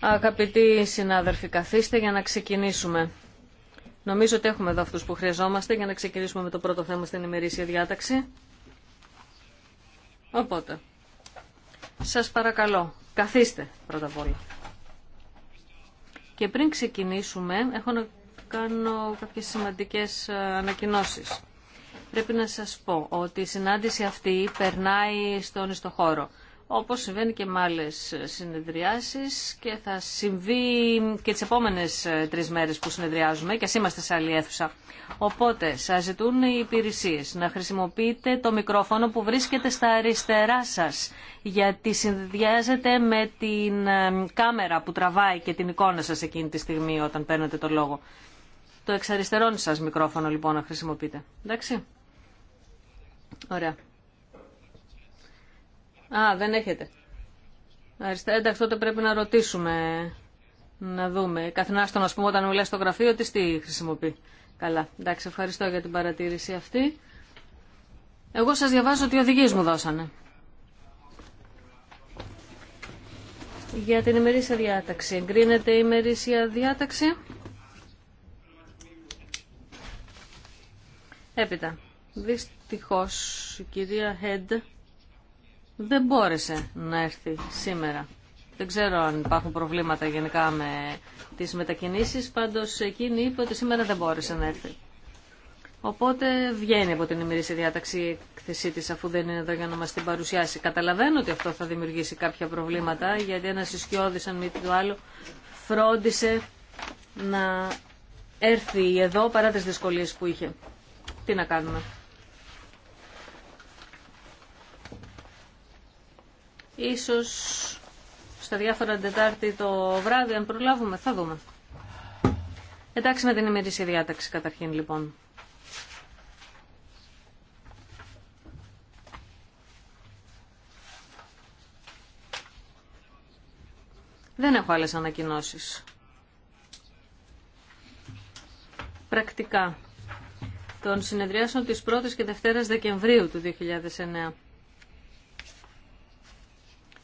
Αγαπητοί συνάδελφοι, καθίστε για να ξεκινήσουμε. Νομίζω ότι έχουμε εδώ αυτούς που χρειαζόμαστε για να ξεκινήσουμε με το πρώτο θέμα στην ημερήσια διάταξη. Οπότε, σας παρακαλώ, καθίστε πρώτα απ' όλα. Και πριν ξεκινήσουμε, έχω να κάνω κάποιες σημαντικές ε, ανακοινώσεις. Πρέπει να σας πω ότι η συνάντηση αυτή περνάει στον ιστοχώρο όπως συμβαίνει και με άλλε συνεδριάσεις και θα συμβεί και τις επόμενες ε, τρεις μέρες που συνεδριάζουμε και ας είμαστε σε άλλη αίθουσα. Οπότε σας ζητούν οι υπηρεσίες να χρησιμοποιείτε το μικρόφωνο που βρίσκεται στα αριστερά σας γιατί συνδυάζεται με την ε, κάμερα που τραβάει και την εικόνα σας εκείνη τη στιγμή όταν παίρνετε το λόγο. Το εξαριστερόν σας μικρόφωνο λοιπόν να χρησιμοποιείτε. Εντάξει. Ωραία. Α, δεν έχετε. εντάξει, τότε πρέπει να ρωτήσουμε, να δούμε. Καθηνά να πούμε, όταν μιλάει στο γραφείο, τι στη χρησιμοποιεί. Καλά, εντάξει, ευχαριστώ για την παρατήρηση αυτή. Εγώ σας διαβάζω ότι οι οδηγίες μου δώσανε. Για την ημερήσια διάταξη. Εγκρίνεται η ημερήσια διάταξη. Έπειτα, δυστυχώς η κυρία Χέντ δεν μπόρεσε να έρθει σήμερα. Δεν ξέρω αν υπάρχουν προβλήματα γενικά με τις μετακινήσεις, πάντως εκείνη είπε ότι σήμερα δεν μπόρεσε να έρθει. Οπότε βγαίνει από την ημερήσια διάταξη η εκθεσή τη, αφού δεν είναι εδώ για να μα την παρουσιάσει. Καταλαβαίνω ότι αυτό θα δημιουργήσει κάποια προβλήματα, γιατί ένα ισχυώδη, αν μη του άλλο, φρόντισε να έρθει εδώ παρά τι δυσκολίε που είχε τι να κάνουμε. Ίσως στα διάφορα Τετάρτη το βράδυ, αν προλάβουμε, θα δούμε. Εντάξει με την ημερήσια διάταξη καταρχήν λοιπόν. Δεν έχω άλλες ανακοινώσεις. Πρακτικά των συνεδριάσεων της 1ης και 2ης Δεκεμβρίου του 2009.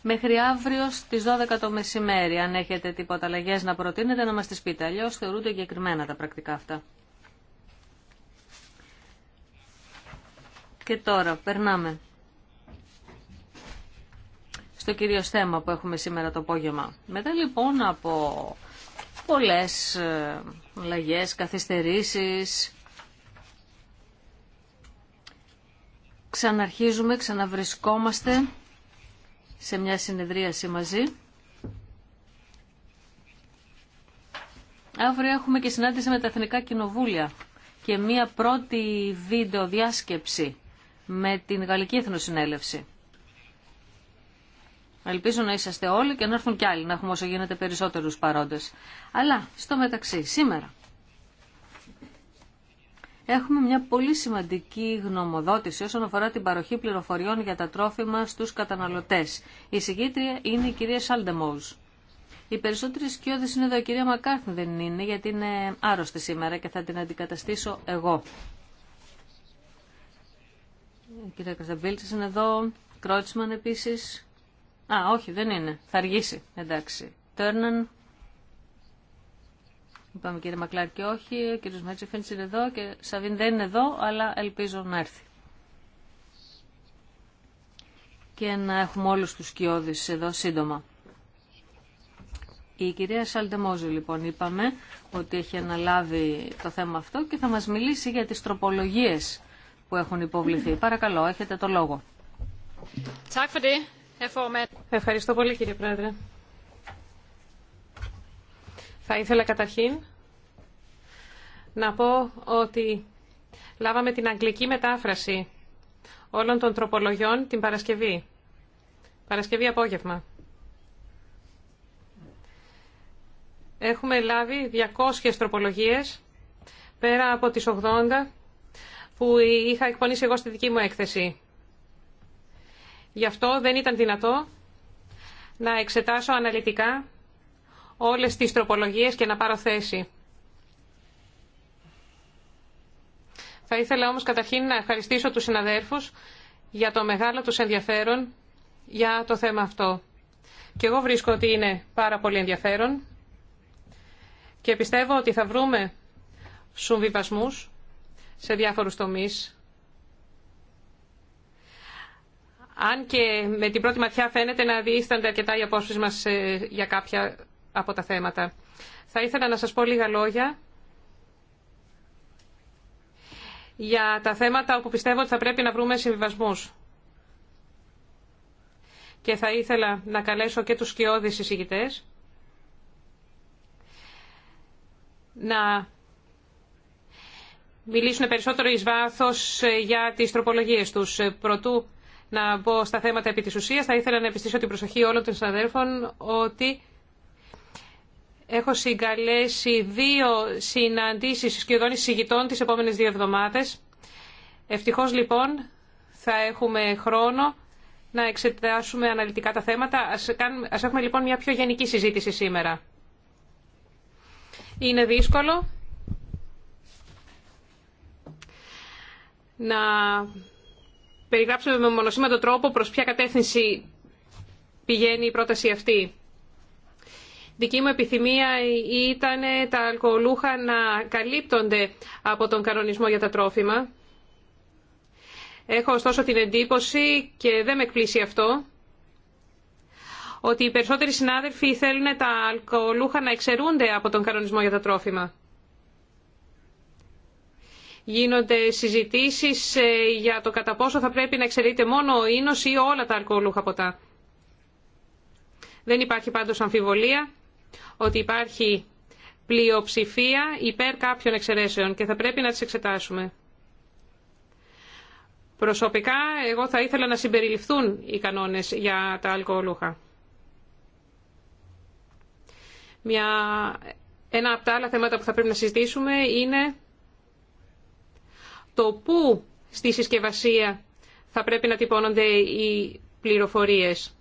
Μέχρι αύριο στις 12 το μεσημέρι, αν έχετε τίποτα αλλαγές να προτείνετε, να μας τις πείτε. Αλλιώς θεωρούνται εγκεκριμένα τα πρακτικά αυτά. Και τώρα, περνάμε στο κυρίω θέμα που έχουμε σήμερα το απόγευμα. Μετά λοιπόν από πολλές ε, αλλαγέ, καθυστερήσεις, Ξαναρχίζουμε, ξαναβρισκόμαστε σε μια συνεδρίαση μαζί. Αύριο έχουμε και συνάντηση με τα Εθνικά Κοινοβούλια και μία πρώτη βίντεο διάσκεψη με την Γαλλική Εθνοσυνέλευση. Ελπίζω να είσαστε όλοι και να έρθουν κι άλλοι, να έχουμε όσο γίνεται περισσότερους παρόντες. Αλλά, στο μεταξύ, σήμερα έχουμε μια πολύ σημαντική γνωμοδότηση όσον αφορά την παροχή πληροφοριών για τα τρόφιμα στους καταναλωτές. Η συγκήτρια είναι η κυρία Σάλντεμόζ. Οι περισσότεροι σκιώδες είναι εδώ, η κυρία Μακάρθιν δεν είναι, γιατί είναι άρρωστη σήμερα και θα την αντικαταστήσω εγώ. Η κυρία Κασταμπίλτης είναι εδώ, Κρότσμαν επίσης. Α, όχι, δεν είναι. Θα αργήσει. Εντάξει. Τέρναν, Είπαμε κύριε Μακλάρ και όχι, ο κύριος Μέτσεφενς είναι εδώ και Σαβίν δεν είναι εδώ, αλλά ελπίζω να έρθει. Και να έχουμε όλους τους κοιόδης εδώ σύντομα. Η κυρία Σαλτεμόζου λοιπόν είπαμε ότι έχει αναλάβει το θέμα αυτό και θα μας μιλήσει για τις τροπολογίες που έχουν υποβληθεί. Παρακαλώ, έχετε το λόγο. Ευχαριστώ πολύ κύριε Πρόεδρε. Θα ήθελα καταρχήν να πω ότι λάβαμε την αγγλική μετάφραση όλων των τροπολογιών την Παρασκευή. Παρασκευή απόγευμα. Έχουμε λάβει 200 τροπολογίες πέρα από τις 80 που είχα εκπονήσει εγώ στη δική μου έκθεση. Γι' αυτό δεν ήταν δυνατό να εξετάσω αναλυτικά όλες τις τροπολογίες και να πάρω θέση. Θα ήθελα όμως καταρχήν να ευχαριστήσω τους συναδέρφους για το μεγάλο τους ενδιαφέρον για το θέμα αυτό. Και εγώ βρίσκω ότι είναι πάρα πολύ ενδιαφέρον και πιστεύω ότι θα βρούμε συμβιβασμούς σε διάφορους τομείς. Αν και με την πρώτη ματιά φαίνεται να διήστανται αρκετά οι απόψεις μας ε, για κάποια από τα θέματα. Θα ήθελα να σας πω λίγα λόγια για τα θέματα όπου πιστεύω ότι θα πρέπει να βρούμε συμβιβασμούς. Και θα ήθελα να καλέσω και τους σκιώδεις εισηγητές να μιλήσουν περισσότερο εις βάθος ε, για τις τροπολογίες τους. Ε, Πρωτού να μπω στα θέματα επί της ουσίας, θα ήθελα να επιστήσω την προσοχή όλων των συναδέλφων ότι Έχω συγκαλέσει δύο συναντήσεις σχεδόν εισηγητών τις επόμενες δύο εβδομάδες. Ευτυχώς λοιπόν θα έχουμε χρόνο να εξετάσουμε αναλυτικά τα θέματα. Ας, κάνουμε, έχουμε λοιπόν μια πιο γενική συζήτηση σήμερα. Είναι δύσκολο να περιγράψουμε με μονοσήματο τρόπο προς ποια κατεύθυνση πηγαίνει η πρόταση αυτή. Δική μου επιθυμία ήταν τα αλκοολούχα να καλύπτονται από τον κανονισμό για τα τρόφιμα. Έχω ωστόσο την εντύπωση και δεν με εκπλήσει αυτό ότι οι περισσότεροι συνάδελφοι θέλουν τα αλκοολούχα να εξαιρούνται από τον κανονισμό για τα τρόφιμα. Γίνονται συζητήσεις ε, για το κατά πόσο θα πρέπει να εξαιρείται μόνο ο ίνος ή όλα τα αλκοολούχα ποτά. Δεν υπάρχει πάντως αμφιβολία ότι υπάρχει πλειοψηφία υπέρ κάποιων εξαιρέσεων και θα πρέπει να τις εξετάσουμε. Προσωπικά, εγώ θα ήθελα να συμπεριληφθούν οι κανόνες για τα αλκοολούχα. Μια... Ένα από τα άλλα θέματα που θα πρέπει να συζητήσουμε είναι το πού στη συσκευασία θα πρέπει να τυπώνονται οι πληροφορίες.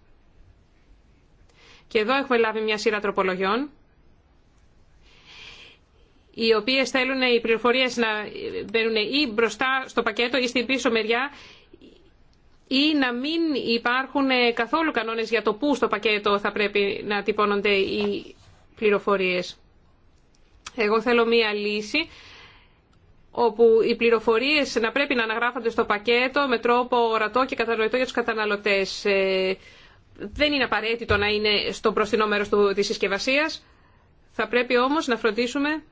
Και εδώ έχουμε λάβει μια σειρά τροπολογιών, οι οποίες θέλουν οι πληροφορίες να μπαίνουν ή μπροστά στο πακέτο ή στην πίσω μεριά ή να μην υπάρχουν καθόλου κανόνες για το πού στο πακέτο θα πρέπει να τυπώνονται οι πληροφορίες. Εγώ θέλω μία λύση όπου οι πληροφορίες να πρέπει να αναγράφονται στο πακέτο με τρόπο ορατό και κατανοητό για τους καταναλωτές. Ε, δεν είναι απαραίτητο να είναι στο προστινό μέρος της συσκευασία. Θα πρέπει όμως να φροντίσουμε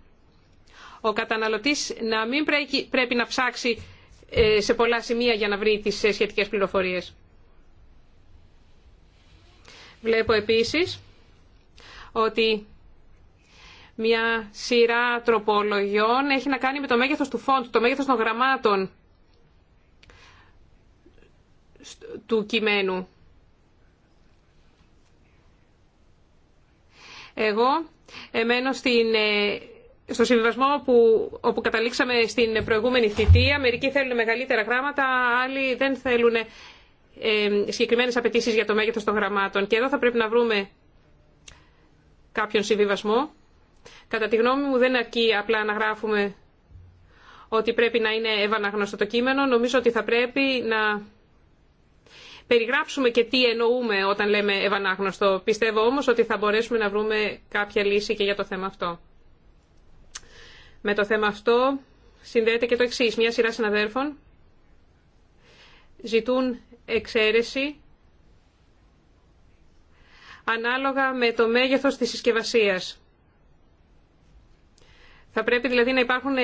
ο καταναλωτής να μην πρέπει να ψάξει ε, σε πολλά σημεία για να βρει τις ε, σχετικές πληροφορίες. Βλέπω επίσης ότι μια σειρά τροπολογιών έχει να κάνει με το μέγεθος του φόντου, το μέγεθος των γραμμάτων του κειμένου. Εγώ ε, μένω στην, ε, στο συμβιβασμό που, όπου καταλήξαμε στην προηγούμενη θητεία. Μερικοί θέλουν μεγαλύτερα γράμματα, άλλοι δεν θέλουν ε, συγκεκριμένες απαιτήσει για το μέγεθος των γραμμάτων. Και εδώ θα πρέπει να βρούμε κάποιον συμβιβασμό. Κατά τη γνώμη μου δεν αρκεί απλά να γράφουμε ότι πρέπει να είναι ευαναγνωστό το κείμενο. Νομίζω ότι θα πρέπει να περιγράψουμε και τι εννοούμε όταν λέμε ευανάγνωστο. Πιστεύω όμως ότι θα μπορέσουμε να βρούμε κάποια λύση και για το θέμα αυτό. Με το θέμα αυτό συνδέεται και το εξής. Μια σειρά συναδέρφων ζητούν εξαίρεση ανάλογα με το μέγεθος της συσκευασίας. Θα πρέπει δηλαδή να υπάρχουν ε,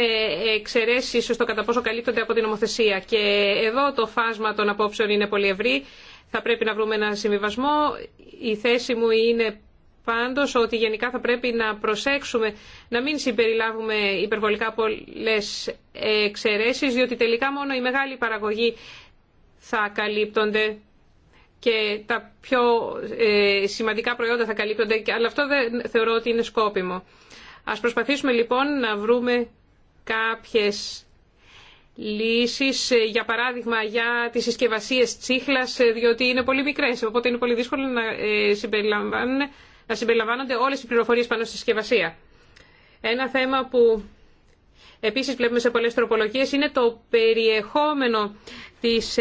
εξαιρέσει στο κατά πόσο καλύπτονται από την νομοθεσία. Και εδώ το φάσμα των απόψεων είναι πολύ ευρύ. Θα πρέπει να βρούμε ένα συμβιβασμό. Η θέση μου είναι πάντω ότι γενικά θα πρέπει να προσέξουμε να μην συμπεριλάβουμε υπερβολικά πολλέ εξαιρέσει, διότι τελικά μόνο η μεγάλη παραγωγή θα καλύπτονται και τα πιο ε, σημαντικά προϊόντα θα καλύπτονται, αλλά αυτό δεν θεωρώ ότι είναι σκόπιμο. Ας προσπαθήσουμε λοιπόν να βρούμε κάποιες λύσεις, ε, για παράδειγμα για τις συσκευασίε τσίχλας, ε, διότι είναι πολύ μικρές, οπότε είναι πολύ δύσκολο να, ε, συμπεριλαμβάνουν, να συμπεριλαμβάνονται όλες οι πληροφορίες πάνω στη συσκευασία. Ένα θέμα που επίσης βλέπουμε σε πολλές τροπολογίες είναι το περιεχόμενο της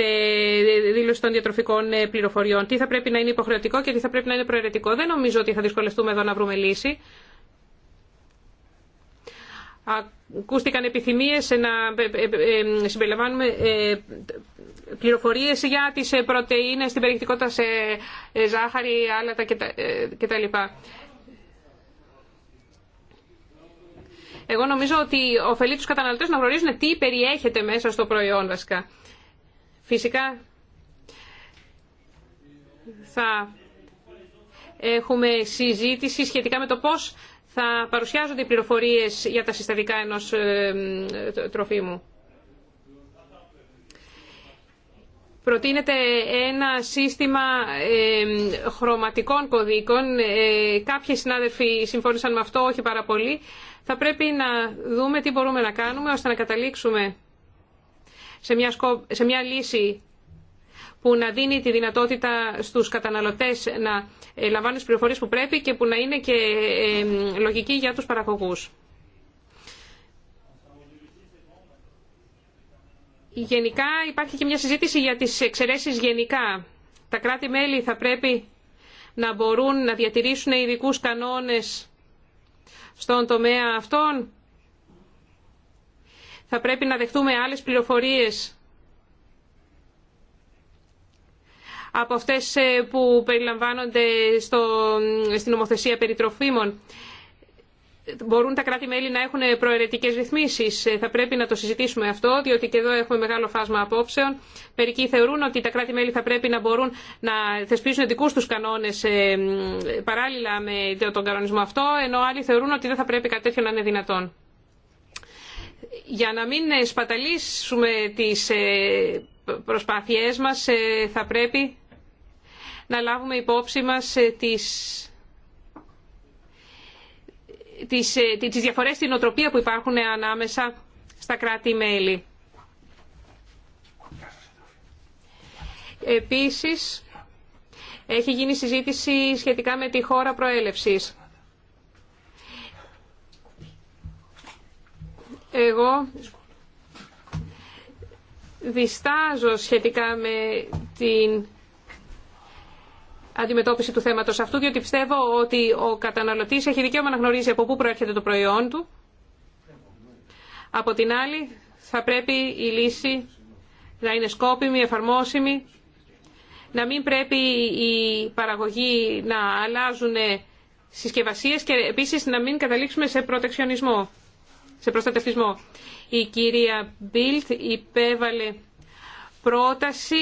δήλωση των διατροφικών πληροφοριών. Τι θα πρέπει να είναι υποχρεωτικό και τι θα πρέπει να είναι προαιρετικό. Δεν νομίζω ότι θα δυσκολευτούμε εδώ να βρούμε λύση ακούστηκαν επιθυμίες να ε, ε, ε, συμπεριλαμβάνουμε πληροφορίες για τις πρωτεΐνες, την περιεκτικότητα σε ζάχαρη, άλατα κτλ. Εγώ νομίζω ότι ωφελεί τους καταναλωτές να γνωρίζουν τι περιέχεται μέσα στο προϊόν βασικά. Φυσικά θα έχουμε συζήτηση σχετικά με το πώς θα παρουσιάζονται οι πληροφορίες για τα συστατικά ενός ε, τροφίμου. Προτείνεται ένα σύστημα ε, χρωματικών κωδίκων. Ε, κάποιοι συνάδελφοι συμφώνησαν με αυτό, όχι πάρα πολύ. Θα πρέπει να δούμε τι μπορούμε να κάνουμε ώστε να καταλήξουμε σε μια λύση που να δίνει τη δυνατότητα στους καταναλωτές να ε, λαμβάνουν τι πληροφορίε που πρέπει και που να είναι και ε, λογική για τους παραγωγούς. Γενικά υπάρχει και μια συζήτηση για τις εξαιρέσεις γενικά. Τα κράτη-μέλη θα πρέπει να μπορούν να διατηρήσουν ειδικού κανόνες στον τομέα αυτών. Θα πρέπει να δεχτούμε άλλες πληροφορίες από αυτές ε, που περιλαμβάνονται στο, στην Ομοθεσία περιτροφίμων. Μπορούν τα κράτη-μέλη να έχουν προαιρετικές ρυθμίσεις. Ε, θα πρέπει να το συζητήσουμε αυτό, διότι και εδώ έχουμε μεγάλο φάσμα απόψεων. Μερικοί θεωρούν ότι τα κράτη-μέλη θα πρέπει να μπορούν να θεσπίσουν δικούς τους κανόνες ε, παράλληλα με τον κανονισμό αυτό, ενώ άλλοι θεωρούν ότι δεν θα πρέπει κάτι τέτοιο να είναι δυνατόν. Για να μην σπαταλήσουμε τις προσπάθειές μας θα πρέπει να λάβουμε υπόψη μας ε, τις ε, τις, διαφορές στην οτροπία που υπάρχουν ε, ανάμεσα στα κράτη-μέλη. Επίσης, έχει γίνει συζήτηση σχετικά με τη χώρα προέλευσης. Εγώ διστάζω σχετικά με την αντιμετώπιση του θέματο αυτού, διότι πιστεύω ότι ο καταναλωτής έχει δικαίωμα να γνωρίζει από πού προέρχεται το προϊόν του. Από την άλλη, θα πρέπει η λύση να είναι σκόπιμη, εφαρμόσιμη, να μην πρέπει οι παραγωγοί να αλλάζουν συσκευασίες και επίσης να μην καταλήξουμε σε προτεξιονισμό, σε προστατευτισμό. Η κυρία Μπίλτ υπέβαλε πρόταση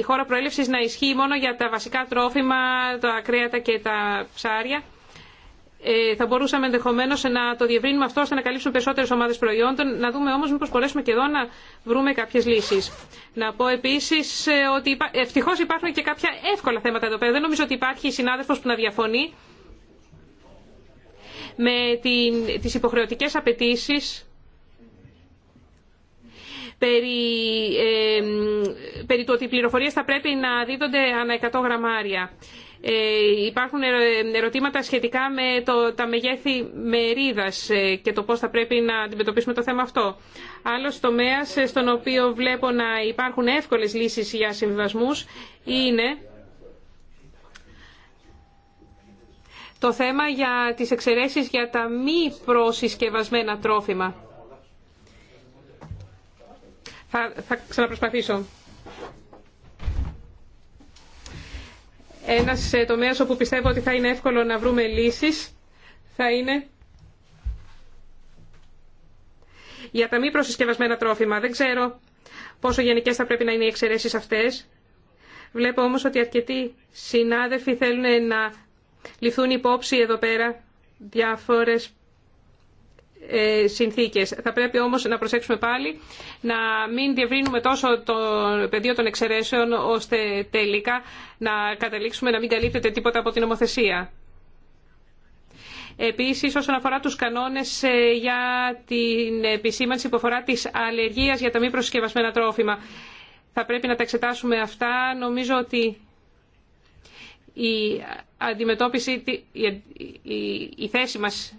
η χώρα προέλευσης να ισχύει μόνο για τα βασικά τρόφιμα, τα κρέατα και τα ψάρια. Ε, θα μπορούσαμε ενδεχομένω να το διευρύνουμε αυτό ώστε να καλύψουμε περισσότερε ομάδε προϊόντων. Να δούμε όμω μήπω μπορέσουμε και εδώ να βρούμε κάποιε λύσει. Να πω επίση ε, ότι υπά... ευτυχώ υπάρχουν και κάποια εύκολα θέματα εδώ πέρα. Δεν νομίζω ότι υπάρχει συνάδελφο που να διαφωνεί με την... τι υποχρεωτικέ απαιτήσει περί, ε, περί του ότι οι πληροφορίες θα πρέπει να δίδονται ανά 100 γραμμάρια. Ε, υπάρχουν ερωτήματα σχετικά με το, τα μεγέθη μερίδας ε, και το πώς θα πρέπει να αντιμετωπίσουμε το θέμα αυτό. Άλλος τομέας ε, στον οποίο βλέπω να υπάρχουν εύκολες λύσεις για συμβιβασμούς είναι το θέμα για τις εξαιρέσεις για τα μη προσυσκευασμένα τρόφιμα. Θα, θα ξαναπροσπαθήσω. Ένας ε, τομέας όπου πιστεύω ότι θα είναι εύκολο να βρούμε λύσεις θα είναι για τα μη προσυσκευασμένα τρόφιμα. Δεν ξέρω πόσο γενικές θα πρέπει να είναι οι εξαιρέσει αυτές. Βλέπω όμως ότι αρκετοί συνάδελφοι θέλουν να ληφθούν υπόψη εδώ πέρα διάφορες ε, συνθήκες. Θα πρέπει όμως να προσέξουμε πάλι να μην διευρύνουμε τόσο το πεδίο των εξαιρέσεων ώστε τελικά να καταλήξουμε να μην καλύπτεται τίποτα από την νομοθεσία. Επίσης, όσον αφορά τους κανόνες ε, για την επισήμανση που αφορά της αλλεργίας για τα μη προσκευασμένα τρόφιμα, θα πρέπει να τα εξετάσουμε αυτά. Νομίζω ότι η αντιμετώπιση, η θέση μας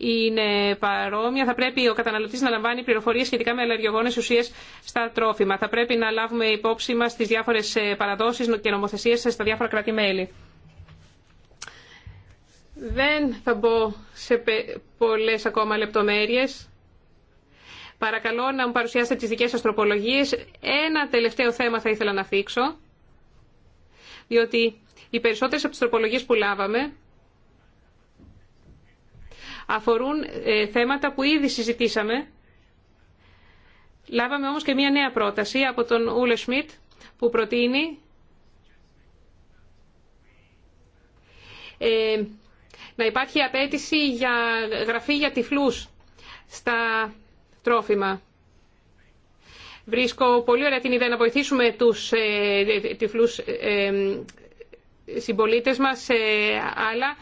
είναι παρόμοια. Θα πρέπει ο καταναλωτή να λαμβάνει πληροφορίε σχετικά με αλλεργιογόνε ουσίε στα τρόφιμα. Θα πρέπει να λάβουμε υπόψη μα τι διάφορε παραδόσει και νομοθεσίε στα διάφορα κράτη-μέλη. Δεν θα μπω σε πολλέ ακόμα λεπτομέρειες. Παρακαλώ να μου παρουσιάσετε τις δικές σας τροπολογίες. Ένα τελευταίο θέμα θα ήθελα να θίξω, διότι οι περισσότερες από τις τροπολογίες που λάβαμε αφορούν ε, θέματα που ήδη συζητήσαμε. Λάβαμε όμως και μία νέα πρόταση από τον Ούλε Σμιτ που προτείνει ε, να υπάρχει απέτηση για γραφή για τυφλούς στα τρόφιμα. Βρίσκω πολύ ωραία την ιδέα να βοηθήσουμε τους ε, τυφλούς συμπολίτες μας, αλλά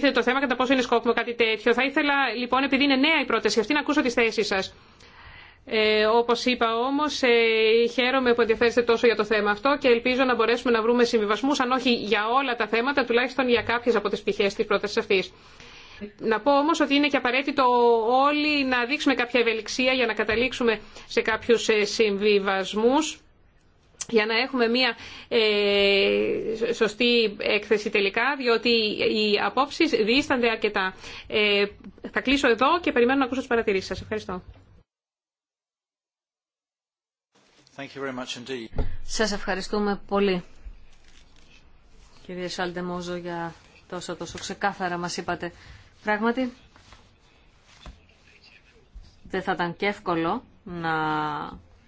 θέλει το θέμα κατά πόσο είναι σκόπιμο κάτι τέτοιο. Θα ήθελα λοιπόν, επειδή είναι νέα η πρόταση αυτή, να ακούσω τις θέσεις σας. Ε, όπως είπα όμως, ε, χαίρομαι που ενδιαφέρεστε τόσο για το θέμα αυτό και ελπίζω να μπορέσουμε να βρούμε συμβιβασμούς, αν όχι για όλα τα θέματα, τουλάχιστον για κάποιες από τις πτυχές της πρότασης αυτής. Να πω όμως ότι είναι και απαραίτητο όλοι να δείξουμε κάποια ευελιξία για να καταλήξουμε σε κάποιους ε, συμβιβασμούς για να έχουμε μια ε, σωστή έκθεση τελικά, διότι οι απόψεις διήστανται αρκετά. Ε, θα κλείσω εδώ και περιμένω να ακούσω τις παρατηρήσεις σας. Ευχαριστώ. Σα ευχαριστούμε πολύ, κύριε Μόζο, για τόσο τόσο ξεκάθαρα μας είπατε. Πράγματι, δεν θα ήταν και εύκολο να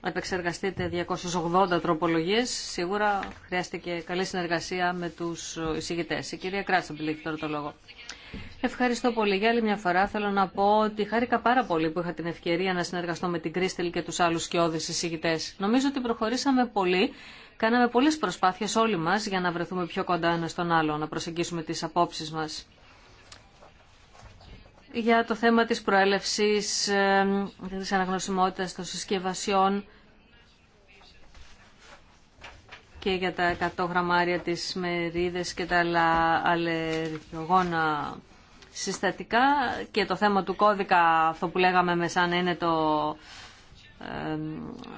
επεξεργαστείτε 280 τροπολογίες. Σίγουρα χρειάστηκε καλή συνεργασία με τους εισηγητές. Η κυρία Κράτσαμπλ έχει τώρα το λόγο. Ευχαριστώ πολύ. Για άλλη μια φορά θέλω να πω ότι χάρηκα πάρα πολύ που είχα την ευκαιρία να συνεργαστώ με την Κρίστελ και τους άλλους σκιώδεις εισηγητές. Νομίζω ότι προχωρήσαμε πολύ. Κάναμε πολλές προσπάθειες όλοι μας για να βρεθούμε πιο κοντά ένα στον άλλο, να προσεγγίσουμε τις απόψεις μας για το θέμα της προέλευσης, ε, της αναγνωσιμότητας των συσκευασιών και για τα 100 γραμμάρια της μερίδες και τα αλλεργογόνα συστατικά και το θέμα του κώδικα, αυτό που λέγαμε με σαν είναι το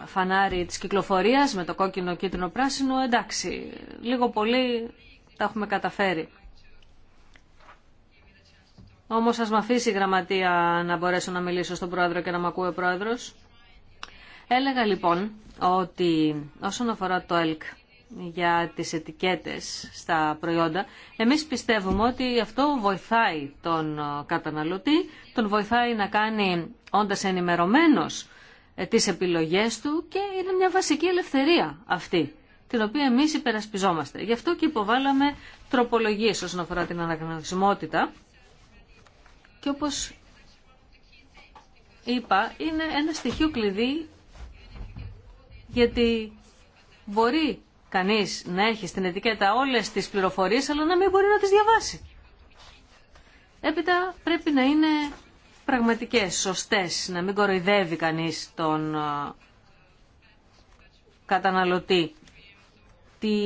φανάρι της κυκλοφορίας με το κόκκινο, κίτρινο, πράσινο, εντάξει, λίγο πολύ τα έχουμε καταφέρει. Όμως ας με αφήσει η γραμματεία να μπορέσω να μιλήσω στον πρόεδρο και να με ακούει ο πρόεδρος. Έλεγα λοιπόν ότι όσον αφορά το ΕΛΚ, για τις ετικέτες στα προϊόντα. Εμείς πιστεύουμε ότι αυτό βοηθάει τον ε, καταναλωτή, τον βοηθάει να κάνει όντας ενημερωμένος ε, τις επιλογές του και είναι μια βασική ελευθερία αυτή, την οποία εμείς υπερασπιζόμαστε. Γι' αυτό και υποβάλαμε τροπολογίες όσον αφορά την αναγνωσιμότητα και όπως είπα είναι ένα στοιχείο κλειδί γιατί μπορεί κανείς να έχει στην ετικέτα όλες τις πληροφορίες αλλά να μην μπορεί να τις διαβάσει. Έπειτα πρέπει να είναι πραγματικές, σωστές, να μην κοροϊδεύει κανείς τον καταναλωτή. Τι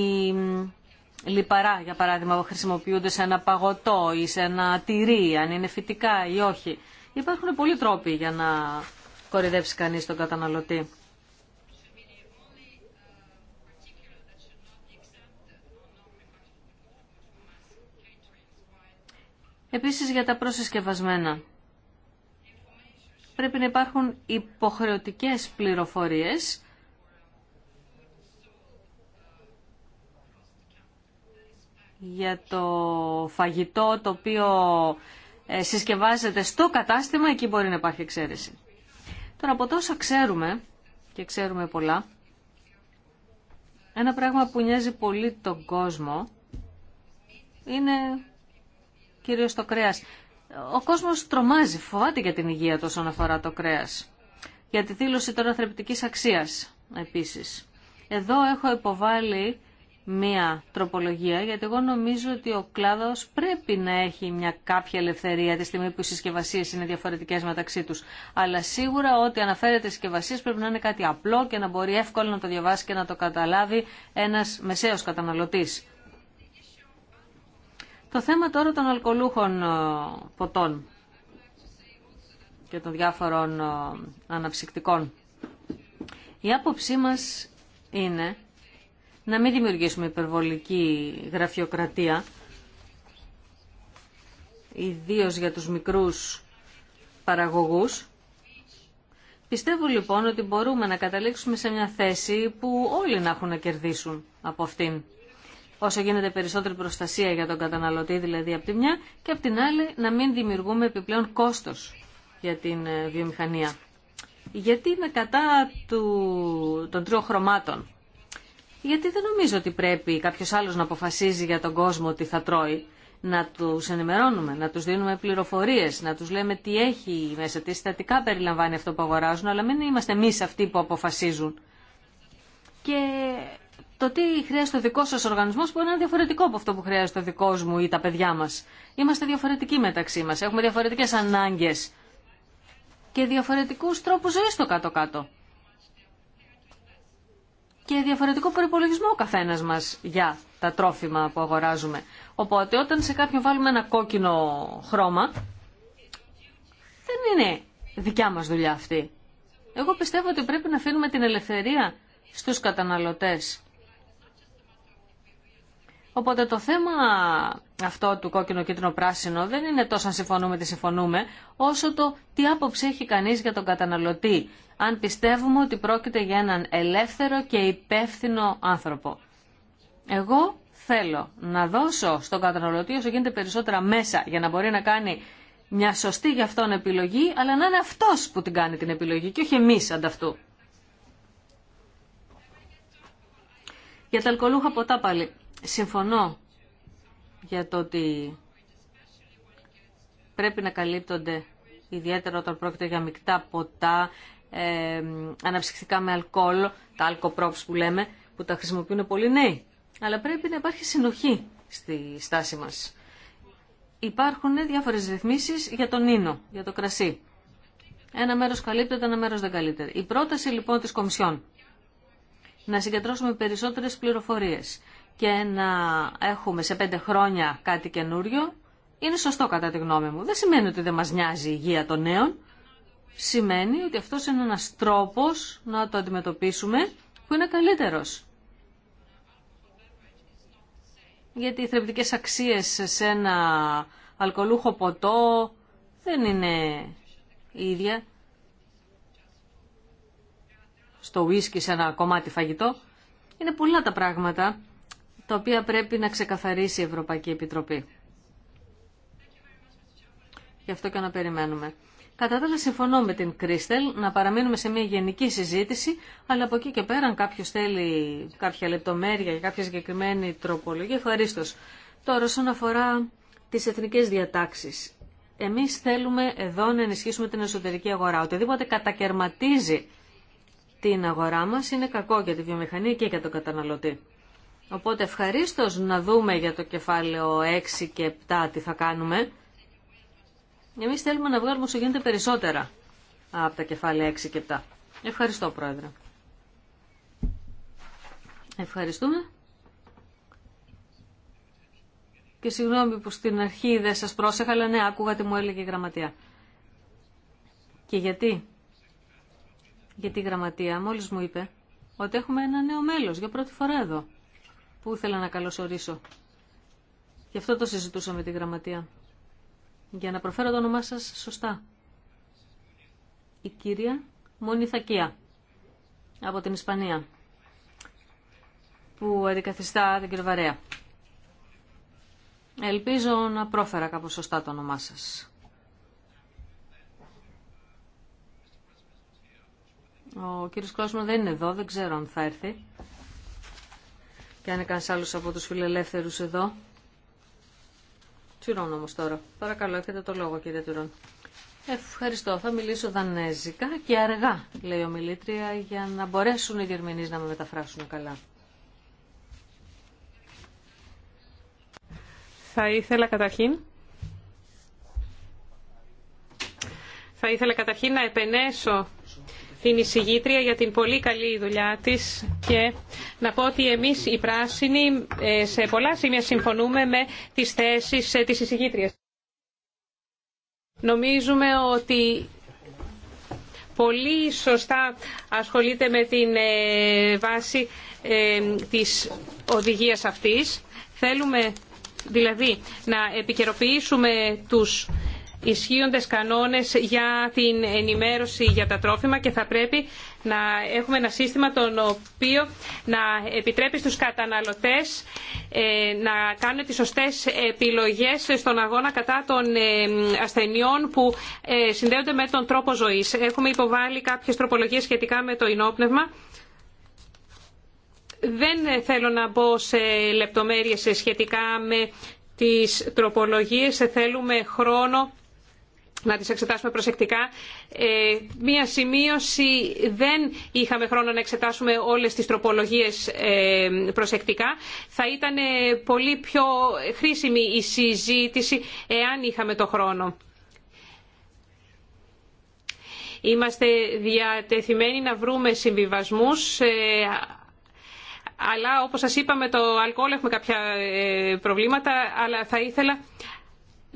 λιπαρά, για παράδειγμα, χρησιμοποιούνται σε ένα παγωτό ή σε ένα τυρί, αν είναι φυτικά ή όχι. Υπάρχουν πολλοί τρόποι για να κοροϊδεύσει κανείς τον καταναλωτή. Επίσης για τα προσυσκευασμένα. Πρέπει να υπάρχουν υποχρεωτικές πληροφορίες για το φαγητό το οποίο ε, συσκευάζεται στο κατάστημα, εκεί μπορεί να υπάρχει εξαίρεση. Τώρα από τόσα ξέρουμε και ξέρουμε πολλά, ένα πράγμα που νοιάζει πολύ τον κόσμο είναι κυρίως το κρέας. Ο κόσμος τρομάζει, φοβάται για την υγεία του όσον αφορά το κρέας. Για τη δήλωση τώρα θρεπτικής αξίας επίσης. Εδώ έχω υποβάλει μία τροπολογία, γιατί εγώ νομίζω ότι ο κλάδος πρέπει να έχει μια κάποια ελευθερία τη στιγμή που οι συσκευασίε είναι διαφορετικές μεταξύ τους. Αλλά σίγουρα ό,τι αναφέρεται συσκευασίε πρέπει να είναι κάτι απλό και να μπορεί εύκολα να το διαβάσει και να το καταλάβει ένας μεσαίος καταναλωτής. Το θέμα τώρα των αλκοολούχων ε, ποτών και των διάφορων ε, αναψυκτικών. Η άποψή μας είναι να μην δημιουργήσουμε υπερβολική γραφειοκρατία, ιδίως για τους μικρούς παραγωγούς. Πιστεύω λοιπόν ότι μπορούμε να καταλήξουμε σε μια θέση που όλοι να έχουν να κερδίσουν από αυτήν όσο γίνεται περισσότερη προστασία για τον καταναλωτή δηλαδή από τη μια και από την άλλη να μην δημιουργούμε επιπλέον κόστος για την ε, βιομηχανία. Γιατί είμαι κατά του, των τριών χρωμάτων. Γιατί δεν νομίζω ότι πρέπει κάποιος άλλος να αποφασίζει για τον κόσμο τι θα τρώει. Να τους ενημερώνουμε, να τους δίνουμε πληροφορίες, να τους λέμε τι έχει μέσα, τι συστατικά περιλαμβάνει αυτό που αγοράζουν, αλλά μην είμαστε εμεί αυτοί που αποφασίζουν. Και το τι χρειάζεται ο δικό σα οργανισμό μπορεί να είναι διαφορετικό από αυτό που χρειάζεται ο δικό μου ή τα παιδιά μα. Είμαστε διαφορετικοί μεταξύ μα. Έχουμε διαφορετικέ ανάγκε και διαφορετικού τρόπου ζωή στο κάτω-κάτω. Και διαφορετικό προπολογισμό ο καθένα μα για τα τρόφιμα που αγοράζουμε. Οπότε όταν σε κάποιον βάλουμε ένα κόκκινο χρώμα, δεν είναι δικιά μα δουλειά αυτή. Εγώ πιστεύω ότι πρέπει να αφήνουμε την ελευθερία στους καταναλωτές Οπότε το θέμα αυτό του κόκκινο, κίτρινο, πράσινο δεν είναι τόσο αν συμφωνούμε, τι συμφωνούμε, όσο το τι άποψη έχει κανείς για τον καταναλωτή, αν πιστεύουμε ότι πρόκειται για έναν ελεύθερο και υπεύθυνο άνθρωπο. Εγώ θέλω να δώσω στον καταναλωτή όσο γίνεται περισσότερα μέσα για να μπορεί να κάνει μια σωστή για αυτόν επιλογή, αλλά να είναι αυτός που την κάνει την επιλογή και όχι εμείς ανταυτού. Για τα αλκοολούχα ποτά πάλι συμφωνώ για το ότι πρέπει να καλύπτονται ιδιαίτερα όταν πρόκειται για μεικτά ποτά, ε, με αλκοόλ, τα αλκοπρόπς που λέμε, που τα χρησιμοποιούν πολλοί νέοι. Αλλά πρέπει να υπάρχει συνοχή στη στάση μας. Υπάρχουν διάφορες ρυθμίσεις για τον ίνο, για το κρασί. Ένα μέρος καλύπτεται, ένα μέρος δεν καλύπτεται. Η πρόταση λοιπόν της Κομισιόν. Να συγκεντρώσουμε περισσότερες πληροφορίες και να έχουμε σε πέντε χρόνια κάτι καινούριο, είναι σωστό κατά τη γνώμη μου. Δεν σημαίνει ότι δεν μας νοιάζει η υγεία των νέων. Σημαίνει ότι αυτός είναι ένας τρόπος να το αντιμετωπίσουμε που είναι καλύτερος. Γιατί οι θρεπτικές αξίες σε ένα αλκοολούχο ποτό δεν είναι ίδια. Στο ουίσκι σε ένα κομμάτι φαγητό. Είναι πολλά τα πράγματα τα οποία πρέπει να ξεκαθαρίσει η Ευρωπαϊκή Επιτροπή. Γι' αυτό και να περιμένουμε. Κατά τα συμφωνώ με την Κρίστελ να παραμείνουμε σε μια γενική συζήτηση, αλλά από εκεί και πέρα, αν κάποιο θέλει κάποια λεπτομέρεια για κάποια συγκεκριμένη τροπολογία, ευχαρίστω. Τώρα, όσον αφορά τι εθνικέ διατάξει, εμεί θέλουμε εδώ να ενισχύσουμε την εσωτερική αγορά. Οτιδήποτε κατακαιρματίζει την αγορά μα είναι κακό για τη βιομηχανία και για τον καταναλωτή. Οπότε ευχαρίστως να δούμε για το κεφάλαιο 6 και 7 τι θα κάνουμε. Εμείς θέλουμε να βγάλουμε όσο γίνεται περισσότερα από τα κεφάλαια 6 και 7. Ευχαριστώ, Πρόεδρε. Ευχαριστούμε. Και συγγνώμη που στην αρχή δεν σας πρόσεχα, αλλά ναι, άκουγα τι μου έλεγε η γραμματεία. Και γιατί. Γιατί η γραμματεία μόλις μου είπε ότι έχουμε ένα νέο μέλος για πρώτη φορά εδώ που ήθελα να καλωσορίσω. Γι' αυτό το συζητούσα με τη γραμματεία. Για να προφέρω το όνομά σας σωστά. Η κυρία Μονιθακία από την Ισπανία που αντικαθιστά την κυρβαρία. Ελπίζω να πρόφερα κάπως σωστά το όνομά σας. Ο κύριος Κόσμος δεν είναι εδώ, δεν ξέρω αν θα έρθει. Και αν είναι κανείς άλλος από τους φιλελεύθερους εδώ. Τυρών όμως τώρα. Παρακαλώ, έχετε το λόγο κύριε Τυρών. Ευχαριστώ. Θα μιλήσω δανέζικα και αργά, λέει ο μιλήτρια, για να μπορέσουν οι διερμηνείς να με μεταφράσουν καλά. Θα ήθελα καταρχήν θα ήθελα καταρχήν να επενέσω την εισηγήτρια για την πολύ καλή δουλειά της και να πω ότι εμείς οι πράσινοι ε, σε πολλά σημεία συμφωνούμε με τις θέσεις ε, της εισηγήτριας. Νομίζουμε ότι πολύ σωστά ασχολείται με την ε, βάση της οδηγίας αυτής. Θέλουμε δηλαδή να επικαιροποιήσουμε τους ισχύοντες κανόνε για την ενημέρωση για τα τρόφιμα και θα πρέπει να έχουμε ένα σύστημα το οποίο να επιτρέπει στους καταναλωτές ε, να κάνουν τις σωστές επιλογές στον αγώνα κατά των ε, ασθενειών που ε, συνδέονται με τον τρόπο ζωής. Έχουμε υποβάλει κάποιες τροπολογίες σχετικά με το ενόπνευμα. Δεν θέλω να μπω σε λεπτομέρειες σχετικά με τις τροπολογίες. Θέλουμε χρόνο να τις εξετάσουμε προσεκτικά. Ε, μία σημείωση, δεν είχαμε χρόνο να εξετάσουμε όλες τις τροπολογίες ε, προσεκτικά. Θα ήταν ε, πολύ πιο χρήσιμη η συζήτηση εάν είχαμε το χρόνο. Είμαστε διατεθειμένοι να βρούμε συμβιβασμούς, αλλά όπως σας είπαμε το αλκοόλ έχουμε κάποια προβλήματα, αλλά θα ήθελα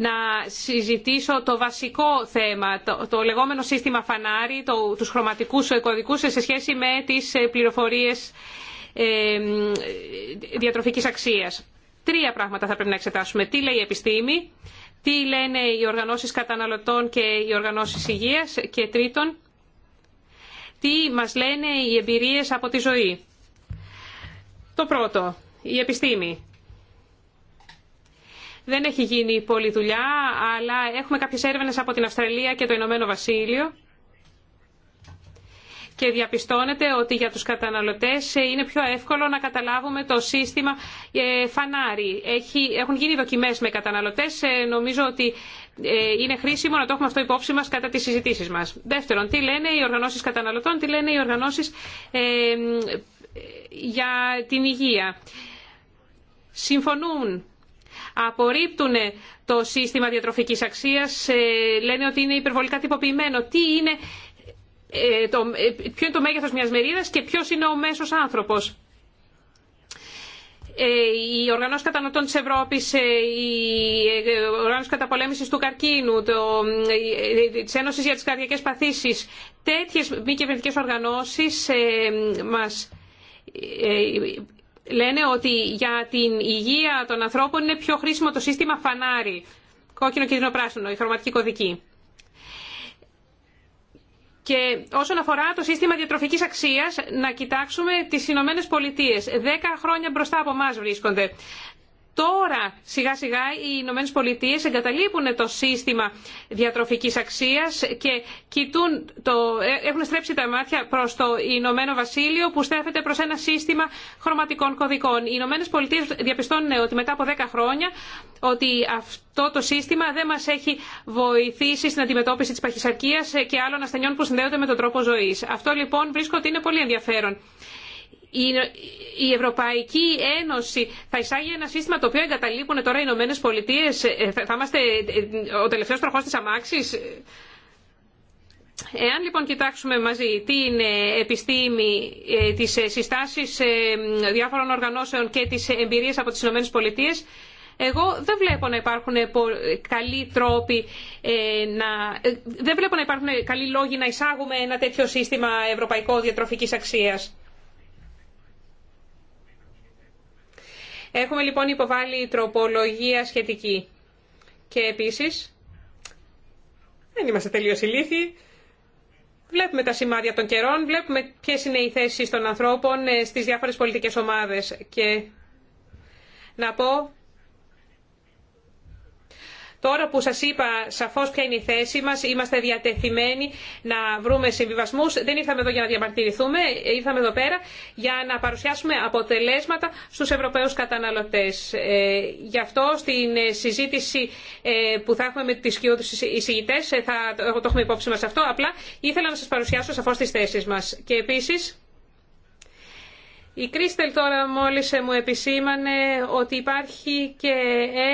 να συζητήσω το βασικό θέμα, το, λεγόμενο σύστημα φανάρι, το, τους χρωματικούς κωδικούς σε σχέση με τις ε, πληροφορίες ε, διατροφικής αξίας. Τρία πράγματα θα πρέπει να εξετάσουμε. Τι λέει η επιστήμη, τι λένε οι οργανώσεις καταναλωτών και οι οργανώσεις υγείας και τρίτον, τι μας λένε οι εμπειρίες από τη ζωή. Το πρώτο, η επιστήμη. Δεν έχει γίνει πολλή δουλειά, αλλά έχουμε κάποιες έρευνες από την Αυστραλία και το Ηνωμένο Βασίλειο και διαπιστώνεται ότι για τους καταναλωτές είναι πιο εύκολο να καταλάβουμε το σύστημα ε, φανάρι. έχουν γίνει δοκιμές με καταναλωτές. Ε, νομίζω ότι ε, είναι χρήσιμο να το έχουμε αυτό υπόψη μας κατά τις συζητήσεις μας. Δεύτερον, τι λένε οι οργανώσεις καταναλωτών, τι λένε οι οργανώσεις για την υγεία. Συμφωνούν απορρίπτουν το σύστημα διατροφικής αξίας, ε, λένε ότι είναι υπερβολικά τυποποιημένο. Τι είναι, ε, το, ε, ποιο είναι το μέγεθος μιας μερίδας και ποιος είναι ο μέσος άνθρωπος. Οι οργανώσεις κατανοτών της Ευρώπης, οι οργανώσεις καταπολέμησης του καρκίνου, το, της Ένωσης για τις καρδιακές παθήσεις, τέτοιες μη κυβερνητικές οργανώσεις μας λένε ότι για την υγεία των ανθρώπων είναι πιο χρήσιμο το σύστημα φανάρι, κόκκινο, και πράσινο, η χρωματική κωδική. Και όσον αφορά το σύστημα διατροφική αξία, να κοιτάξουμε τι Ηνωμένε Πολιτείε. Δέκα χρόνια μπροστά από εμά βρίσκονται. Τώρα σιγά σιγά οι Ηνωμένε Πολιτείε εγκαταλείπουν το σύστημα διατροφικής αξίας και το, ε, έχουν στρέψει τα μάτια προς το Ηνωμένο Βασίλειο που στρέφεται προς ένα σύστημα χρωματικών κωδικών. Οι Ηνωμένε Πολιτείε διαπιστώνουν ότι μετά από 10 χρόνια ότι αυτό το σύστημα δεν μας έχει βοηθήσει στην αντιμετώπιση της παχυσαρκίας και άλλων ασθενειών που συνδέονται με τον τρόπο ζωής. Αυτό λοιπόν βρίσκω ότι είναι πολύ ενδιαφέρον η Ευρωπαϊκή Ένωση θα εισάγει ένα σύστημα το οποίο εγκαταλείπουν τώρα οι Ηνωμένε Πολιτείε. Ε, θα είμαστε ε, ο τελευταίο τροχό τη αμάξη. Εάν λοιπόν κοιτάξουμε μαζί την επιστήμη, ε, της συστάσει διάφορων οργανώσεων και τις εμπειρίες από τις Ηνωμένες Πολιτείες, εγώ δεν βλέπω να υπάρχουν καλοί τρόποι, να... δεν βλέπω να υπάρχουν καλοί λόγοι να εισάγουμε ένα τέτοιο σύστημα ευρωπαϊκό διατροφικής αξίας. Έχουμε λοιπόν υποβάλει τροπολογία σχετική. Και επίσης, δεν είμαστε τελείω ηλίθιοι, βλέπουμε τα σημάδια των καιρών, βλέπουμε ποιε είναι οι θέσει των ανθρώπων ε, στις διάφορες πολιτικές ομάδες. Και να πω Τώρα που σας είπα σαφώς ποια είναι η θέση μας, είμαστε διατεθειμένοι να βρούμε συμβιβασμούς. Δεν ήρθαμε εδώ για να διαμαρτυρηθούμε, ήρθαμε εδώ πέρα για να παρουσιάσουμε αποτελέσματα στους Ευρωπαίους καταναλωτές. Ε, γι' αυτό στην συζήτηση ε, που θα έχουμε με τις κοιόδους εισηγητές ε, θα το έχουμε υπόψη μας αυτό. Απλά ήθελα να σας παρουσιάσω σαφώς τις θέσεις μας. Και επίσης, η Κρίστελ τώρα μόλις μου επισήμανε ότι υπάρχει και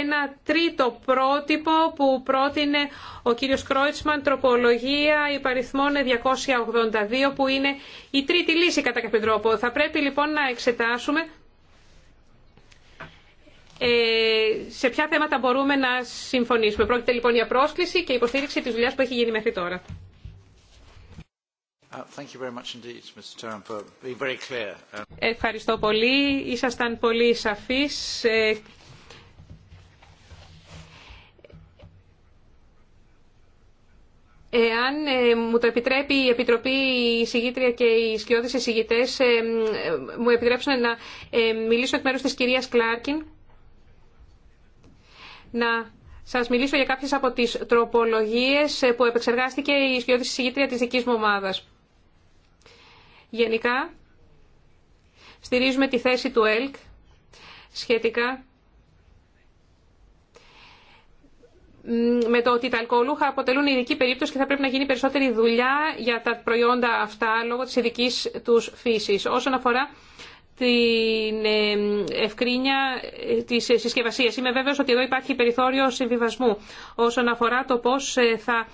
ένα τρίτο πρότυπο που πρότεινε ο κύριος Κρόιτσμαν τροπολογία υπαριθμών 282 που είναι η τρίτη λύση κατά κάποιο τρόπο. Θα πρέπει λοιπόν να εξετάσουμε ε, σε ποια θέματα μπορούμε να συμφωνήσουμε. Πρόκειται λοιπόν για πρόσκληση και υποστήριξη της δουλειάς που έχει γίνει μέχρι τώρα. Ευχαριστώ πολύ. Ήσασταν πολύ σαφείς. Ε, εάν ε, μου το επιτρέπει η Επιτροπή, η Συγήτρια και οι σκιώδεις εισηγητές, ε, ε, μου επιτρέψουν να μιλήσω εκ μέρους της κυρίας Κλάρκιν, να σας μιλήσω για κάποιες από τις τροπολογίες που επεξεργάστηκε η σκιώδης εισηγήτρια της δικής μου ομάδας. Γενικά, στηρίζουμε τη θέση του ΕΛΚ σχετικά με το ότι τα αλκοολούχα αποτελούν ειδική περίπτωση και θα πρέπει να γίνει περισσότερη δουλειά για τα προϊόντα αυτά λόγω της ειδική τους φύσης. Όσον αφορά την ε, ευκρίνεια ε, της ε, συσκευασίας. Είμαι βέβαιος ότι εδώ υπάρχει περιθώριο συμβιβασμού όσον αφορά το πώς θα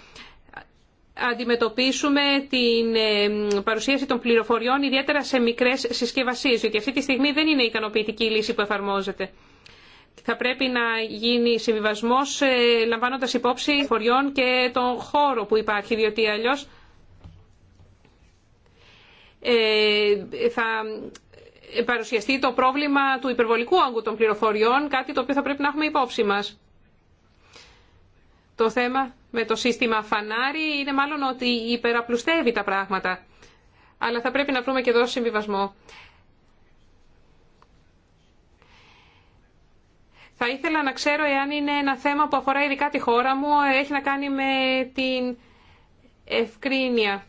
αντιμετωπίσουμε την ε, παρουσίαση των πληροφοριών ιδιαίτερα σε μικρές συσκευασίες, γιατί αυτή τη στιγμή δεν είναι ικανοποιητική η λύση που εφαρμόζεται. Θα πρέπει να γίνει συμβιβασμός ε, λαμβάνοντα υπόψη φοριών και τον χώρο που υπάρχει, διότι αλλιώς ε, θα παρουσιαστεί το πρόβλημα του υπερβολικού όγκου των πληροφοριών, κάτι το οποίο θα πρέπει να έχουμε υπόψη μας. Το θέμα με το σύστημα φανάρι είναι μάλλον ότι υπεραπλουστεύει τα πράγματα. Αλλά θα πρέπει να βρούμε και εδώ συμβιβασμό. Θα ήθελα να ξέρω εάν είναι ένα θέμα που αφορά ειδικά τη χώρα μου, έχει να κάνει με την ευκρίνεια.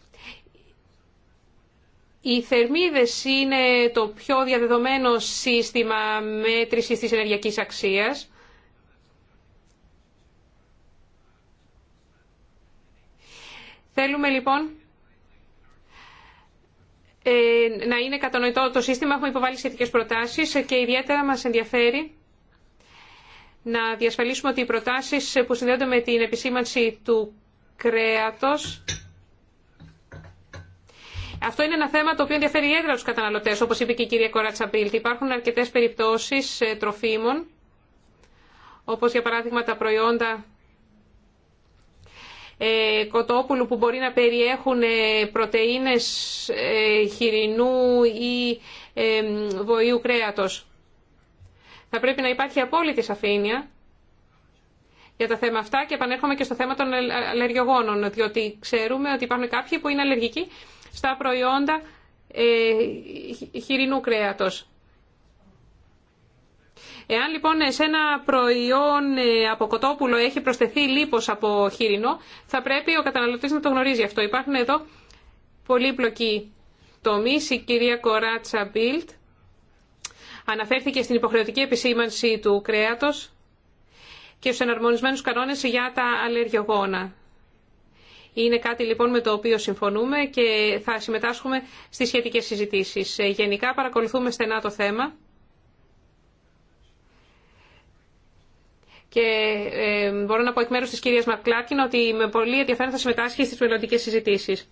Οι θερμίδες είναι το πιο διαδεδομένο σύστημα μέτρησης της ενεργειακής αξίας. Θέλουμε λοιπόν ε, να είναι κατανοητό το σύστημα. Έχουμε υποβάλει σχετικές προτάσεις και ιδιαίτερα μας ενδιαφέρει να διασφαλίσουμε ότι οι προτάσεις που συνδέονται με την επισήμανση του κρέατος αυτό είναι ένα θέμα το οποίο ενδιαφέρει ιδιαίτερα του καταναλωτέ, όπω είπε και η κυρία Μπίλτ. Υπάρχουν αρκετέ περιπτώσει ε, τροφίμων, όπω για παράδειγμα τα προϊόντα ε, κοτόπουλου που μπορεί να περιέχουν ε, πρωτεΐνες ε, χοιρινού ή βοηού κρέατος. Θα πρέπει να υπάρχει απόλυτη σαφήνεια για τα θέματα αυτά και επανέρχομαι και στο θέμα των αλλεργιογόνων, διότι ξέρουμε ότι υπάρχουν κάποιοι που είναι αλλεργικοί στα προϊόντα χοιρινού κρέατος. Εάν λοιπόν σε ένα προϊόν ε, από κοτόπουλο έχει προσθεθεί λίπος από χοιρινό, θα πρέπει ο καταναλωτής να το γνωρίζει αυτό. Υπάρχουν εδώ πολύπλοκοι τομείς. Η κυρία Κοράτσα Μπίλτ αναφέρθηκε στην υποχρεωτική επισήμανση του κρέατος και στους εναρμονισμένους κανόνες για τα αλλεργιογόνα. Είναι κάτι λοιπόν με το οποίο συμφωνούμε και θα συμμετάσχουμε στις σχετικές συζητήσεις. Ε, γενικά παρακολουθούμε στενά το θέμα Και ε, μπορώ να πω εκ μέρους της κυρίας ότι με πολύ ενδιαφέρον θα συμμετάσχει στις μελλοντικές συζητήσεις.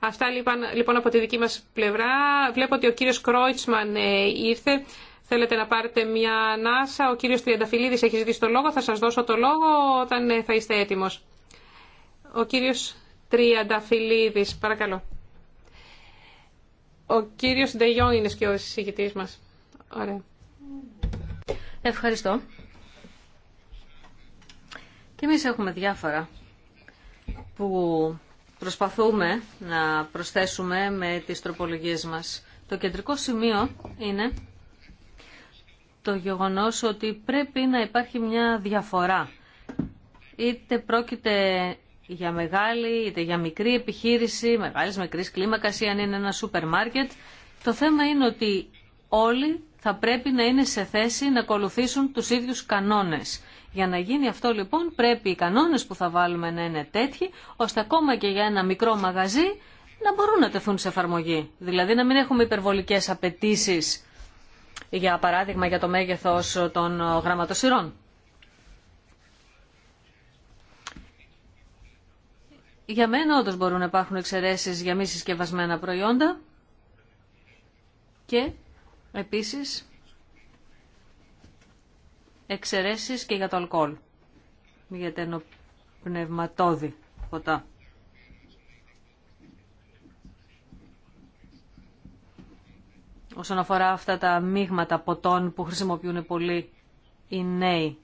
Αυτά λοιπόν, λοιπόν από τη δική μας πλευρά. Βλέπω ότι ο κύριος Κρόιτσμαν ε, ήρθε. Θέλετε να πάρετε μια ανάσα. Ο κύριος Τριανταφυλλίδης έχει ζητήσει το λόγο. Θα σας δώσω το λόγο όταν ε, θα είστε έτοιμος. Ο κύριος Τριανταφυλλίδης, παρακαλώ. Ο κύριος Ντεγιόν είναι και ο συζητητής μας. Ωραία. Ευχαριστώ. Και εμείς έχουμε διάφορα που προσπαθούμε να προσθέσουμε με τις τροπολογίες μας. Το κεντρικό σημείο είναι το γεγονός ότι πρέπει να υπάρχει μια διαφορά. Είτε πρόκειται για μεγάλη είτε για μικρή επιχείρηση, μεγάλης μικρής κλίμακας ή αν είναι ένα σούπερ μάρκετ. Το θέμα είναι ότι όλοι θα πρέπει να είναι σε θέση να ακολουθήσουν τους ίδιους κανόνες. Για να γίνει αυτό λοιπόν πρέπει οι κανόνες που θα βάλουμε να είναι τέτοιοι, ώστε ακόμα και για ένα μικρό μαγαζί να μπορούν να τεθούν σε εφαρμογή. Δηλαδή να μην έχουμε υπερβολικές απαιτήσει για παράδειγμα για το μέγεθος των γραμματοσυρών. Για μένα όντως μπορούν να υπάρχουν εξαιρέσεις για μη συσκευασμένα προϊόντα και επίσης εξαιρέσει και για το αλκοόλ, για τα πνευματόδη ποτά. Όσον αφορά αυτά τα μείγματα ποτών που χρησιμοποιούν πολύ οι νέοι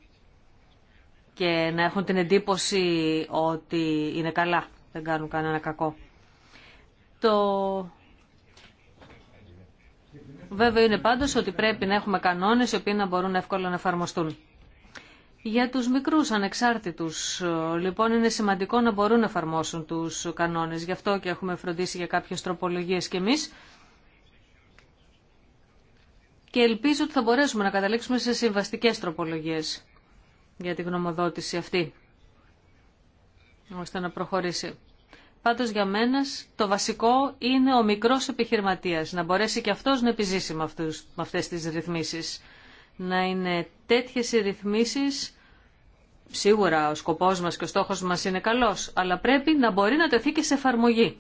και να έχουν την εντύπωση ότι είναι καλά, δεν κάνουν κανένα κακό. Το Βέβαια είναι πάντως ότι πρέπει να έχουμε κανόνες οι οποίοι να μπορούν εύκολα να εφαρμοστούν. Για τους μικρούς ανεξάρτητους, λοιπόν, είναι σημαντικό να μπορούν να εφαρμόσουν τους κανόνες. Γι' αυτό και έχουμε φροντίσει για κάποιες τροπολογίες κι εμείς. Και ελπίζω ότι θα μπορέσουμε να καταλήξουμε σε συμβαστικές τροπολογίες για τη γνωμοδότηση αυτή, ώστε να προχωρήσει. Πάντως για μένα το βασικό είναι ο μικρός επιχειρηματίας, να μπορέσει και αυτός να επιζήσει με, αυτούς, με αυτές τις ρυθμίσεις. Να είναι τέτοιες οι ρυθμίσεις, σίγουρα ο σκοπός μας και ο στόχος μας είναι καλός, αλλά πρέπει να μπορεί να τεθεί και σε εφαρμογή.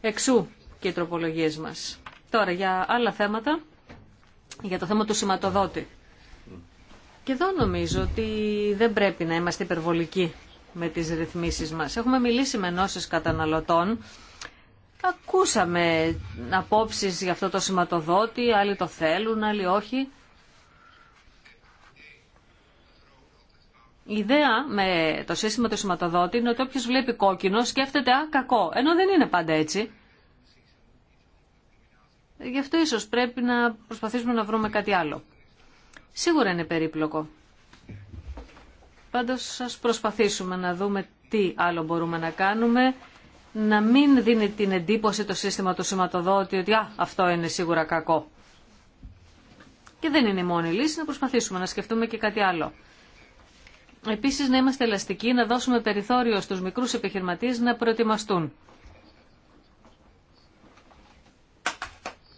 Εξού και οι τροπολογίες μας. Τώρα για άλλα θέματα, για το θέμα του σηματοδότη. Και εδώ νομίζω ότι δεν πρέπει να είμαστε υπερβολικοί με τις ρυθμίσεις μας. Έχουμε μιλήσει με νόσες καταναλωτών, ακούσαμε απόψεις για αυτό το σηματοδότη, άλλοι το θέλουν, άλλοι όχι. Η ιδέα με το σύστημα του σηματοδότη είναι ότι όποιος βλέπει κόκκινο σκέφτεται «Α, κακό», ενώ δεν είναι πάντα έτσι. Γι' αυτό ίσως πρέπει να προσπαθήσουμε να βρούμε κάτι άλλο. Σίγουρα είναι περίπλοκο. Πάντως ας προσπαθήσουμε να δούμε τι άλλο μπορούμε να κάνουμε, να μην δίνει την εντύπωση το σύστημα του σηματοδότη ότι α, αυτό είναι σίγουρα κακό. Και δεν είναι η μόνη λύση, να προσπαθήσουμε να σκεφτούμε και κάτι άλλο. Επίσης να είμαστε ελαστικοί, να δώσουμε περιθώριο στους μικρούς επιχειρηματίες να προετοιμαστούν.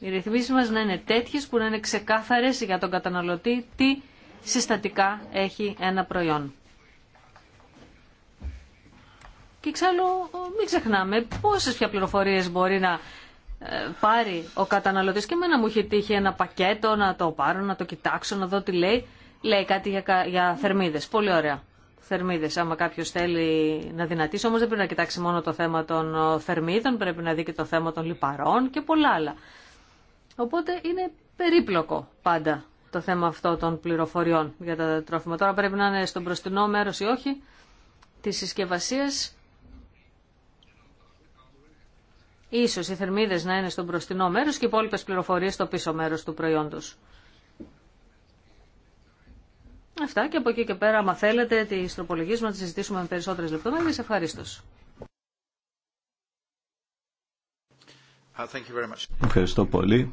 Οι ρυθμίσεις μας να είναι τέτοιες που να είναι ξεκάθαρες για τον καταναλωτή τι συστατικά έχει ένα προϊόν. Και εξάλλου μην ξεχνάμε πόσες πια πληροφορίες μπορεί να ε, πάρει ο καταναλωτής και εμένα μου έχει τύχει ένα πακέτο να το πάρω, να το κοιτάξω, να δω τι λέει. Λέει κάτι για, για θερμίδες. Πολύ ωραία. Θερμίδες, άμα κάποιο θέλει να δυνατήσει, όμως δεν πρέπει να κοιτάξει μόνο το θέμα των ε, θερμίδων, πρέπει να δει και το θέμα των λιπαρών και πολλά άλλα. Οπότε είναι περίπλοκο πάντα το θέμα αυτό των πληροφοριών για τα τρόφιμα. Τώρα πρέπει να είναι στον μπροστινό μέρο ή όχι τη συσκευασίε. Ίσως οι θερμίδες να είναι στο μπροστινό μέρος και οι υπόλοιπε πληροφορίες στο πίσω μέρος του προϊόντος. Αυτά και από εκεί και πέρα, άμα θέλετε, τις τροπολογίες μα να τις συζητήσουμε με περισσότερες λεπτομέρειες. Ευχαριστώ. Uh, Ευχαριστώ πολύ.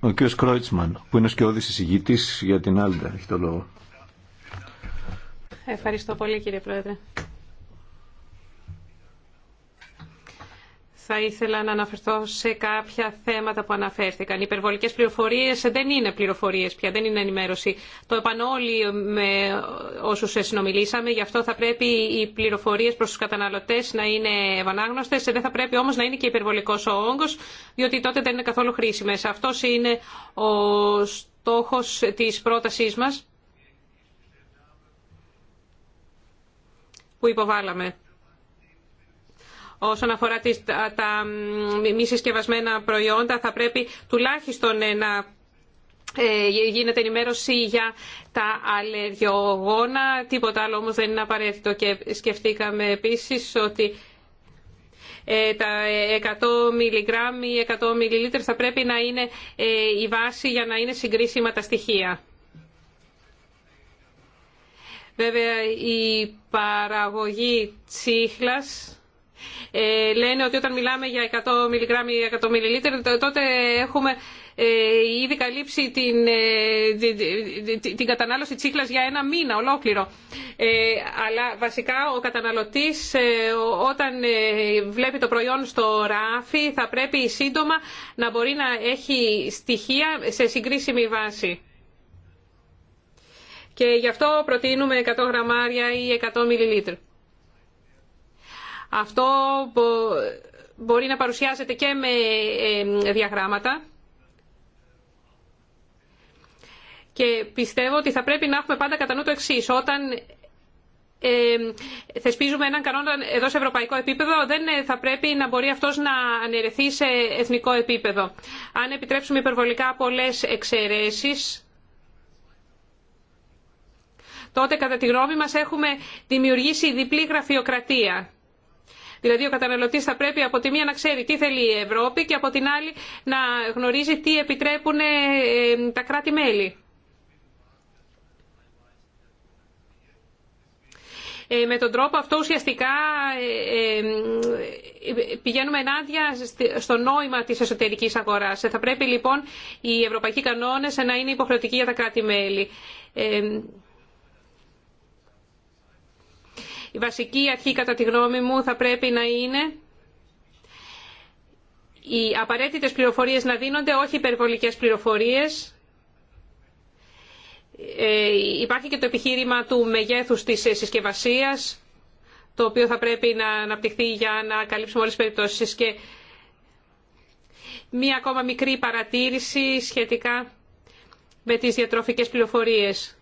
Ο κ. Κρόιτσμαν, που είναι σκιώδης εισηγητής για την Άλντα, έχει το λόγο. Ευχαριστώ πολύ κύριε Πρόεδρε. θα ήθελα να αναφερθώ σε κάποια θέματα που αναφέρθηκαν. Οι υπερβολικές πληροφορίες δεν είναι πληροφορίες πια, δεν είναι ενημέρωση. Το είπαν όλοι με όσους συνομιλήσαμε, γι' αυτό θα πρέπει οι πληροφορίες προς τους καταναλωτές να είναι ευανάγνωστες, δεν θα πρέπει όμως να είναι και υπερβολικός ο όγκος, διότι τότε δεν είναι καθόλου χρήσιμες. Αυτός είναι ο στόχος της πρότασής μας που υποβάλαμε όσον αφορά τα μη συσκευασμένα προϊόντα θα πρέπει τουλάχιστον ε, να ε, γίνεται ενημέρωση για τα αλλεργιογόνα. Τίποτα άλλο όμως δεν είναι απαραίτητο και σκεφτήκαμε επίσης ότι ε, τα 100 μιλιγκράμμ ή 100 μιλιλίτρ θα πρέπει να είναι η βάση για να είναι συγκρίσιμα τα στοιχεία. Βέβαια η παραγωγή τσίχλας ε, λένε ότι όταν μιλάμε για 100 μιλιγράμμι ή 100 μιλιλίτερ, τότε έχουμε ε, ήδη καλύψει την, την, ε, την κατανάλωση τσίχλας για ένα μήνα ολόκληρο. αλλά βασικά ο καταναλωτής όταν βλέπει το προϊόν στο ράφι θα πρέπει σύντομα να μπορεί να έχει στοιχεία σε συγκρίσιμη βάση. Και γι' αυτό προτείνουμε 100 γραμμάρια ή 100 μιλιλίτρ. Αυτό μπορεί να παρουσιάζεται και με ε, διαγράμματα. Και πιστεύω ότι θα πρέπει να έχουμε πάντα κατά νου το εξή. Όταν ε, θεσπίζουμε έναν κανόνα εδώ σε ευρωπαϊκό επίπεδο, δεν ε, θα πρέπει να μπορεί αυτός να αναιρεθεί σε εθνικό επίπεδο. Αν επιτρέψουμε υπερβολικά πολλές εξαιρέσεις, τότε κατά τη γνώμη μας έχουμε δημιουργήσει διπλή γραφειοκρατία. Δηλαδή ο καταναλωτή θα πρέπει από τη μία να ξέρει τι θέλει η Ευρώπη και από την άλλη να γνωρίζει τι επιτρέπουν ε, τα κράτη-μέλη. Ε, με τον τρόπο αυτό ουσιαστικά ε, ε, πηγαίνουμε ενάντια στο νόημα της εσωτερικής αγοράς. Θα πρέπει λοιπόν οι ευρωπαϊκοί κανόνες να είναι υποχρεωτικοί για τα κράτη-μέλη. Η βασική αρχή κατά τη γνώμη μου θα πρέπει να είναι οι απαραίτητες πληροφορίες να δίνονται, όχι υπερβολικές πληροφορίες. Ε, υπάρχει και το επιχείρημα του μεγέθους της συσκευασίας, το οποίο θα πρέπει να αναπτυχθεί για να καλύψουμε όλες τις περιπτώσεις. Και μία ακόμα μικρή παρατήρηση σχετικά με τις διατροφικές πληροφορίες.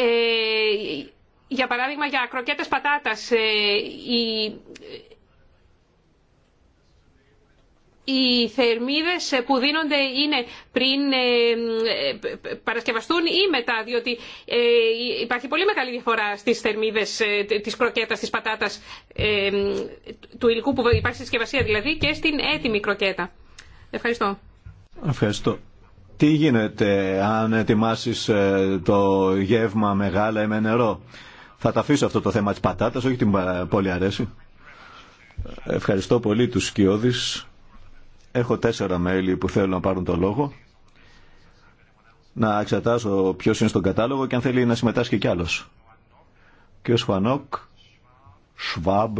Ε, για παράδειγμα για κροκέτες πατάτας ε, οι, οι θερμίδες που δίνονται είναι πριν ε, παρασκευαστούν ή μετά διότι υπάρχει πολύ μεγάλη διαφορά στις θερμίδες της κροκέτας, της πατάτας του υλικού που υπάρχει στη συσκευασία δηλαδή και στην έτοιμη κροκέτα. Ευχαριστώ. Ευχαριστώ. Τι γίνεται αν ετοιμάσει ε, το γεύμα μεγάλα ή με νερό. Θα τα αφήσω αυτό το θέμα της πατάτας, όχι την ε, πολύ αρέσει. Ευχαριστώ πολύ τους Σκιώδης. Έχω τέσσερα μέλη που θέλουν να πάρουν το λόγο. Να εξετάσω ποιος είναι στον κατάλογο και αν θέλει να συμμετάσχει κι άλλος. Κύριο Σφανόκ, Σβάμπ,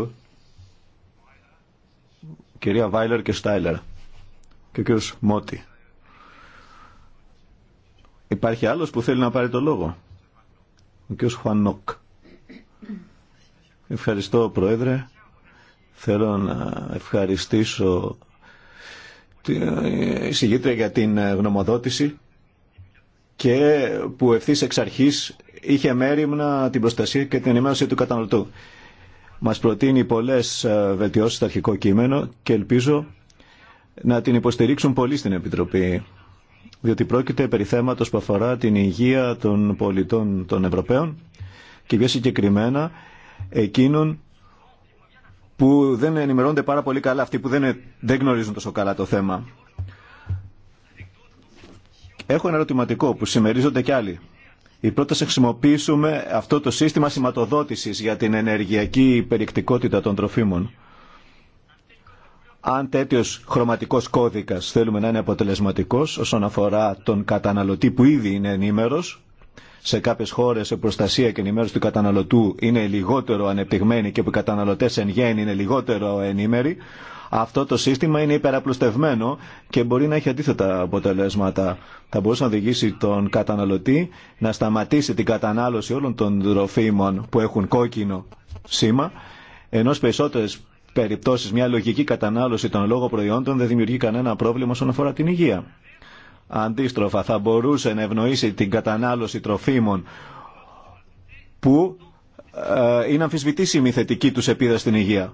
κυρία Βάιλερ και Στάιλερ και ο Μότι. Υπάρχει άλλος που θέλει να πάρει το λόγο. Ο κ. Χουανόκ. Ευχαριστώ Πρόεδρε. Θέλω να ευχαριστήσω τη εισηγήτρια για την γνωμοδότηση και που ευθύ εξ αρχή είχε μέρημνα την προστασία και την ενημέρωση του καταναλωτού. Μας προτείνει πολλές ε, βελτιώσεις στο αρχικό κείμενο και ελπίζω να την υποστηρίξουν πολύ στην Επιτροπή διότι πρόκειται περί θέματος που αφορά την υγεία των πολιτών των Ευρωπαίων και πιο συγκεκριμένα εκείνων που δεν ενημερώνονται πάρα πολύ καλά, αυτοί που δεν, δεν γνωρίζουν τόσο καλά το θέμα. Έχω ένα ερωτηματικό που συμμερίζονται κι άλλοι. Η πρόταση χρησιμοποιήσουμε αυτό το σύστημα σηματοδότησης για την ενεργειακή περιεκτικότητα των τροφίμων αν τέτοιο χρωματικό κώδικα θέλουμε να είναι αποτελεσματικό όσον αφορά τον καταναλωτή που ήδη είναι ενήμερο, σε κάποιε χώρε η προστασία και ενημέρωση του καταναλωτού είναι λιγότερο ανεπτυγμένη και που οι καταναλωτέ εν γέννη είναι λιγότερο ενήμεροι, αυτό το σύστημα είναι υπεραπλουστευμένο και μπορεί να έχει αντίθετα αποτελέσματα. Θα μπορούσε να οδηγήσει τον καταναλωτή να σταματήσει την κατανάλωση όλων των τροφίμων που έχουν κόκκινο σήμα, ενώ στι περιπτώσεις μια λογική κατανάλωση των λόγω προϊόντων δεν δημιουργεί κανένα πρόβλημα όσον αφορά την υγεία. Αντίστροφα θα μπορούσε να ευνοήσει την κατανάλωση τροφίμων που ε, είναι αμφισβητήσιμη η θετική του επίδραση στην υγεία.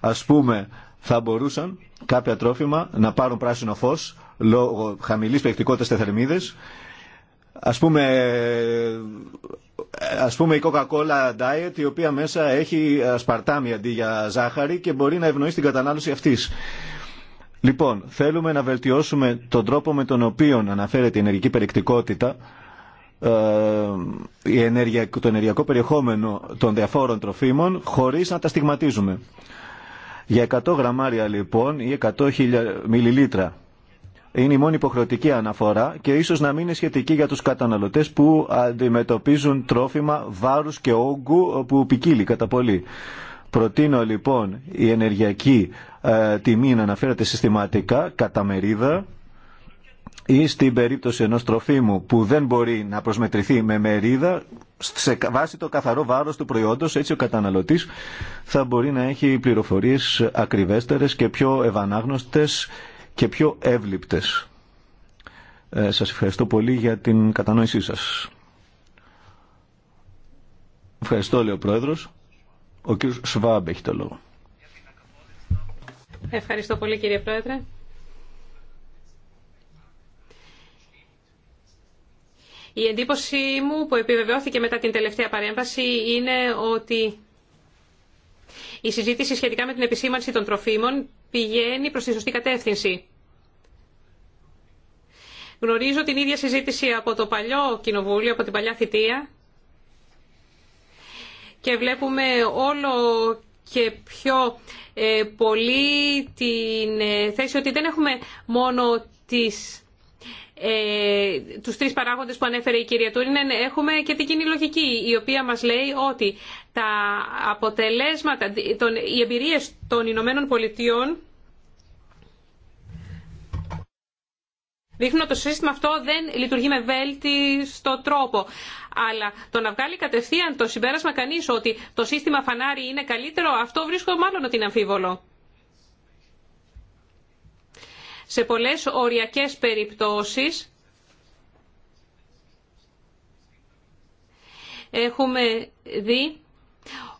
Ας πούμε θα μπορούσαν κάποια τρόφιμα να πάρουν πράσινο φως λόγω χαμηλή περιεκτικότητας σε θερμίδες ας πούμε ας πούμε η Coca-Cola Diet η οποία μέσα έχει ασπαρτάμι ε, αντί για ζάχαρη και μπορεί να ευνοεί την κατανάλωση αυτής. Λοιπόν, θέλουμε να βελτιώσουμε τον τρόπο με τον οποίο αναφέρεται η ενεργική περιεκτικότητα ε, η ενεργεια, το ενεργειακό περιεχόμενο των διαφόρων τροφίμων χωρίς να τα στιγματίζουμε. Για 100 γραμμάρια λοιπόν ή 100 μιλιλίτρα είναι η μόνη υποχρεωτική αναφορά και ίσως να μην είναι σχετική για τους καταναλωτές που αντιμετωπίζουν τρόφιμα βάρους και όγκου που ποικίλει κατά πολύ. Προτείνω λοιπόν η ενεργειακή ε, τιμή να αναφέρεται συστηματικά κατά μερίδα ή στην περίπτωση ενός τροφίμου που δεν μπορεί να προσμετρηθεί με μερίδα σε βάση το καθαρό βάρος του προϊόντος έτσι ο καταναλωτής θα μπορεί να έχει πληροφορίες ακριβέστερες και πιο ευανάγνωστες και πιο εύληπτες. Ε, σας ευχαριστώ πολύ για την κατανόησή σας. Ευχαριστώ, λέει ο Πρόεδρος. Ο κύριος Σβάμπ έχει το λόγο. Ευχαριστώ πολύ, κύριε Πρόεδρε. Η εντύπωση μου που επιβεβαιώθηκε μετά την τελευταία παρέμβαση είναι ότι η συζήτηση σχετικά με την επισήμανση των τροφίμων πηγαίνει προς τη σωστή κατεύθυνση. Γνωρίζω την ίδια συζήτηση από το παλιό κοινοβούλιο, από την παλιά θητεία και βλέπουμε όλο και πιο ε, πολύ την ε, θέση ότι δεν έχουμε μόνο τις ε, τους τρεις παράγοντες που ανέφερε η κυρία Τούρινεν, ναι, ναι, έχουμε και την κοινή λογική, η οποία μας λέει ότι τα αποτελέσματα, τον, οι εμπειρίε των Ηνωμένων Πολιτειών Δείχνουν ότι το σύστημα αυτό δεν λειτουργεί με βέλτιστο τρόπο. Αλλά το να βγάλει κατευθείαν το συμπέρασμα κανεί ότι το σύστημα φανάρι είναι καλύτερο, αυτό βρίσκω μάλλον ότι είναι αμφίβολο. Σε πολλές οριακές περιπτώσεις έχουμε δει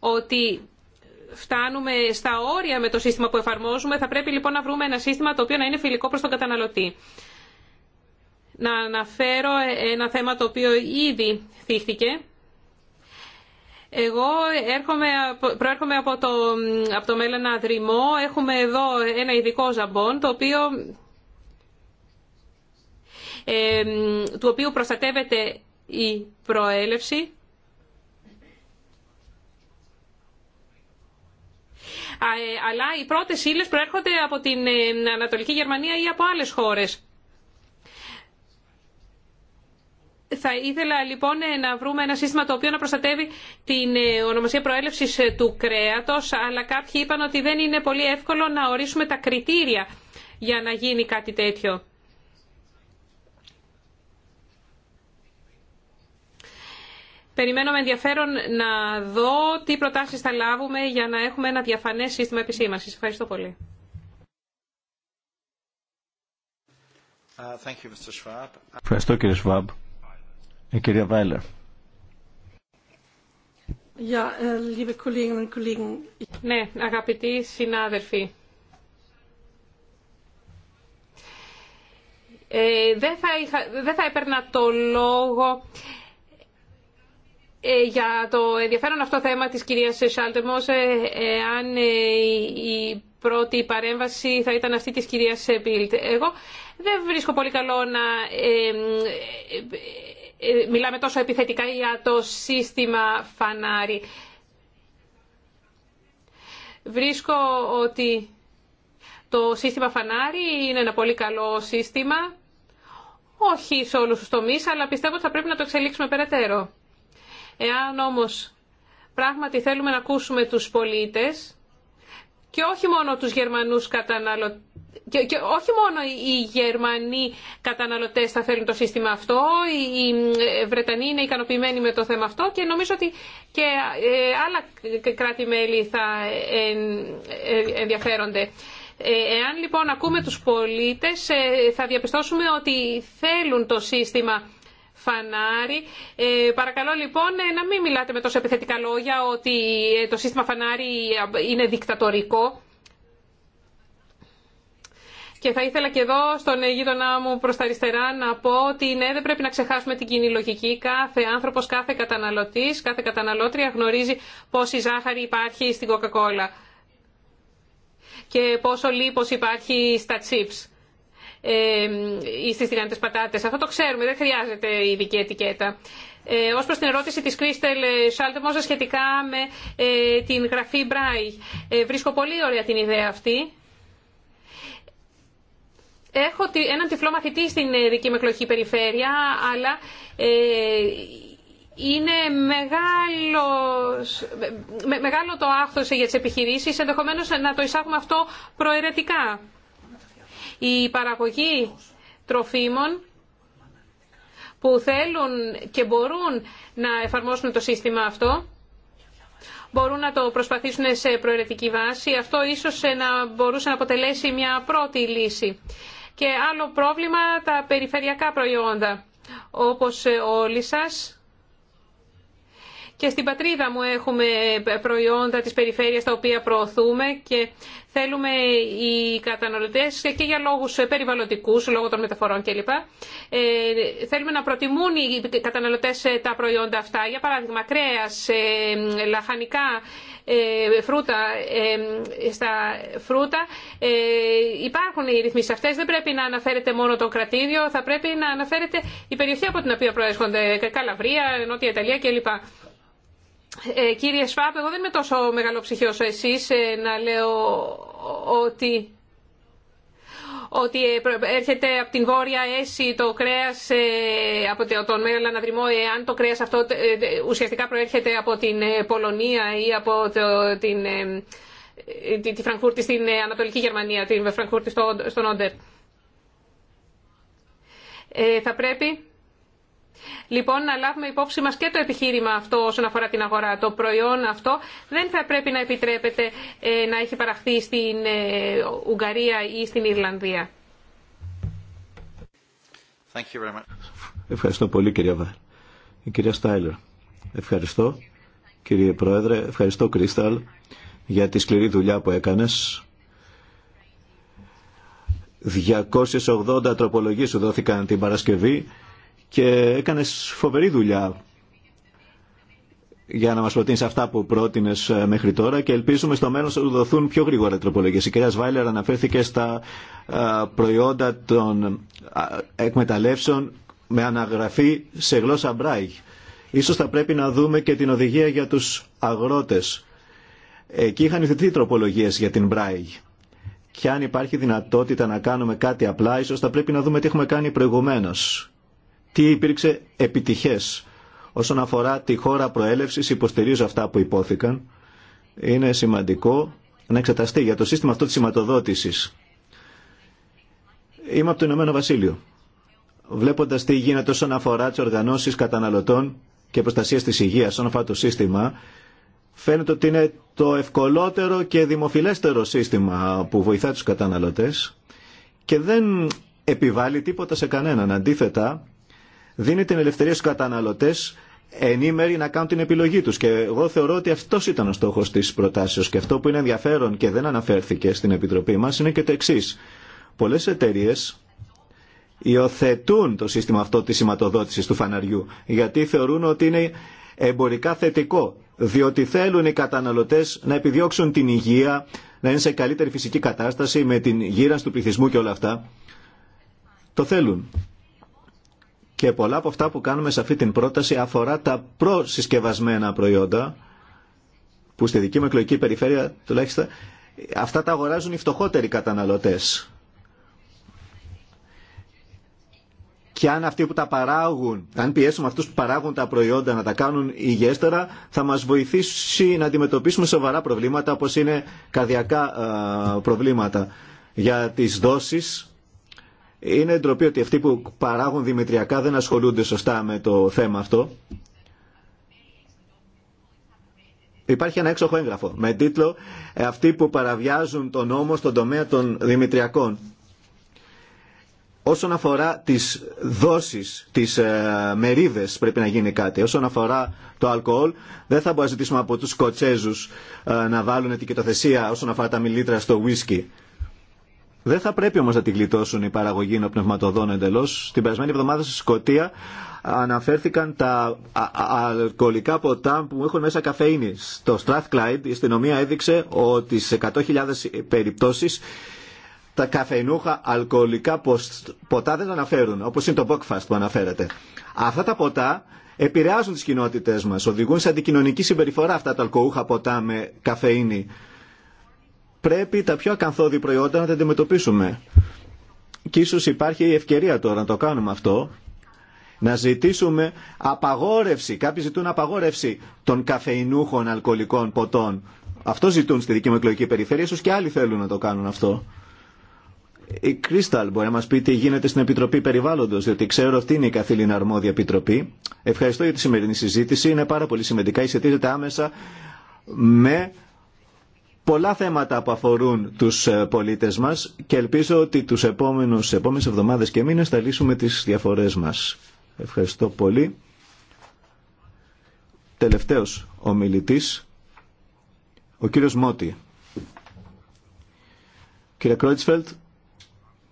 ότι φτάνουμε στα όρια με το σύστημα που εφαρμόζουμε. Θα πρέπει λοιπόν να βρούμε ένα σύστημα το οποίο να είναι φιλικό προς τον καταναλωτή. Να αναφέρω ένα θέμα το οποίο ήδη θύχθηκε. Εγώ έρχομαι, προέρχομαι από το, από το μέλλον αδρυμό. Έχουμε εδώ ένα ειδικό ζαμπόν, το οποίο, του οποίου προστατεύεται η προέλευση. Ε, αλλά οι πρώτες ύλες προέρχονται από την ε, Ανατολική Γερμανία ή από άλλες χώρες. Θα ήθελα λοιπόν ε, να βρούμε ένα σύστημα το οποίο να προστατεύει την ε, ονομασία προέλευσης ε, του κρέατος, αλλά κάποιοι είπαν ότι δεν είναι πολύ εύκολο να ορίσουμε τα κριτήρια για να γίνει κάτι τέτοιο. Περιμένω με ενδιαφέρον να δω τι προτάσεις θα λάβουμε για να έχουμε ένα διαφανές σύστημα επισήμασης. Ευχαριστώ πολύ. Uh, Ευχαριστώ κύριε Σβάμπ. Η κυρία Βάιλερ. Äh, ναι, αγαπητοί συνάδελφοι. Ε, δεν, θα έπαιρνα το λόγο ε, για το ενδιαφέρον αυτό θέμα της κυρίας Σάλτεμος, αν ε, η πρώτη παρέμβαση θα ήταν αυτή της κυρίας Σέμπιλτ. Εγώ δεν βρίσκω πολύ καλό να ε, μιλάμε τόσο επιθετικά για το σύστημα φανάρι. Βρίσκω ότι το σύστημα φανάρι είναι ένα πολύ καλό σύστημα, όχι σε όλους τους τομείς, αλλά πιστεύω ότι θα πρέπει να το εξελίξουμε περαιτέρω. Εάν όμως πράγματι θέλουμε να ακούσουμε τους πολίτες και όχι μόνο τους Γερμανούς καταναλωτές, και, όχι μόνο οι Γερμανοί καταναλωτές θα θέλουν το σύστημα αυτό, οι Βρετανοί είναι ικανοποιημένοι με το θέμα αυτό και νομίζω ότι και ε, άλλα κράτη-μέλη θα ε, ε, ενδιαφέρονται. Εάν λοιπόν ακούμε τους πολίτες θα διαπιστώσουμε ότι θέλουν το σύστημα φανάρι. Ε, παρακαλώ λοιπόν να μην μιλάτε με τόσο επιθετικά λόγια ότι το σύστημα φανάρι είναι δικτατορικό. Και θα ήθελα και εδώ στον γείτονά μου προ τα αριστερά να πω ότι ναι, δεν πρέπει να ξεχάσουμε την κοινή λογική. Κάθε άνθρωπο, κάθε καταναλωτή, κάθε καταναλώτρια γνωρίζει πόση ζάχαρη υπάρχει στην Coca-Cola και πόσο λίπος υπάρχει στα chips ή στις τηγανιτές πατάτες. Αυτό το ξέρουμε, δεν χρειάζεται ειδική ετικέτα. Ε, ως προς την ερώτηση τη Κρίστελ ε, Σάλτεμόζα σχετικά με ε, την γραφή Μπράι, ε, βρίσκω πολύ ωραία την ιδέα αυτή. Έχω έναν τυφλό μαθητή στην ε, δική μου εκλογική περιφέρεια, αλλά ε, είναι μεγάλος, μεγάλο το άχθος για τις επιχειρήσεις, ενδεχομένως να το εισάγουμε αυτό προαιρετικά. Η παραγωγή τροφίμων που θέλουν και μπορούν να εφαρμόσουν το σύστημα αυτό, μπορούν να το προσπαθήσουν σε προαιρετική βάση. Αυτό ίσως ε, να μπορούσε να αποτελέσει μια πρώτη λύση και άλλο πρόβλημα τα περιφερειακά προϊόντα. Όπως ε, όλοι σας, και στην πατρίδα μου έχουμε ε, προϊόντα της περιφέρειας τα οποία προωθούμε και θέλουμε οι καταναλωτές και για λόγους ε, περιβαλλοντικούς, λόγω των μεταφορών κλπ. θέλουμε να προτιμούν οι καταναλωτές τα προϊόντα αυτά. Για παράδειγμα κρέας, λαχανικά, ε, φρούτα, ε, στα φρούτα ε, υπάρχουν οι ρυθμίσει αυτές. Δεν πρέπει να αναφέρεται μόνο το κρατήδιο, θα πρέπει να αναφέρεται η περιοχή από την οποία προέρχονται, Καλαβρία, Νότια Ιταλία κλπ. κύριε Σφάπ, εγώ δεν είμαι τόσο μεγαλοψυχή όσο εσείς να λέω ότι ότι ε, έρχεται από την βόρεια έση το κρέας ε, από τον Μέλλον Αναδρυμό εάν το κρέας αυτό ε, ουσιαστικά προέρχεται από την Πολωνία ή από την, τη, τη στην Ανατολική Γερμανία, την Φραγκούρτη στον Όντερ. θα πρέπει Λοιπόν, να λάβουμε υπόψη μας και το επιχείρημα αυτό όσον αφορά την αγορά. Το προϊόν αυτό δεν θα πρέπει να επιτρέπεται ε, να έχει παραχθεί στην ε, Ουγγαρία ή στην Ιρλανδία. Ευχαριστώ πολύ κυρία Βάλ. Η κυρία Στάιλερ. Ευχαριστώ κύριε Πρόεδρε. Ευχαριστώ Κρίσταλ για τη σκληρή δουλειά που έκανες. 280 τροπολογίες σου δόθηκαν την Παρασκευή και έκανε φοβερή δουλειά για να μα προτείνει αυτά που πρότεινε ε, μέχρι τώρα και ελπίζουμε στο μέλλον να σου δοθούν πιο γρήγορα τροπολογίε. Η κυρία Σβάιλερ αναφέρθηκε στα ε, προϊόντα των ε, εκμεταλλεύσεων με αναγραφή σε γλώσσα μπράι. Ίσως θα πρέπει να δούμε και την οδηγία για τους αγρότες. Εκεί είχαν ειδηθεί τροπολογίες για την μπράι. Και αν υπάρχει δυνατότητα να κάνουμε κάτι απλά, ίσως θα πρέπει να δούμε τι έχουμε κάνει προηγουμένως τι υπήρξε επιτυχές. Όσον αφορά τη χώρα προέλευσης, υποστηρίζω αυτά που υπόθηκαν. Είναι σημαντικό να εξεταστεί για το σύστημα αυτό της σηματοδότησης. Είμαι από το Ηνωμένο Βασίλειο. Βλέποντας τι γίνεται όσον αφορά τις οργανώσεις καταναλωτών και προστασία της υγείας, όσον αφορά το σύστημα, φαίνεται ότι είναι το ευκολότερο και δημοφιλέστερο σύστημα που βοηθά τους καταναλωτές και δεν επιβάλλει τίποτα σε κανέναν. Αντίθετα, δίνει την ελευθερία στους καταναλωτές ενήμεροι να κάνουν την επιλογή τους και εγώ θεωρώ ότι αυτός ήταν ο στόχος της προτάσεως και αυτό που είναι ενδιαφέρον και δεν αναφέρθηκε στην Επιτροπή μας είναι και το εξή. Πολλές εταιρείε υιοθετούν το σύστημα αυτό της σηματοδότησης του φαναριού γιατί θεωρούν ότι είναι εμπορικά θετικό διότι θέλουν οι καταναλωτές να επιδιώξουν την υγεία, να είναι σε καλύτερη φυσική κατάσταση με την γύρανση του πληθυσμού και όλα αυτά. Το θέλουν. Και πολλά από αυτά που κάνουμε σε αυτή την πρόταση αφορά τα προσυσκευασμένα προϊόντα, που στη δική μου εκλογική περιφέρεια τουλάχιστον αυτά τα αγοράζουν οι φτωχότεροι καταναλωτές. Και αν αυτοί που τα παράγουν, αν πιέσουμε αυτούς που παράγουν τα προϊόντα να τα κάνουν υγιέστερα, θα μας βοηθήσει να αντιμετωπίσουμε σοβαρά προβλήματα όπως είναι καρδιακά ε, προβλήματα για τις δόσεις είναι ντροπή ότι αυτοί που παράγουν δημητριακά δεν ασχολούνται σωστά με το θέμα αυτό. Υπάρχει ένα έξοχο έγγραφο με τίτλο «Ε, «Αυτοί που παραβιάζουν τον νόμο στον τομέα των δημητριακών». Όσον αφορά τις δόσεις, τις ε, μερίδες πρέπει να γίνει κάτι. Όσον αφορά το αλκοόλ, δεν θα μπορούμε να ζητήσουμε από τους Σκοτσέζους ε, να βάλουν ετικετοθεσία όσον αφορά τα μιλίτρα στο whisky. Δεν θα πρέπει όμω να τη γλιτώσουν οι παραγωγοί νοπνευματοδών εντελώ. Την περασμένη εβδομάδα στη Σκωτία αναφέρθηκαν τα αλκοολικά ποτά που έχουν μέσα καφέινη. Στο Strathclyde η αστυνομία έδειξε ότι σε 100.000 περιπτώσει τα καφεϊνούχα αλκοολικά ποτά δεν αναφέρουν, όπω είναι το Bockfast που αναφέρατε. Αυτά τα ποτά επηρεάζουν τι κοινότητέ μα, οδηγούν σε αντικοινωνική συμπεριφορά αυτά τα αλκοούχα ποτά με καφέινη πρέπει τα πιο ακαθόδη προϊόντα να τα αντιμετωπίσουμε. Και ίσως υπάρχει η ευκαιρία τώρα να το κάνουμε αυτό, να ζητήσουμε απαγόρευση, κάποιοι ζητούν απαγόρευση των καφεϊνούχων αλκοολικών ποτών. Αυτό ζητούν στη δική μου εκλογική περιφέρεια, ίσως και άλλοι θέλουν να το κάνουν αυτό. Η Κρίσταλ μπορεί να μας πει τι γίνεται στην Επιτροπή Περιβάλλοντος, διότι ξέρω αυτή είναι η καθήλυνα αρμόδια επιτροπή. Ευχαριστώ για τη σημερινή συζήτηση, είναι πάρα πολύ σημαντικά, άμεσα με πολλά θέματα που αφορούν τους ε, πολίτες μας και ελπίζω ότι τους επόμενους, επόμενες εβδομάδες και μήνες θα λύσουμε τις διαφορές μας. Ευχαριστώ πολύ. Τελευταίος ο ο κύριος Μότι. Κύριε Κρότσφελτ,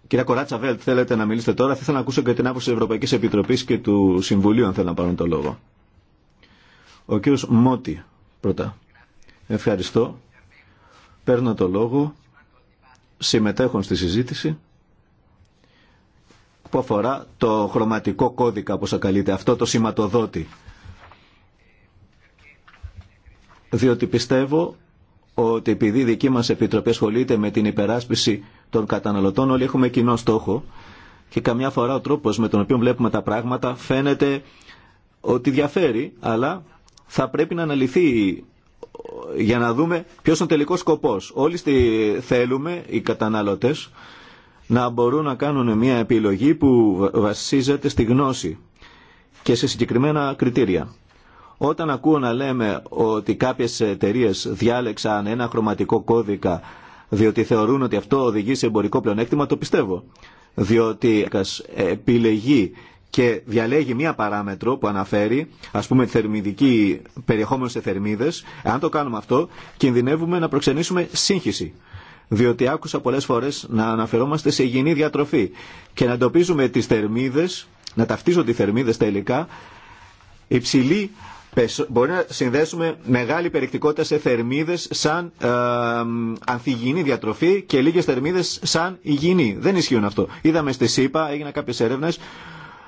κύριε Κοράτσα θέλετε να μιλήσετε τώρα. Θα ήθελα να ακούσω και την άποψη της Ευρωπαϊκής Επιτροπής και του Συμβουλίου, αν θέλω να πάρω το λόγο. Ο κύριος Μότι, πρώτα. Ευχαριστώ. Παίρνω το λόγο, συμμετέχω στη συζήτηση που αφορά το χρωματικό κώδικα, όπως ακαλείται, αυτό το σηματοδότη. Διότι πιστεύω ότι επειδή η δική μας Επιτροπή ασχολείται με την υπεράσπιση των καταναλωτών, όλοι έχουμε κοινό στόχο και καμιά φορά ο τρόπος με τον οποίο βλέπουμε τα πράγματα φαίνεται ότι διαφέρει, αλλά θα πρέπει να αναλυθεί για να δούμε ποιος είναι ο τελικός σκοπός. Όλοι στη, θέλουμε οι καταναλωτές να μπορούν να κάνουν μια επιλογή που βασίζεται στη γνώση και σε συγκεκριμένα κριτήρια. Όταν ακούω να λέμε ότι κάποιες εταιρείε διάλεξαν ένα χρωματικό κώδικα διότι θεωρούν ότι αυτό οδηγεί σε εμπορικό πλεονέκτημα, το πιστεύω. Διότι επιλεγεί και διαλέγει μία παράμετρο που αναφέρει, α πούμε, θερμιδική περιεχόμενο σε θερμίδε, αν το κάνουμε αυτό, κινδυνεύουμε να προξενήσουμε σύγχυση. Διότι άκουσα πολλέ φορέ να αναφερόμαστε σε υγιεινή διατροφή και να εντοπίζουμε τι θερμίδε, να ταυτίζονται οι θερμίδε τελικά, υψηλή μπορεί να συνδέσουμε μεγάλη περιεκτικότητα σε θερμίδες σαν ε, ανθυγιεινή διατροφή και λίγες θερμίδες σαν υγιεινή. Δεν ισχύουν αυτό. Είδαμε στη ΣΥΠΑ, έγιναν κάποιες έρευνες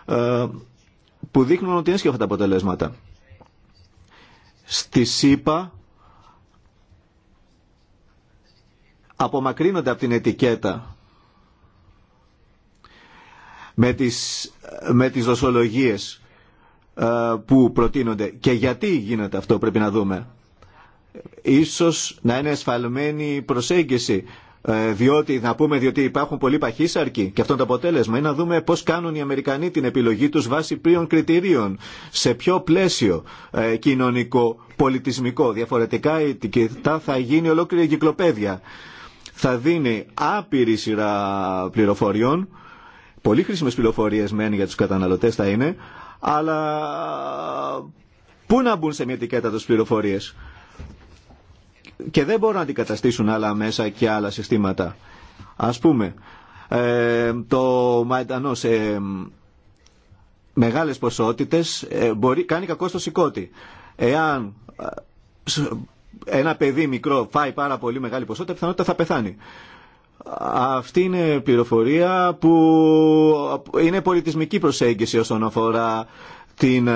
ε, που δείχνουν ότι είναι τα αποτελέσματα. Στη ΣΥΠΑ απομακρύνονται από την ετικέτα με τις, με δοσολογίες ε, που προτείνονται. Και γιατί γίνεται αυτό πρέπει να δούμε. Ίσως να είναι εσφαλμένη προσέγγιση ε, διότι, να πούμε, διότι υπάρχουν πολλοί παχύσαρκοι και αυτό είναι το αποτέλεσμα. Είναι να δούμε πώς κάνουν οι Αμερικανοί την επιλογή τους βάσει ποιων κριτηρίων, σε ποιο πλαίσιο ε, κοινωνικό, πολιτισμικό. Διαφορετικά η ετικετά θα γίνει ολόκληρη εγκυκλοπαίδεια. Θα δίνει άπειρη σειρά πληροφοριών, πολύ χρήσιμες πληροφορίες μένουν για τους καταναλωτές θα είναι, αλλά πού να μπουν σε μια ετικέτα τους πληροφορίες και δεν μπορούν να αντικαταστήσουν άλλα μέσα και άλλα συστήματα. Ας πούμε, ε, το μαϊντανό σε μεγάλες ποσότητες ε, μπορεί, κάνει κακό στο σηκώτη. Εάν ε, ένα παιδί μικρό φάει πάρα πολύ μεγάλη ποσότητα, πιθανότητα θα πεθάνει. Αυτή είναι πληροφορία που ε, είναι πολιτισμική προσέγγιση όσον αφορά την ε,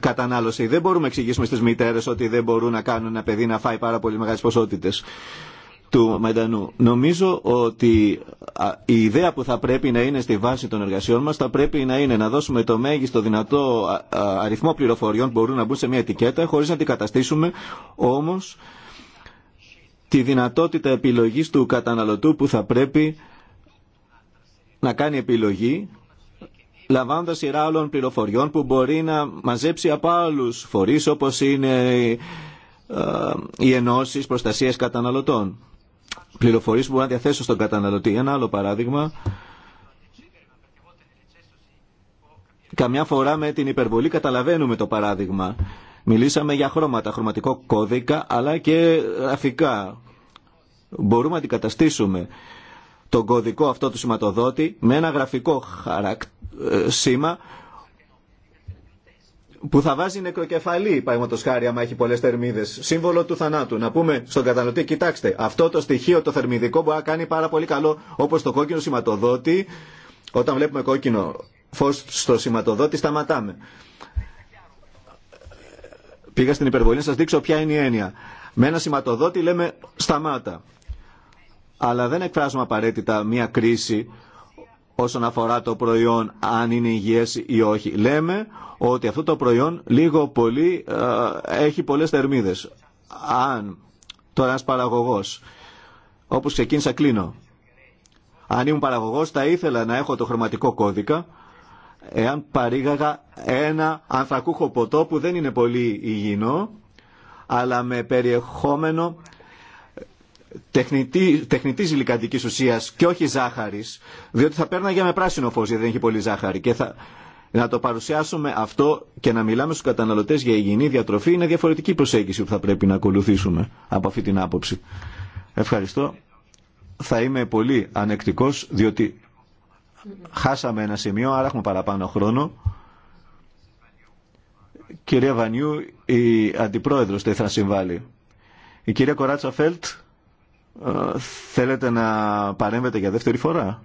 κατανάλωση. Δεν μπορούμε να εξηγήσουμε στις μητέρες ότι δεν μπορούν να κάνουν ένα παιδί να φάει πάρα πολύ μεγάλες ποσότητες του μετανού. Νομίζω ότι η ιδέα που θα πρέπει να είναι στη βάση των εργασιών μας θα πρέπει να είναι να δώσουμε το μέγιστο δυνατό αριθμό πληροφοριών που μπορούν να μπουν σε μια ετικέτα χωρίς να αντικαταστήσουμε καταστήσουμε όμως τη δυνατότητα επιλογής του καταναλωτού που θα πρέπει να κάνει επιλογή λαμβάνοντα σειρά άλλων πληροφοριών που μπορεί να μαζέψει από άλλου φορεί όπω είναι ε, οι ενώσει προστασία καταναλωτών. Πληροφορίε που μπορεί να διαθέσω στον καταναλωτή. Ένα άλλο παράδειγμα. Καμιά φορά με την υπερβολή καταλαβαίνουμε το παράδειγμα. Μιλήσαμε για χρώματα, χρωματικό κώδικα, αλλά και γραφικά. Μπορούμε να αντικαταστήσουμε τον κωδικό αυτό του σηματοδότη με ένα γραφικό χαρακτήρα ε, σήμα που θα βάζει νεκροκεφαλή, παραδείγματο χάρη, άμα έχει πολλέ θερμίδε. Σύμβολο του θανάτου. Να πούμε στον καταναλωτή, κοιτάξτε, αυτό το στοιχείο το θερμιδικό μπορεί να κάνει πάρα πολύ καλό. Όπω το κόκκινο σηματοδότη, όταν βλέπουμε κόκκινο φω στο σηματοδότη, σταματάμε. Πήγα στην υπερβολή να σα δείξω ποια είναι η έννοια. Με ένα σηματοδότη λέμε σταμάτα. Αλλά δεν εκφράζουμε απαραίτητα μία κρίση όσον αφορά το προϊόν αν είναι υγιές ή όχι. Λέμε ότι αυτό το προϊόν λίγο πολύ ε, έχει πολλές θερμίδες. Αν τώρα ένα παραγωγός, όπως ξεκίνησα κλείνω, αν ήμουν παραγωγός θα ήθελα να έχω το χρωματικό κώδικα εάν παρήγαγα ένα ανθρακούχο ποτό που δεν είναι πολύ υγιεινό αλλά με περιεχόμενο τεχνητή, τεχνητής ουσία και όχι ζάχαρη, διότι θα παίρναγε με πράσινο φως γιατί δεν έχει πολύ ζάχαρη και θα, να το παρουσιάσουμε αυτό και να μιλάμε στου καταναλωτέ για υγιεινή διατροφή είναι διαφορετική προσέγγιση που θα πρέπει να ακολουθήσουμε από αυτή την άποψη. Ευχαριστώ. Θα είμαι πολύ ανεκτικό διότι χάσαμε ένα σημείο, άρα έχουμε παραπάνω χρόνο. Κυρία Βανιού, η Αντιπρόεδρος τι θα συμβάλλει. Η κυρία Κοράτσα Φέλτ ε, θέλετε να παρέμβετε για δεύτερη φορά.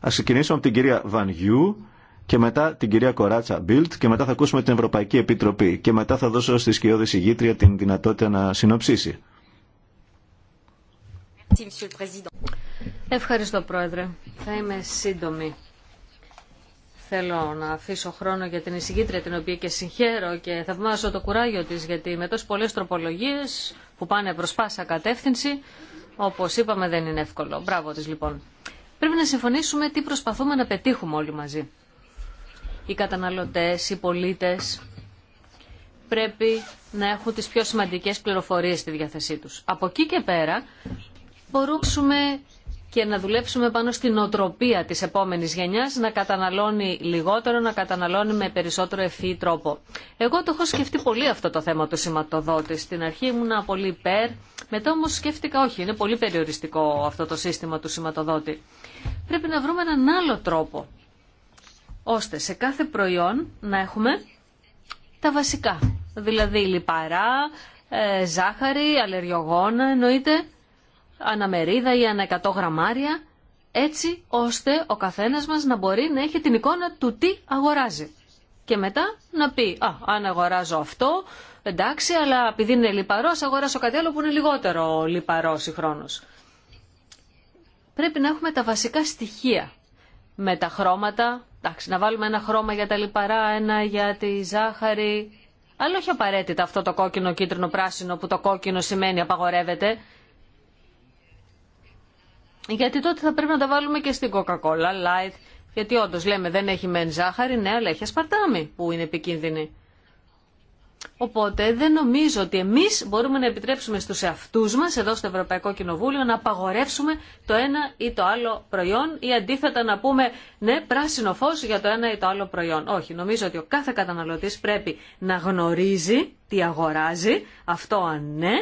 Ας ξεκινήσουμε από την κυρία Βανιού και μετά την κυρία Κοράτσα Μπίλτ και μετά θα ακούσουμε την Ευρωπαϊκή Επιτροπή και μετά θα δώσω στη σκιώδη συγγήτρια την δυνατότητα να συνοψίσει. Ευχαριστώ Πρόεδρε. Θα είμαι σύντομη. Θέλω να αφήσω χρόνο για την εισηγήτρια την οποία και συγχαίρω και θαυμάζω το κουράγιο της γιατί με τόσες πολλές τροπολογίες που πάνε προς πάσα κατεύθυνση, όπως είπαμε δεν είναι εύκολο. Μπράβο της λοιπόν. Πρέπει να συμφωνήσουμε τι προσπαθούμε να πετύχουμε όλοι μαζί. Οι καταναλωτές, οι πολίτες πρέπει να έχουν τις πιο σημαντικές πληροφορίες στη διάθεσή τους. Από εκεί και πέρα μπορούμε και να δουλέψουμε πάνω στην οτροπία της επόμενης γενιάς να καταναλώνει λιγότερο, να καταναλώνει με περισσότερο ευφύ τρόπο. Εγώ το έχω σκεφτεί πολύ αυτό το θέμα του σηματοδότη. Στην αρχή ήμουν πολύ υπέρ, μετά όμως σκέφτηκα όχι, είναι πολύ περιοριστικό αυτό το σύστημα του σηματοδότη. Πρέπει να βρούμε έναν άλλο τρόπο, ώστε σε κάθε προϊόν να έχουμε τα βασικά, δηλαδή λιπαρά, ε, ζάχαρη, αλλεργιογόνα εννοείται, αναμερίδα ή ανα 100 γραμμάρια, έτσι ώστε ο καθένας μας να μπορεί να έχει την εικόνα του τι αγοράζει. Και μετά να πει, α, αν αγοράζω αυτό, εντάξει, αλλά επειδή είναι λιπαρός, αγοράσω κάτι άλλο που είναι λιγότερο λιπαρός ή χρόνος. Πρέπει να έχουμε τα βασικά στοιχεία με τα χρώματα, εντάξει, να βάλουμε ένα χρώμα για τα λιπαρά, ένα για τη ζάχαρη, αλλά όχι απαραίτητα αυτό το κόκκινο, κίτρινο, πράσινο που το κόκκινο σημαίνει απαγορεύεται. Γιατί τότε θα πρέπει να τα βάλουμε και στην Coca-Cola Light. Γιατί όντω λέμε δεν έχει μεν ζάχαρη, ναι, αλλά έχει ασπαρτάμι που είναι επικίνδυνη. Οπότε δεν νομίζω ότι εμεί μπορούμε να επιτρέψουμε στου εαυτού μα εδώ στο Ευρωπαϊκό Κοινοβούλιο να απαγορεύσουμε το ένα ή το άλλο προϊόν ή αντίθετα να πούμε ναι, πράσινο φω για το ένα ή το άλλο προϊόν. Όχι, νομίζω ότι ο κάθε καταναλωτή πρέπει να γνωρίζει τι αγοράζει, αυτό αν ναι,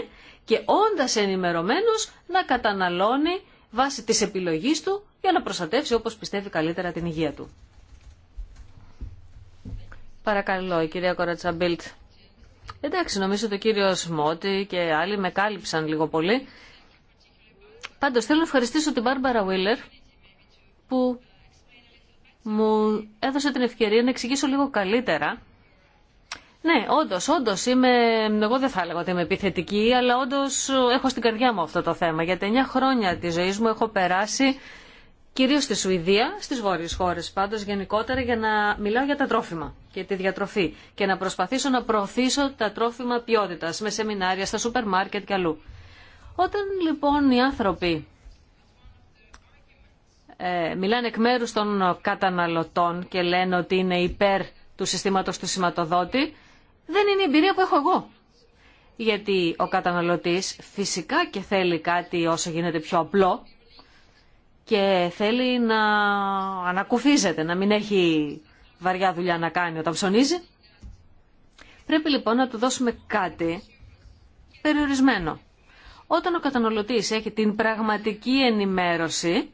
και όντα ενημερωμένο να καταναλώνει βάσει της επιλογής του για να προστατεύσει όπως πιστεύει καλύτερα την υγεία του. Παρακαλώ, η κυρία Κορατσαμπίλτ. Εντάξει, νομίζω ότι ο κύριο Μότι και άλλοι με κάλυψαν λίγο πολύ. Πάντω, θέλω να ευχαριστήσω την Μπάρμπαρα Βίλερ που μου έδωσε την ευκαιρία να εξηγήσω λίγο καλύτερα ναι, όντω, όντω είμαι. Εγώ δεν θα έλεγα ότι είμαι επιθετική, αλλά όντω έχω στην καρδιά μου αυτό το θέμα. Για τα 9 χρόνια τη ζωή μου έχω περάσει κυρίω στη Σουηδία, στι βόρειε χώρε πάντω γενικότερα, για να μιλάω για τα τρόφιμα και τη διατροφή και να προσπαθήσω να προωθήσω τα τρόφιμα ποιότητα με σεμινάρια, στα σούπερ μάρκετ και αλλού. Όταν λοιπόν οι άνθρωποι ε, μιλάνε εκ μέρου των καταναλωτών και λένε ότι είναι υπέρ του συστήματος του σηματοδότη, δεν είναι η εμπειρία που έχω εγώ. Γιατί ο καταναλωτής φυσικά και θέλει κάτι όσο γίνεται πιο απλό και θέλει να ανακουφίζεται, να μην έχει βαριά δουλειά να κάνει όταν ψωνίζει. Πρέπει λοιπόν να του δώσουμε κάτι περιορισμένο. Όταν ο καταναλωτής έχει την πραγματική ενημέρωση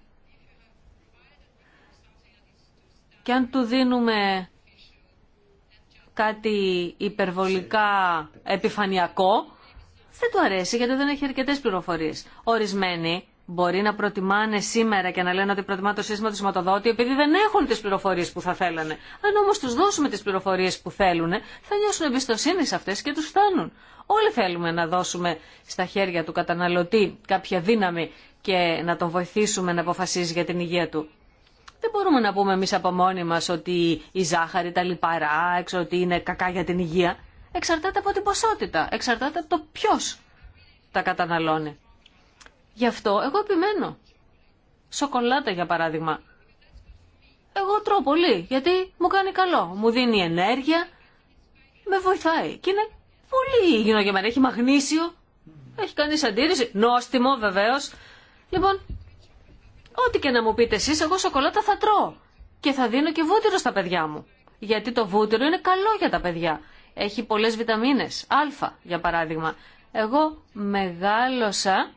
και αν του δίνουμε κάτι υπερβολικά επιφανειακό, δεν του αρέσει γιατί δεν έχει αρκετέ πληροφορίε. Ορισμένοι μπορεί να προτιμάνε σήμερα και να λένε ότι προτιμά το σύστημα του σηματοδότη επειδή δεν έχουν τι πληροφορίε που θα θέλανε. Αν όμω του δώσουμε τι πληροφορίε που θέλουν, θα νιώσουν εμπιστοσύνη σε αυτέ και του φτάνουν. Όλοι θέλουμε να δώσουμε στα χέρια του καταναλωτή κάποια δύναμη και να τον βοηθήσουμε να αποφασίζει για την υγεία του. Δεν μπορούμε να πούμε εμεί από μόνοι μα ότι η ζάχαρη, τα λιπαρά, έξω ότι είναι κακά για την υγεία. Εξαρτάται από την ποσότητα, εξαρτάται από το ποιο τα καταναλώνει. Γι' αυτό εγώ επιμένω. Σοκολάτα για παράδειγμα. Εγώ τρώω πολύ γιατί μου κάνει καλό. Μου δίνει ενέργεια, με βοηθάει. Και είναι πολύ υγιεινό για μένα. Έχει μαγνήσιο, έχει κανεί αντίρρηση. Νόστιμο βεβαίω. Λοιπόν, Ό,τι και να μου πείτε εσείς, εγώ σοκολάτα θα τρώω. Και θα δίνω και βούτυρο στα παιδιά μου. Γιατί το βούτυρο είναι καλό για τα παιδιά. Έχει πολλές βιταμίνες. Α, για παράδειγμα. Εγώ μεγάλωσα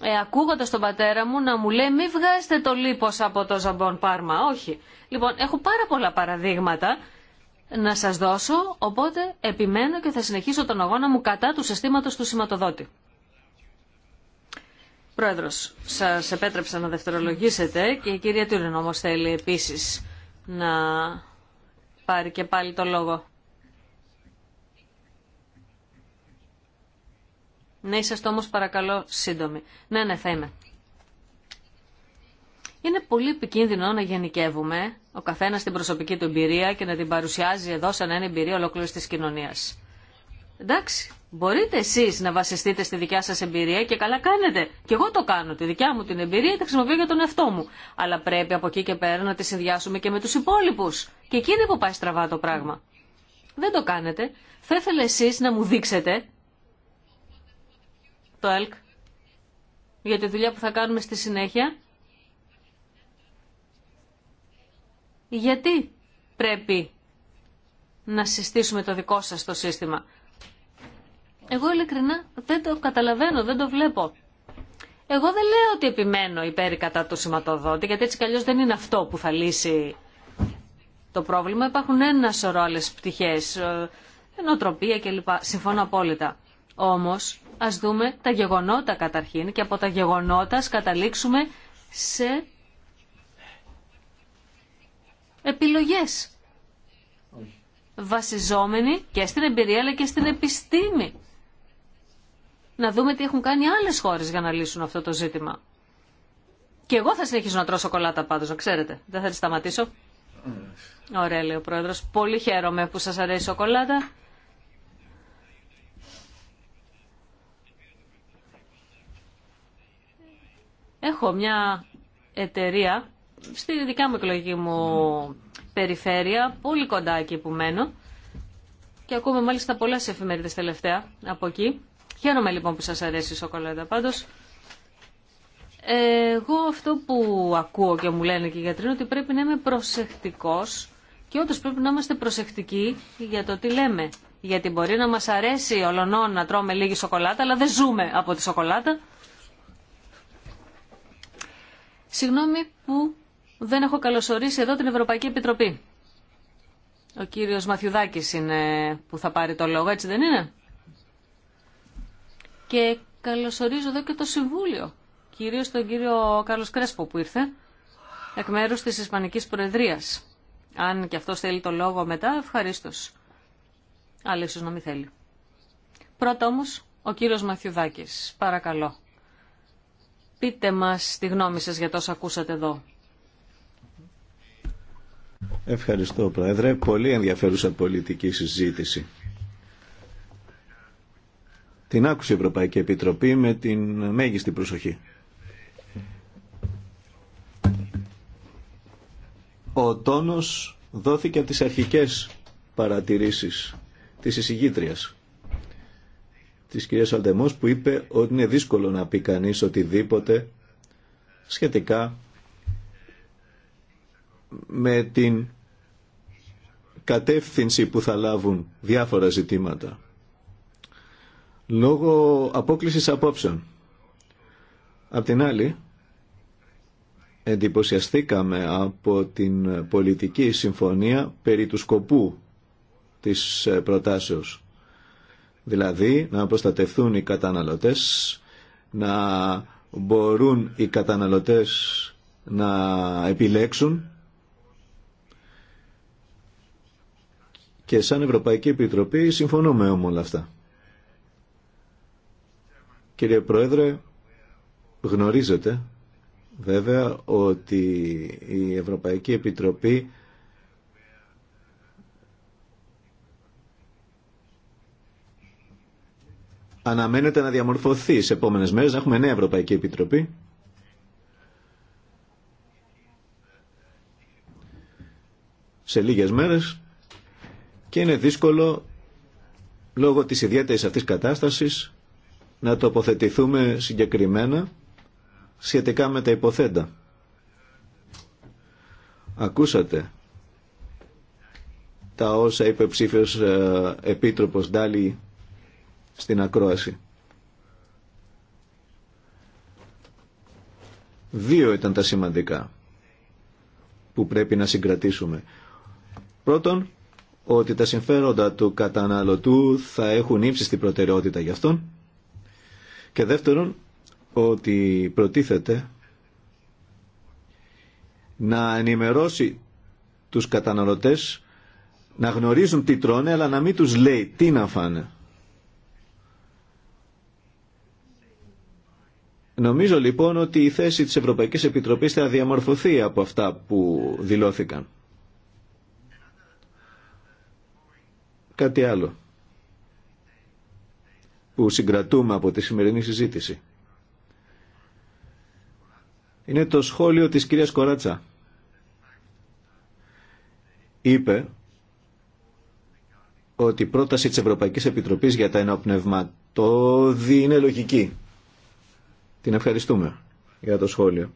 ε, ακούγοντα τον πατέρα μου να μου λέει μη βγάζετε το λίπος από το ζαμπόν πάρμα. Όχι. Λοιπόν, έχω πάρα πολλά παραδείγματα να σας δώσω, οπότε επιμένω και θα συνεχίσω τον αγώνα μου κατά του συστήματος του σηματοδότη. Πρόεδρος, σας επέτρεψα να δευτερολογήσετε και η κυρία Τούριν όμω θέλει επίσης να πάρει και πάλι το λόγο. Ναι, είσαστε όμως παρακαλώ σύντομοι. Ναι, ναι, θα είμαι. Είναι πολύ επικίνδυνο να γενικεύουμε ο καθένας την προσωπική του εμπειρία και να την παρουσιάζει εδώ σαν ένα εμπειρία ολόκληρης της κοινωνίας. Εντάξει, Μπορείτε εσείς να βασιστείτε στη δικιά σας εμπειρία και καλά κάνετε. Και εγώ το κάνω. Τη δικιά μου την εμπειρία τη χρησιμοποιώ για τον εαυτό μου. Αλλά πρέπει από εκεί και πέρα να τη συνδυάσουμε και με τους υπόλοιπους. Και εκεί είναι που πάει στραβά το πράγμα. Δεν το κάνετε. Θα ήθελα εσείς να μου δείξετε το ΕΛΚ για τη δουλειά που θα κάνουμε στη συνέχεια. Γιατί πρέπει να συστήσουμε το δικό σας το σύστημα. Εγώ ειλικρινά δεν το καταλαβαίνω, δεν το βλέπω. Εγώ δεν λέω ότι επιμένω υπέρ κατά του σηματοδότη, γιατί έτσι κι δεν είναι αυτό που θα λύσει το πρόβλημα. Υπάρχουν ένα σωρό άλλε πτυχέ, ε, νοοτροπία κλπ. Συμφωνώ απόλυτα. Όμω, α δούμε τα γεγονότα καταρχήν και από τα γεγονότα καταλήξουμε σε επιλογές βασιζόμενοι και στην εμπειρία αλλά και στην επιστήμη να δούμε τι έχουν κάνει άλλε χώρες για να λύσουν αυτό το ζήτημα. Και εγώ θα συνεχίσω να τρώω σοκολάτα πάντως, να ξέρετε. Δεν θα τη σταματήσω. Ωραία, λέει ο πρόεδρο. Πολύ χαίρομαι που σας αρέσει η σοκολάτα. Έχω μια εταιρεία στη δικά μου εκλογική μου περιφέρεια, πολύ κοντά εκεί που μένω και ακούμε μάλιστα πολλέ εφημερίδες τελευταία από εκεί Χαίρομαι λοιπόν που σας αρέσει η σοκολάτα. Πάντως, εγώ αυτό που ακούω και μου λένε και οι γιατροί ότι πρέπει να είμαι προσεκτικός και όντως πρέπει να είμαστε προσεκτικοί για το τι λέμε. Γιατί μπορεί να μας αρέσει ολονών να τρώμε λίγη σοκολάτα, αλλά δεν ζούμε από τη σοκολάτα. Συγγνώμη που δεν έχω καλωσορίσει εδώ την Ευρωπαϊκή Επιτροπή. Ο κύριος Μαθιουδάκης είναι που θα πάρει το λόγο, έτσι δεν είναι. Και καλωσορίζω εδώ και το Συμβούλιο, κυρίως τον κύριο Κάρλος Κρέσπο που ήρθε, εκ μέρου της Ισπανική Προεδρία. Αν και αυτό θέλει το λόγο μετά, ευχαρίστω. Αλλά ίσω να μην θέλει. Πρώτα όμω, ο κύριος Μαθιουδάκης. Παρακαλώ. Πείτε μας τη γνώμη σα για τόσα ακούσατε εδώ. Ευχαριστώ Πρόεδρε. Πολύ ενδιαφέρουσα πολιτική συζήτηση. Την άκουσε η Ευρωπαϊκή Επιτροπή με την μέγιστη προσοχή. Ο τόνος δόθηκε από τις αρχικές παρατηρήσεις της εισηγήτριας της κυρίας Αλτεμός που είπε ότι είναι δύσκολο να πει κανείς οτιδήποτε σχετικά με την κατεύθυνση που θα λάβουν διάφορα ζητήματα λόγω απόκλησης απόψεων. Απ' την άλλη, εντυπωσιαστήκαμε από την πολιτική συμφωνία περί του σκοπού της ε, προτάσεως. Δηλαδή, να προστατευθούν οι καταναλωτές, να μπορούν οι καταναλωτές να επιλέξουν και σαν Ευρωπαϊκή Επιτροπή συμφωνούμε με όλα αυτά. Κύριε Πρόεδρε, γνωρίζετε βέβαια ότι η Ευρωπαϊκή Επιτροπή αναμένεται να διαμορφωθεί σε επόμενες μέρες. Να έχουμε νέα Ευρωπαϊκή Επιτροπή. Σε λίγες μέρες. Και είναι δύσκολο λόγω της ιδιαίτερης αυτής κατάστασης να τοποθετηθούμε συγκεκριμένα σχετικά με τα υποθέντα. Ακούσατε τα όσα είπε ο ψήφιος ε, Επίτροπος Ντάλι στην Ακρόαση. Δύο ήταν τα σημαντικά που πρέπει να συγκρατήσουμε. Πρώτον, ότι τα συμφέροντα του καταναλωτού θα έχουν ύψιστη προτεραιότητα για αυτόν. Και δεύτερον, ότι προτίθεται να ενημερώσει τους καταναλωτές να γνωρίζουν τι τρώνε αλλά να μην τους λέει τι να φάνε. Νομίζω λοιπόν ότι η θέση της Ευρωπαϊκής Επιτροπής θα διαμορφωθεί από αυτά που δηλώθηκαν. Κάτι άλλο που συγκρατούμε από τη σημερινή συζήτηση. Είναι το σχόλιο της κυρίας Κοράτσα. Είπε ότι η πρόταση της Ευρωπαϊκής Επιτροπής για τα ενοπνευματόδη είναι λογική. Την ευχαριστούμε για το σχόλιο.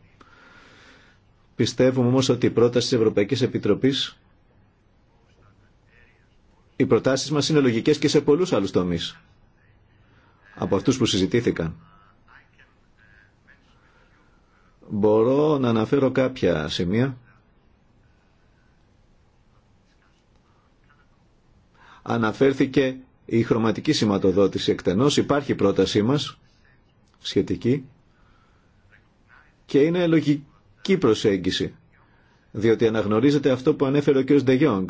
Πιστεύουμε όμως ότι η πρόταση της Ευρωπαϊκής Επιτροπής οι προτάσεις μας είναι λογικές και σε πολλούς άλλους τομείς από αυτούς που συζητήθηκαν. Μπορώ να αναφέρω κάποια σημεία. Αναφέρθηκε η χρωματική σηματοδότηση εκτενώς. Υπάρχει πρότασή μας σχετική και είναι λογική προσέγγιση διότι αναγνωρίζεται αυτό που ανέφερε ο κ. Ντεγιόγκ.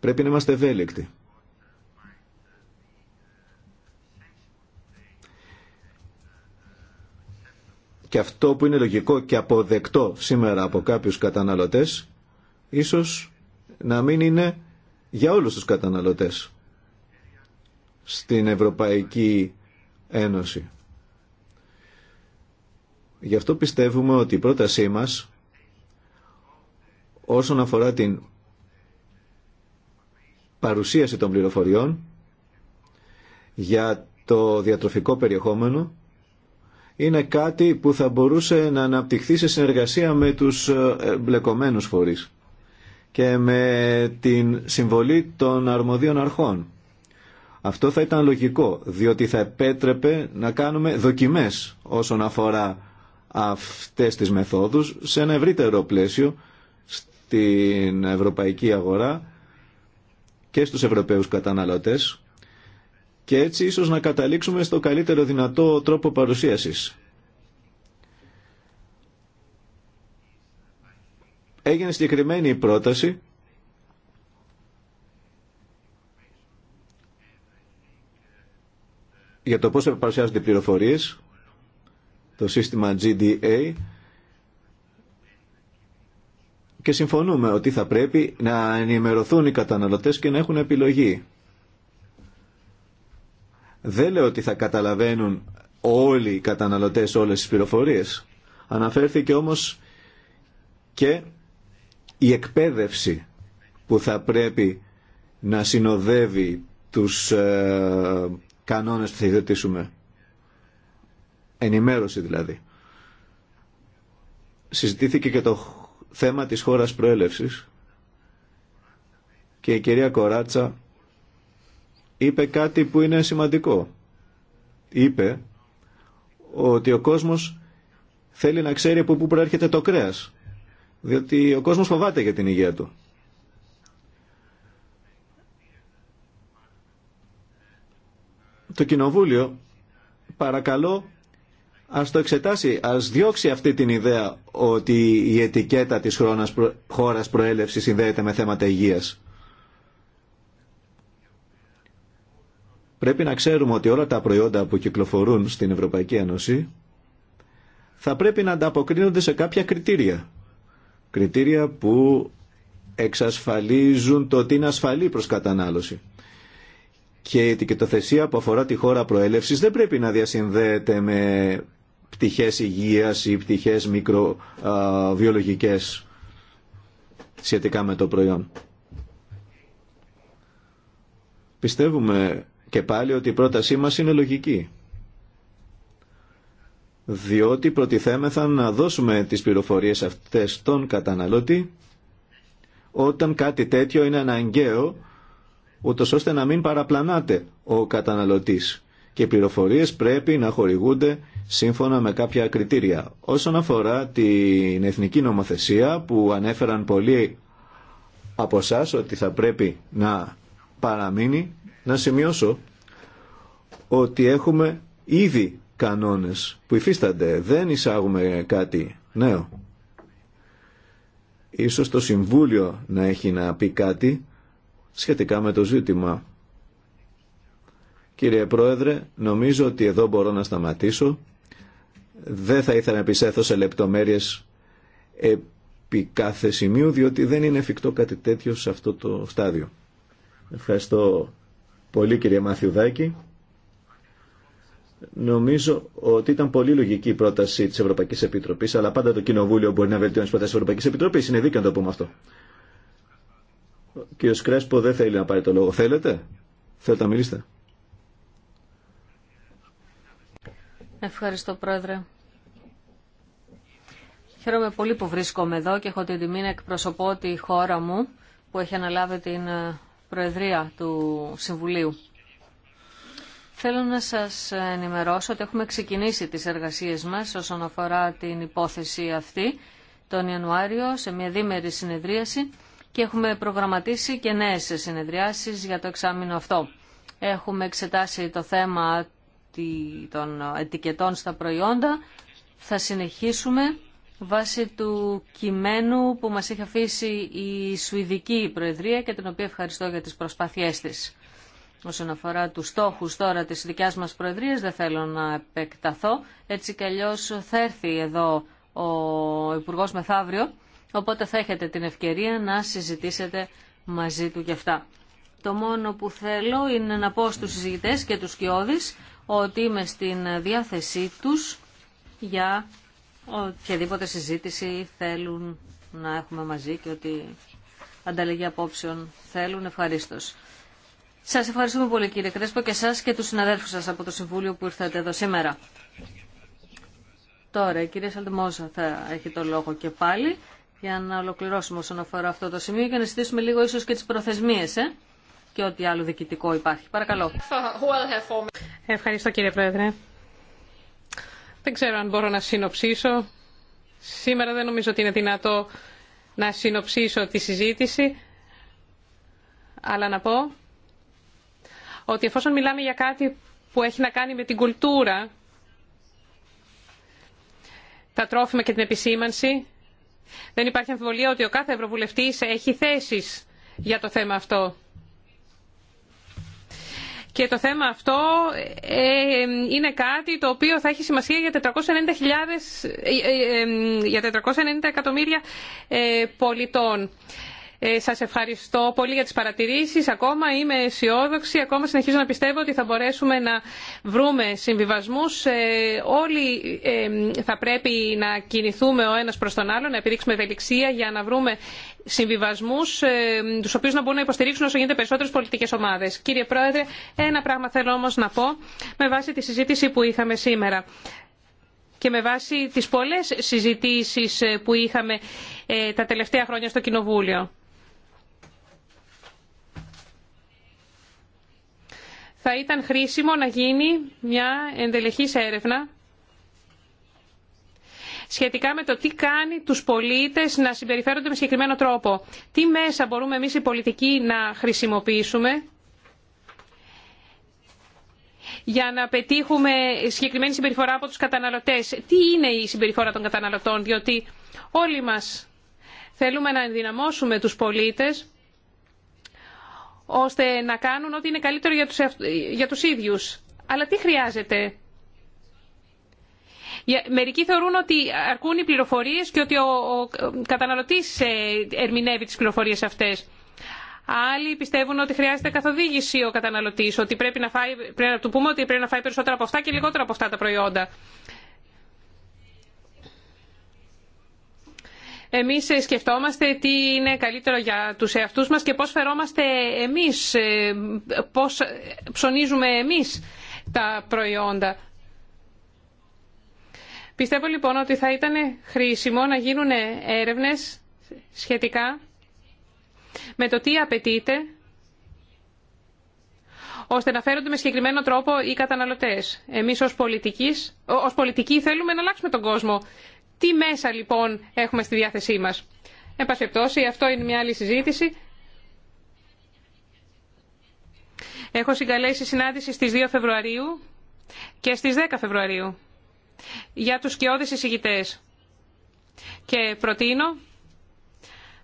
Πρέπει να είμαστε ευέλικτοι. Και αυτό που είναι λογικό και αποδεκτό σήμερα από κάποιους καταναλωτές, ίσως να μην είναι για όλους τους καταναλωτές στην Ευρωπαϊκή Ένωση. Γι' αυτό πιστεύουμε ότι η πρότασή μας όσον αφορά την παρουσίαση των πληροφοριών για το διατροφικό περιεχόμενο είναι κάτι που θα μπορούσε να αναπτυχθεί σε συνεργασία με τους ε, μπλεκομένους φορείς και με την συμβολή των αρμοδίων αρχών. Αυτό θα ήταν λογικό, διότι θα επέτρεπε να κάνουμε δοκιμές όσον αφορά αυτές τις μεθόδους σε ένα ευρύτερο πλαίσιο στην ευρωπαϊκή αγορά και στους ευρωπαίους καταναλωτές και έτσι ίσως να καταλήξουμε στο καλύτερο δυνατό τρόπο παρουσίασης. Έγινε συγκεκριμένη η πρόταση για το πώς θα παρουσιάζονται οι πληροφορίες, το σύστημα GDA και συμφωνούμε ότι θα πρέπει να ενημερωθούν οι καταναλωτές και να έχουν επιλογή. Δεν λέω ότι θα καταλαβαίνουν όλοι οι καταναλωτές όλες τις πληροφορίες. Αναφέρθηκε όμως και η εκπαίδευση που θα πρέπει να συνοδεύει τους ε, κανόνες που θα υιοθετήσουμε. Ενημέρωση δηλαδή. Συζητήθηκε και το θέμα της χώρας προέλευσης και η κυρία Κοράτσα είπε κάτι που είναι σημαντικό. Είπε ότι ο κόσμος θέλει να ξέρει από πού προέρχεται το κρέας. Διότι ο κόσμος φοβάται για την υγεία του. Το Κοινοβούλιο, παρακαλώ, ας το εξετάσει, ας διώξει αυτή την ιδέα ότι η ετικέτα της χώρας προέλευσης συνδέεται με θέματα υγείας. Πρέπει να ξέρουμε ότι όλα τα προϊόντα που κυκλοφορούν στην Ευρωπαϊκή Ένωση θα πρέπει να ανταποκρίνονται σε κάποια κριτήρια. Κριτήρια που εξασφαλίζουν το ότι είναι ασφαλή προς κατανάλωση. Και η ετικετοθεσία που αφορά τη χώρα προέλευσης δεν πρέπει να διασυνδέεται με πτυχές υγείας ή πτυχές μικροβιολογικές σχετικά με το προϊόν. Πιστεύουμε και πάλι ότι η πρότασή μας είναι λογική. Διότι προτιθέμεθα να δώσουμε τις πληροφορίες αυτές στον καταναλώτη όταν κάτι τέτοιο είναι αναγκαίο ούτως ώστε να μην παραπλανάται ο καταναλωτής και οι πληροφορίες πρέπει να χορηγούνται σύμφωνα με κάποια κριτήρια. Όσον αφορά την εθνική νομοθεσία που ανέφεραν πολλοί από εσά ότι θα πρέπει να παραμείνει να σημειώσω ότι έχουμε ήδη κανόνες που υφίστανται. Δεν εισάγουμε κάτι νέο. Ίσως το Συμβούλιο να έχει να πει κάτι σχετικά με το ζήτημα. Κύριε Πρόεδρε, νομίζω ότι εδώ μπορώ να σταματήσω. Δεν θα ήθελα να επισέθω σε λεπτομέρειες επί κάθε σημείου, διότι δεν είναι εφικτό κάτι τέτοιο σε αυτό το στάδιο. Ευχαριστώ πολύ κύριε Μαθιουδάκη. Νομίζω ότι ήταν πολύ λογική η πρόταση τη Ευρωπαϊκή Επιτροπή, αλλά πάντα το Κοινοβούλιο μπορεί να βελτιώνει τι προτάσει τη Ευρωπαϊκή Επιτροπή. Είναι δίκαιο να το πούμε αυτό. Ο κύριο Κρέσπο δεν θέλει να πάρει το λόγο. Θέλετε, θέλετε να μιλήσετε. Ευχαριστώ, Πρόεδρε. Χαίρομαι πολύ που βρίσκομαι εδώ και έχω την τιμή να εκπροσωπώ τη χώρα μου που έχει αναλάβει την ε, Προεδρία του Συμβουλίου. Θέλω να σας ενημερώσω ότι έχουμε ξεκινήσει τις εργασίες μας όσον αφορά την υπόθεση αυτή τον Ιανουάριο σε μια δίμερη συνεδρίαση και έχουμε προγραμματίσει και νέες συνεδριάσεις για το εξάμεινο αυτό. Έχουμε εξετάσει το θέμα των ετικετών στα προϊόντα. Θα συνεχίσουμε βάσει του κειμένου που μας είχε αφήσει η Σουηδική Προεδρία και την οποία ευχαριστώ για τις προσπάθειές της. Όσον αφορά τους στόχους τώρα της δικιάς μας Προεδρίας δεν θέλω να επεκταθώ. Έτσι κι αλλιώς θα έρθει εδώ ο Υπουργός μεθαύριο, οπότε θα έχετε την ευκαιρία να συζητήσετε μαζί του γι' αυτά. Το μόνο που θέλω είναι να πω στους συζητητές και τους κοιόδης ότι είμαι στην διάθεσή τους για οποιαδήποτε συζήτηση θέλουν να έχουμε μαζί και ότι ανταλλαγή απόψεων θέλουν, ευχαρίστω. Σα ευχαριστούμε πολύ κύριε Κρέσπο και εσά και του συναδέλφου σα από το Συμβούλιο που ήρθατε εδώ σήμερα. Τώρα η κυρία Σαλτεμόζα θα έχει το λόγο και πάλι για να ολοκληρώσουμε όσον αφορά αυτό το σημείο και να συζητήσουμε λίγο ίσω και τι προθεσμίε, ε? και ό,τι άλλο διοικητικό υπάρχει. Παρακαλώ. Ευχαριστώ κύριε Πρόεδρε. Δεν ξέρω αν μπορώ να συνοψίσω. Σήμερα δεν νομίζω ότι είναι δυνατό να συνοψίσω τη συζήτηση, αλλά να πω ότι εφόσον μιλάμε για κάτι που έχει να κάνει με την κουλτούρα, τα τρόφιμα και την επισήμανση, δεν υπάρχει αμφιβολία ότι ο κάθε Ευρωβουλευτής έχει θέσεις για το θέμα αυτό. Και το θέμα αυτό ε, ε, είναι κάτι το οποίο θα έχει σημασία για 490, ε, για 490 εκατομμύρια πολιτών. Ε, σας ευχαριστώ πολύ για τις παρατηρήσεις. Ακόμα είμαι αισιόδοξη, ακόμα συνεχίζω να πιστεύω ότι θα μπορέσουμε να βρούμε συμβιβασμούς. Ε, όλοι ε, θα πρέπει να κινηθούμε ο ένας προς τον άλλο, να επιδείξουμε ευελιξία για να βρούμε συμβιβασμού, του οποίου να μπορούν να υποστηρίξουν όσο γίνεται περισσότερε πολιτικέ ομάδε. Κύριε Πρόεδρε, ένα πράγμα θέλω όμω να πω με βάση τη συζήτηση που είχαμε σήμερα και με βάση τις πολλές συζητήσεις που είχαμε τα τελευταία χρόνια στο Κοινοβούλιο. θα ήταν χρήσιμο να γίνει μια εντελεχής έρευνα σχετικά με το τι κάνει τους πολίτες να συμπεριφέρονται με συγκεκριμένο τρόπο. Τι μέσα μπορούμε εμείς οι πολιτικοί να χρησιμοποιήσουμε για να πετύχουμε συγκεκριμένη συμπεριφορά από τους καταναλωτές. Τι είναι η συμπεριφορά των καταναλωτών, διότι όλοι μας θέλουμε να ενδυναμώσουμε τους πολίτες ώστε να κάνουν ό,τι είναι καλύτερο για τους, για τους ίδιους. Αλλά τι χρειάζεται. Μερικοί θεωρούν ότι αρκούν οι πληροφορίες και ότι ο, ο καταναλωτής ε, ερμηνεύει τις πληροφορίες αυτές. Άλλοι πιστεύουν ότι χρειάζεται καθοδήγηση ο καταναλωτής, ότι πρέπει να, φάει, πρέπει να του πούμε ότι πρέπει να φάει περισσότερα από αυτά και λιγότερα από αυτά τα προϊόντα. εμείς ε, σκεφτόμαστε τι είναι καλύτερο για τους εαυτούς μας και πώς φερόμαστε εμείς, ε, πώς ψωνίζουμε εμείς τα προϊόντα. Πιστεύω λοιπόν ότι θα ήταν χρήσιμο να γίνουν έρευνες σχετικά με το τι απαιτείται ώστε να φέρονται με συγκεκριμένο τρόπο οι καταναλωτές. Εμείς ως, ως πολιτικοί θέλουμε να αλλάξουμε τον κόσμο τι μέσα λοιπόν έχουμε στη διάθεσή μας. Εν αυτό είναι μια άλλη συζήτηση. Έχω συγκαλέσει συνάντηση στις 2 Φεβρουαρίου και στις 10 Φεβρουαρίου για τους σκιώδεις εισηγητές. Και προτείνω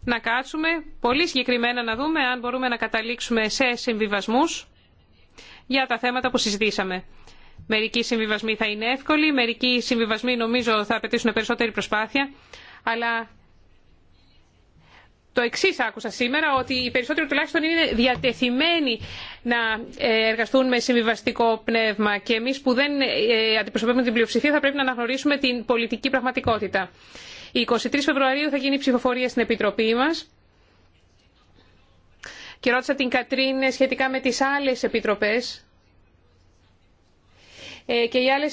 να κάτσουμε πολύ συγκεκριμένα να δούμε αν μπορούμε να καταλήξουμε σε συμβιβασμούς για τα θέματα που συζητήσαμε. Μερικοί συμβιβασμοί θα είναι εύκολοι, μερικοί συμβιβασμοί νομίζω θα απαιτήσουν περισσότερη προσπάθεια, αλλά το εξή άκουσα σήμερα, ότι οι περισσότεροι τουλάχιστον είναι διατεθειμένοι να ε, εργαστούν με συμβιβαστικό πνεύμα και εμεί που δεν ε, αντιπροσωπεύουμε την πλειοψηφία θα πρέπει να αναγνωρίσουμε την πολιτική πραγματικότητα. Η 23 Φεβρουαρίου θα γίνει η ψηφοφορία στην Επιτροπή μα και ρώτησα την Κατρίν σχετικά με τι άλλε επιτροπέ ε, και οι άλλε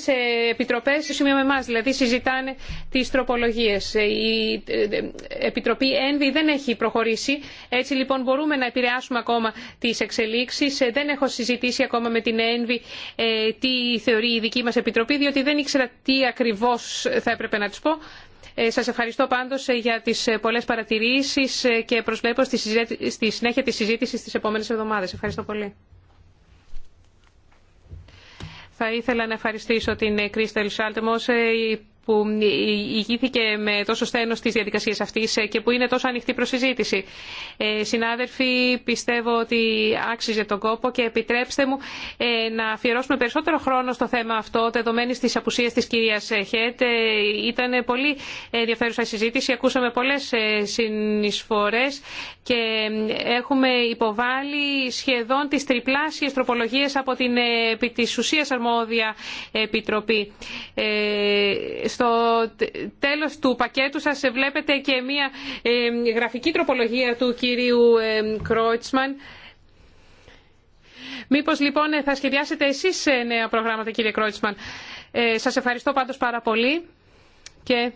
επιτροπέ, στο σημείο με εμά, δηλαδή συζητάνε τι τροπολογίε. Ε, η ε, Επιτροπή ΕΝΒΗ δεν έχει προχωρήσει, έτσι λοιπόν μπορούμε να επηρεάσουμε ακόμα τις εξελίξεις. Δεν έχω συζητήσει ακόμα με την ΕΝΒΗ τι θεωρεί η δική μα Επιτροπή, διότι δεν ήξερα τι ακριβώ θα έπρεπε να τη πω. Σας ευχαριστώ πάντως για τις πολλές παρατηρήσεις και προσβλέπω στη συνέχεια της συζήτησης τις επόμενες εβδομάδες. Ευχαριστώ πολύ. Θα ήθελα να ευχαριστήσω την Κρίστελ Σάλτεμος, ε, που ηγήθηκε με τόσο στένο της διαδικασίας αυτή και που είναι τόσο ανοιχτή προσυζήτηση. Ε, συνάδελφοι, πιστεύω ότι άξιζε τον κόπο και επιτρέψτε μου ε, να αφιερώσουμε περισσότερο χρόνο στο θέμα αυτό, δεδομένη της απουσίας τη κυρία Χέτ. Ε, ήταν πολύ ενδιαφέρουσα η συζήτηση, ακούσαμε πολλέ συνεισφορέ και έχουμε υποβάλει σχεδόν τι τριπλάσιε τροπολογίε από την επί της ουσίας αρμόδια επιτροπή στο τέλος του πακέτου σας βλέπετε και μία ε, γραφική τροπολογία του κυρίου ε, Κρότσμαν. Μήπως λοιπόν θα σχεδιάσετε εσείς ε, νέα προγράμματα κύριε Κρότσμαν. Σας ευχαριστώ πάντως πάρα πολύ και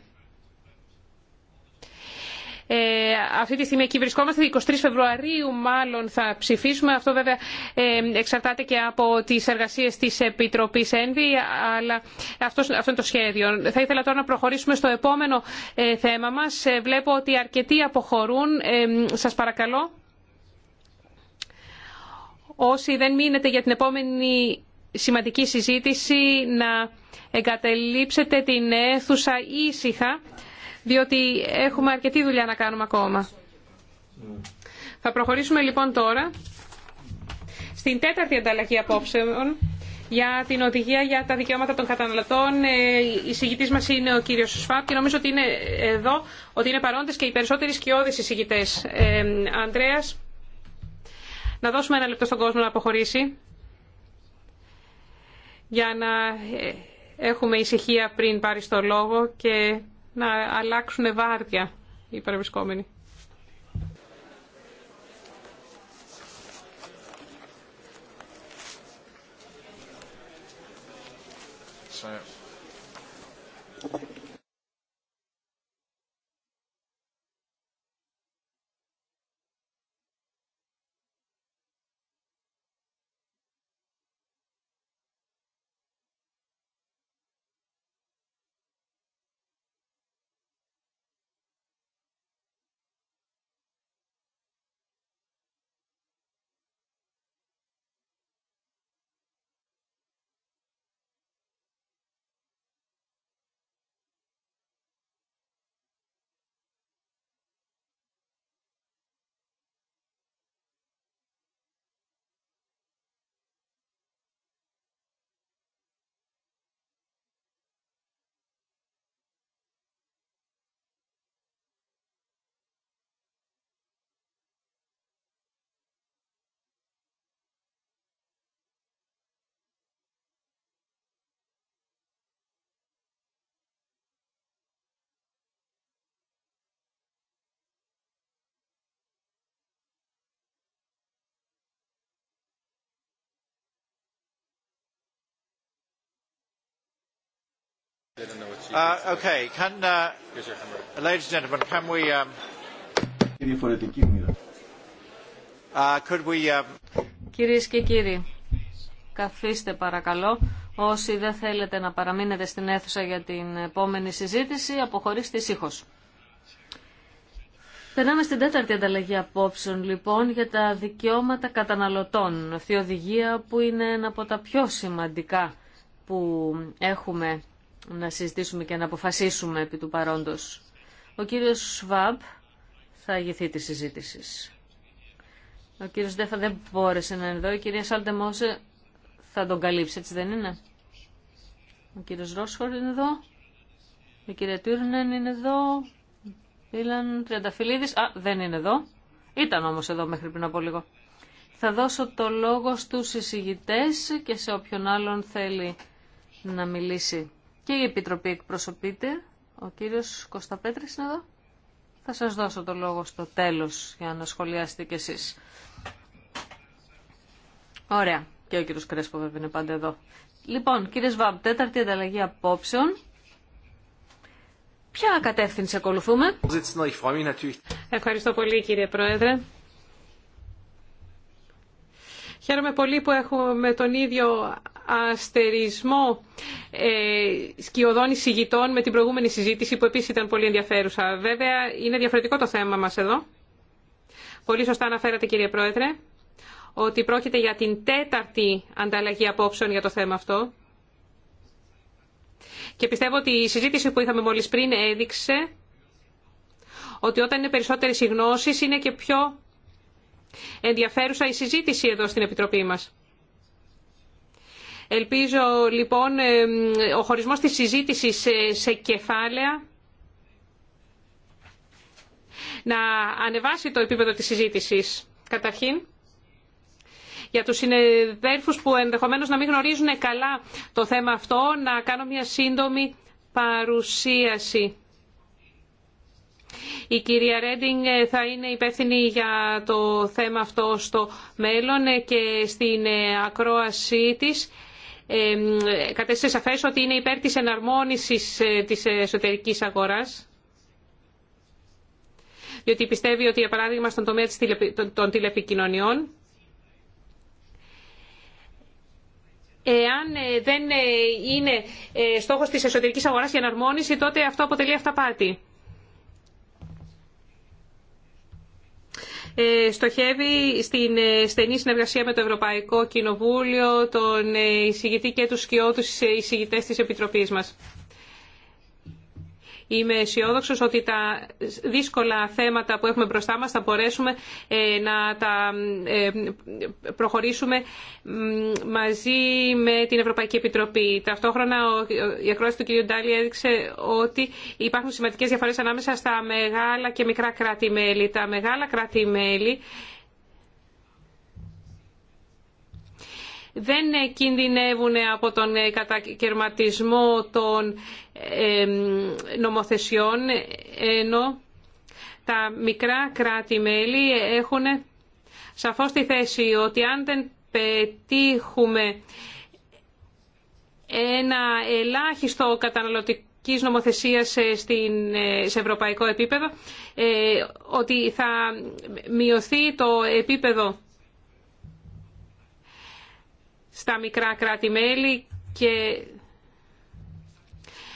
ε, αυτή τη στιγμή εκεί βρισκόμαστε. 23 Φεβρουαρίου μάλλον θα ψηφίσουμε. Αυτό βέβαια ε, εξαρτάται και από τις εργασίες τη Επιτροπή ΕΝΒΗ, αλλά αυτό, αυτό είναι το σχέδιο. Θα ήθελα τώρα να προχωρήσουμε στο επόμενο ε, θέμα μας. Βλέπω ότι αρκετοί αποχωρούν. Σας παρακαλώ. Όσοι δεν μείνετε για την επόμενη σημαντική συζήτηση να εγκατελείψετε την αίθουσα ήσυχα διότι έχουμε αρκετή δουλειά να κάνουμε ακόμα. Θα προχωρήσουμε λοιπόν τώρα στην τέταρτη ανταλλαγή απόψεων για την οδηγία για τα δικαιώματα των καταναλωτών. Ε, η συγητή μα είναι ο κύριο Σφαπ και νομίζω ότι είναι εδώ, ότι είναι παρόντε και οι περισσότεροι σκιώδει εισηγητέ. Ε, Αντρέα, να δώσουμε ένα λεπτό στον κόσμο να αποχωρήσει για να ε, έχουμε ησυχία πριν πάρει το λόγο και να αλλάξουν βάρδια οι παρευρισκόμενοι. Uh, uh Κυρίες και κύριοι, καθίστε παρακαλώ. Όσοι δεν θέλετε να παραμείνετε στην αίθουσα για την επόμενη συζήτηση, αποχωρήστε ησύχως. Περνάμε στην τέταρτη ανταλλαγή απόψεων λοιπόν για τα δικαιώματα καταναλωτών. Αυτή η οδηγία που είναι ένα από τα πιο σημαντικά που έχουμε να συζητήσουμε και να αποφασίσουμε επί του παρόντος. Ο κύριος Σβάμπ θα αγηθεί τη συζήτηση. Ο κύριος Ντέφα δεν μπόρεσε να είναι εδώ. Η κυρία Σάλτε Μόσε θα τον καλύψει, έτσι δεν είναι. Ο κύριος Ρόσχορ είναι εδώ. Η κυρία Τούρνεν είναι εδώ. Ήλαν Τριανταφυλλίδης. Α, δεν είναι εδώ. Ήταν όμως εδώ μέχρι πριν από λίγο. Θα δώσω το λόγο στους εισηγητές και σε όποιον άλλον θέλει να μιλήσει και η Επιτροπή εκπροσωπείται. Ο κύριος Κωνσταπέτρης είναι εδώ. Θα σας δώσω το λόγο στο τέλος για να σχολιάσετε κι εσείς. Ωραία. Και ο κύριος Κρέσπο βέβαια είναι πάντα εδώ. Λοιπόν, κύριε Σβάμπ, τέταρτη ανταλλαγή απόψεων. Ποια κατεύθυνση ακολουθούμε. Ευχαριστώ πολύ κύριε Πρόεδρε. Χαίρομαι πολύ που έχουμε τον ίδιο αστερισμό ε, σκιωδών εισηγητών με την προηγούμενη συζήτηση που επίσης ήταν πολύ ενδιαφέρουσα. Βέβαια είναι διαφορετικό το θέμα μας εδώ. Πολύ σωστά αναφέρατε κύριε Πρόεδρε ότι πρόκειται για την τέταρτη ανταλλαγή απόψεων για το θέμα αυτό. Και πιστεύω ότι η συζήτηση που είχαμε μόλις πριν έδειξε ότι όταν είναι περισσότερες οι γνώσεις είναι και πιο ενδιαφέρουσα η συζήτηση εδώ στην Επιτροπή μας. Ελπίζω λοιπόν ε, ο χωρισμός της συζήτησης σε κεφάλαια να ανεβάσει το επίπεδο της συζήτησης. Καταρχήν, για τους συνεδέρφους που ενδεχομένως να μην γνωρίζουν καλά το θέμα αυτό, να κάνω μια σύντομη παρουσίαση η κυρία Ρέντινγκ θα είναι υπεύθυνη για το θέμα αυτό στο μέλλον και στην ε, ακρόασή της ε, κατέστησε σαφές ότι είναι υπέρ της εναρμόνισης ε, της εσωτερικής αγοράς διότι πιστεύει ότι για παράδειγμα στον τομέα των τηλεπικοινωνιών εάν δεν είναι στόχος της εσωτερικής αγοράς η εναρμόνιση τότε αυτό αποτελεί αυταπάτη. Ε, στοχεύει στην ε, στενή συνεργασία με το Ευρωπαϊκό Κοινοβούλιο, τον ε, εισηγητή και τους σκιώτους εισηγητές της Επιτροπής μας. Είμαι αισιόδοξο ότι τα δύσκολα θέματα που έχουμε μπροστά μα θα μπορέσουμε ε, να τα ε, προχωρήσουμε μαζί με την Ευρωπαϊκή Επιτροπή. Ταυτόχρονα η ακρόαση του κ. Ντάλι έδειξε ότι υπάρχουν σημαντικές διαφορές ανάμεσα στα μεγάλα και μικρά κράτη-μέλη. Τα μεγάλα κράτη-μέλη δεν κινδυνεύουν από τον ε, κατακαιρματισμό των ε, νομοθεσιών, ενώ τα μικρά κράτη-μέλη έχουν σαφώς τη θέση ότι αν δεν πετύχουμε ένα ελάχιστο καταναλωτικό νομοθεσία νομοθεσίας ε, σε ευρωπαϊκό επίπεδο, ότι θα μειωθεί το επίπεδο στα μικρά κράτη-μέλη και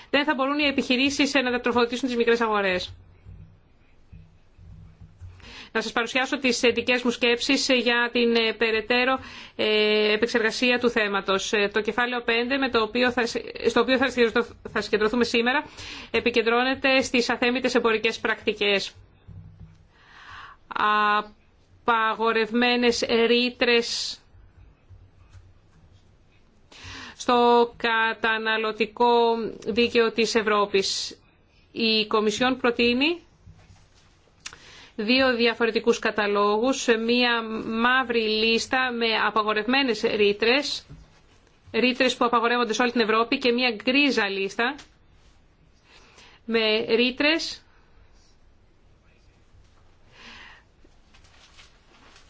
δεν θα μπορούν οι επιχειρήσεις να τα τροφοδοτήσουν τις μικρές αγορές. Να σας παρουσιάσω τις δικές μου σκέψεις για την ε, περαιτέρω ε, επεξεργασία του θέματος. Ε, το κεφάλαιο 5, με το οποίο θα, στο οποίο θα συγκεντρωθούμε σήμερα, επικεντρώνεται στις αθέμητες εμπορικές πρακτικές. Απαγορευμένες ρήτρες στο καταναλωτικό δίκαιο της Ευρώπης. Η Κομισιόν προτείνει δύο διαφορετικούς καταλόγους, μία μαύρη λίστα με απαγορευμένες ρήτρες, ρήτρες που απαγορεύονται σε όλη την Ευρώπη και μία γκρίζα λίστα με ρήτρες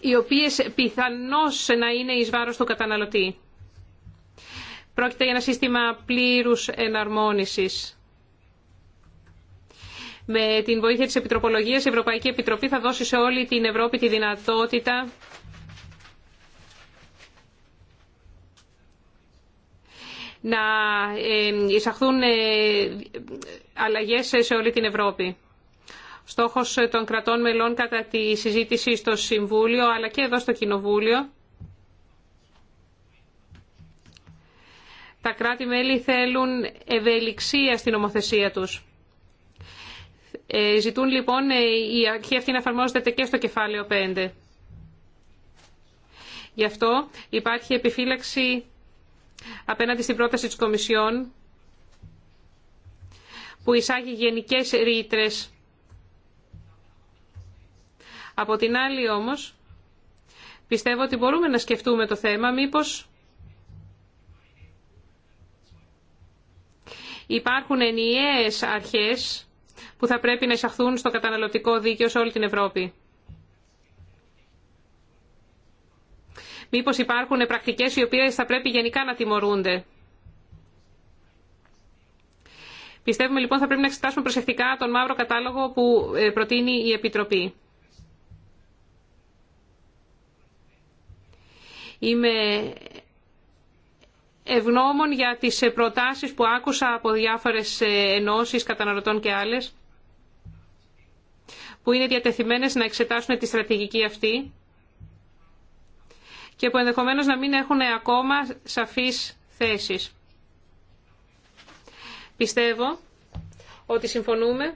οι οποίες πιθανώς να είναι εις βάρος του καταναλωτή. Πρόκειται για ένα σύστημα πλήρους εναρμόνισης. Με την βοήθεια της Επιτροπολογίας, η Ευρωπαϊκή Επιτροπή θα δώσει σε όλη την Ευρώπη τη δυνατότητα να εισαχθούν ε, αλλαγές σε όλη την Ευρώπη. Στόχος των κρατών μελών κατά τη συζήτηση στο Συμβούλιο αλλά και εδώ στο Κοινοβούλιο Τα κράτη-μέλη θέλουν ευελιξία στην ομοθεσία τους. Ε, ζητούν λοιπόν ε, η αρχή αυτή να εφαρμόζεται και στο κεφάλαιο 5. Γι' αυτό υπάρχει επιφύλαξη απέναντι στην πρόταση της Κομισιόν που εισάγει γενικές ρήτρε. Από την άλλη όμως, πιστεύω ότι μπορούμε να σκεφτούμε το θέμα μήπως Υπάρχουν ενιαίες αρχές που θα πρέπει να εισαχθούν στο καταναλωτικό δίκαιο σε όλη την Ευρώπη. Μήπως υπάρχουν πρακτικές οι οποίες θα πρέπει γενικά να τιμωρούνται. Πιστεύουμε λοιπόν θα πρέπει να εξετάσουμε προσεκτικά τον μαύρο κατάλογο που ε, προτείνει η Επιτροπή. Είμαι ευγνώμων για τις ε, προτάσεις που άκουσα από διάφορες ε, ενώσεις καταναλωτών και άλλες που είναι διατεθειμένες να εξετάσουν τη στρατηγική αυτή και που ενδεχομένως να μην έχουν ακόμα σαφείς θέσεις. Πιστεύω ότι συμφωνούμε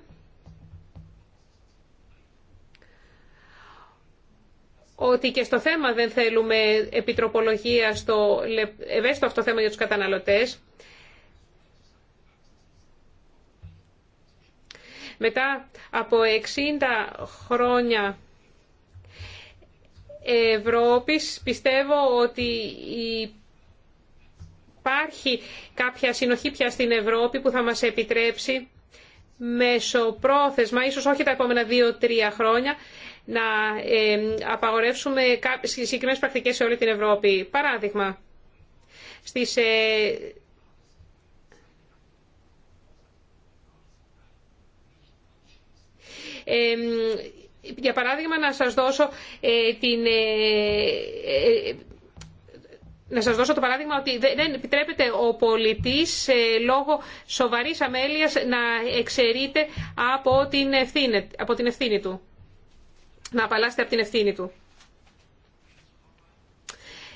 ότι και στο θέμα δεν θέλουμε επιτροπολογία στο ευαίσθητο αυτό θέμα για τους καταναλωτές. Μετά από 60 χρόνια Ευρώπης πιστεύω ότι υπάρχει κάποια συνοχή πια στην Ευρώπη που θα μας επιτρέψει μέσω πρόθεσμα, ίσως όχι τα επομενα 2 2-3 χρόνια, να απαγορεύσουμε συγκεκριμένες πρακτικές σε όλη την Ευρώπη. Παράδειγμα, στις ε, για παράδειγμα να σας δώσω ε, την ε, να σας δώσω το παράδειγμα ότι δεν επιτρέπεται ο πολιτής λόγω σοβαρής αμέλειας να εξαιρείται από την ευθύνη, από την ευθύνη του να απαλλάσσεται από την ευθύνη του.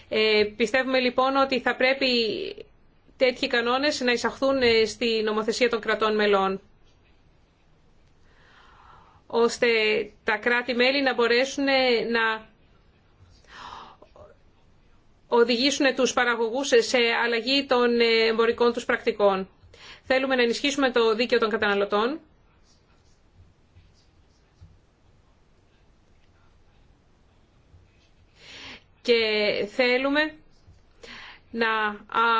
Ε, πιστεύουμε λοιπόν ότι θα πρέπει τέτοιοι κανόνες να εισαχθούν ε, στη νομοθεσία των κρατών μελών ώστε τα κράτη-μέλη να μπορέσουν ε, να οδηγήσουν τους παραγωγούς σε αλλαγή των εμπορικών τους πρακτικών. Θέλουμε να ενισχύσουμε το δίκαιο των καταναλωτών και θέλουμε να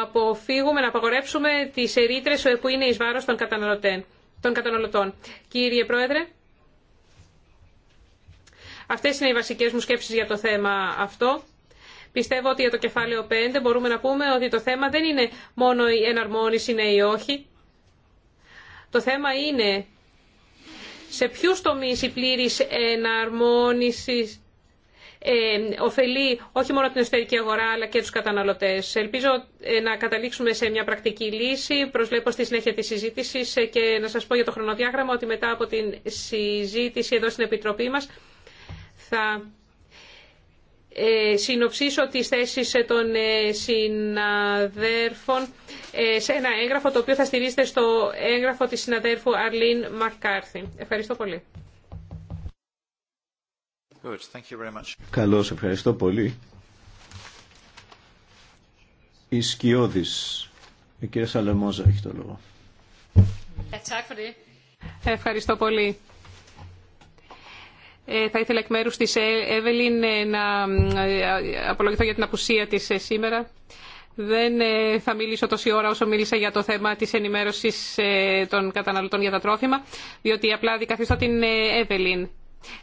αποφύγουμε, να απαγορεύσουμε τις ερήτρες που είναι εις βάρος των καταναλωτών. Των καταναλωτών. Κύριε Πρόεδρε, αυτές είναι οι βασικές μου σκέψεις για το θέμα αυτό. Πιστεύω ότι για το κεφάλαιο 5 μπορούμε να πούμε ότι το θέμα δεν είναι μόνο η εναρμόνιση είναι ή όχι. Το θέμα είναι σε ποιους τομείς η πλήρης εναρμόνιση ωφελεί όχι μόνο την εσωτερική αγορά αλλά και τους καταναλωτές. Ελπίζω ε, να καταλήξουμε σε μια πρακτική λύση. Προσβλέπω στη συνέχεια τη συζήτηση ε, και να σας πω για το χρονοδιάγραμμα ότι μετά από την συζήτηση εδώ στην Επιτροπή μας θα ε, συνοψίσω τις θέσεις των συναδέρφων σε ένα έγγραφο το οποίο θα στηρίζεται στο έγγραφο της συναδέρφου Αρλίν Μακκάρθη. Ευχαριστώ πολύ. Καλώς, ευχαριστώ πολύ. Η Σκιώδης, η κυρία Σαλεμόζα έχει το λόγο. Ε, ευχαριστώ πολύ. Ε, θα ήθελα εκ μέρους της ε, Εύελιν να απολογηθώ για την απουσία της σήμερα. Δεν θα μιλήσω τόση ώρα όσο μίλησα για το θέμα της ενημέρωσης των καταναλωτών για τα τρόφιμα, διότι απλά δικαθιστώ την Εύελιν.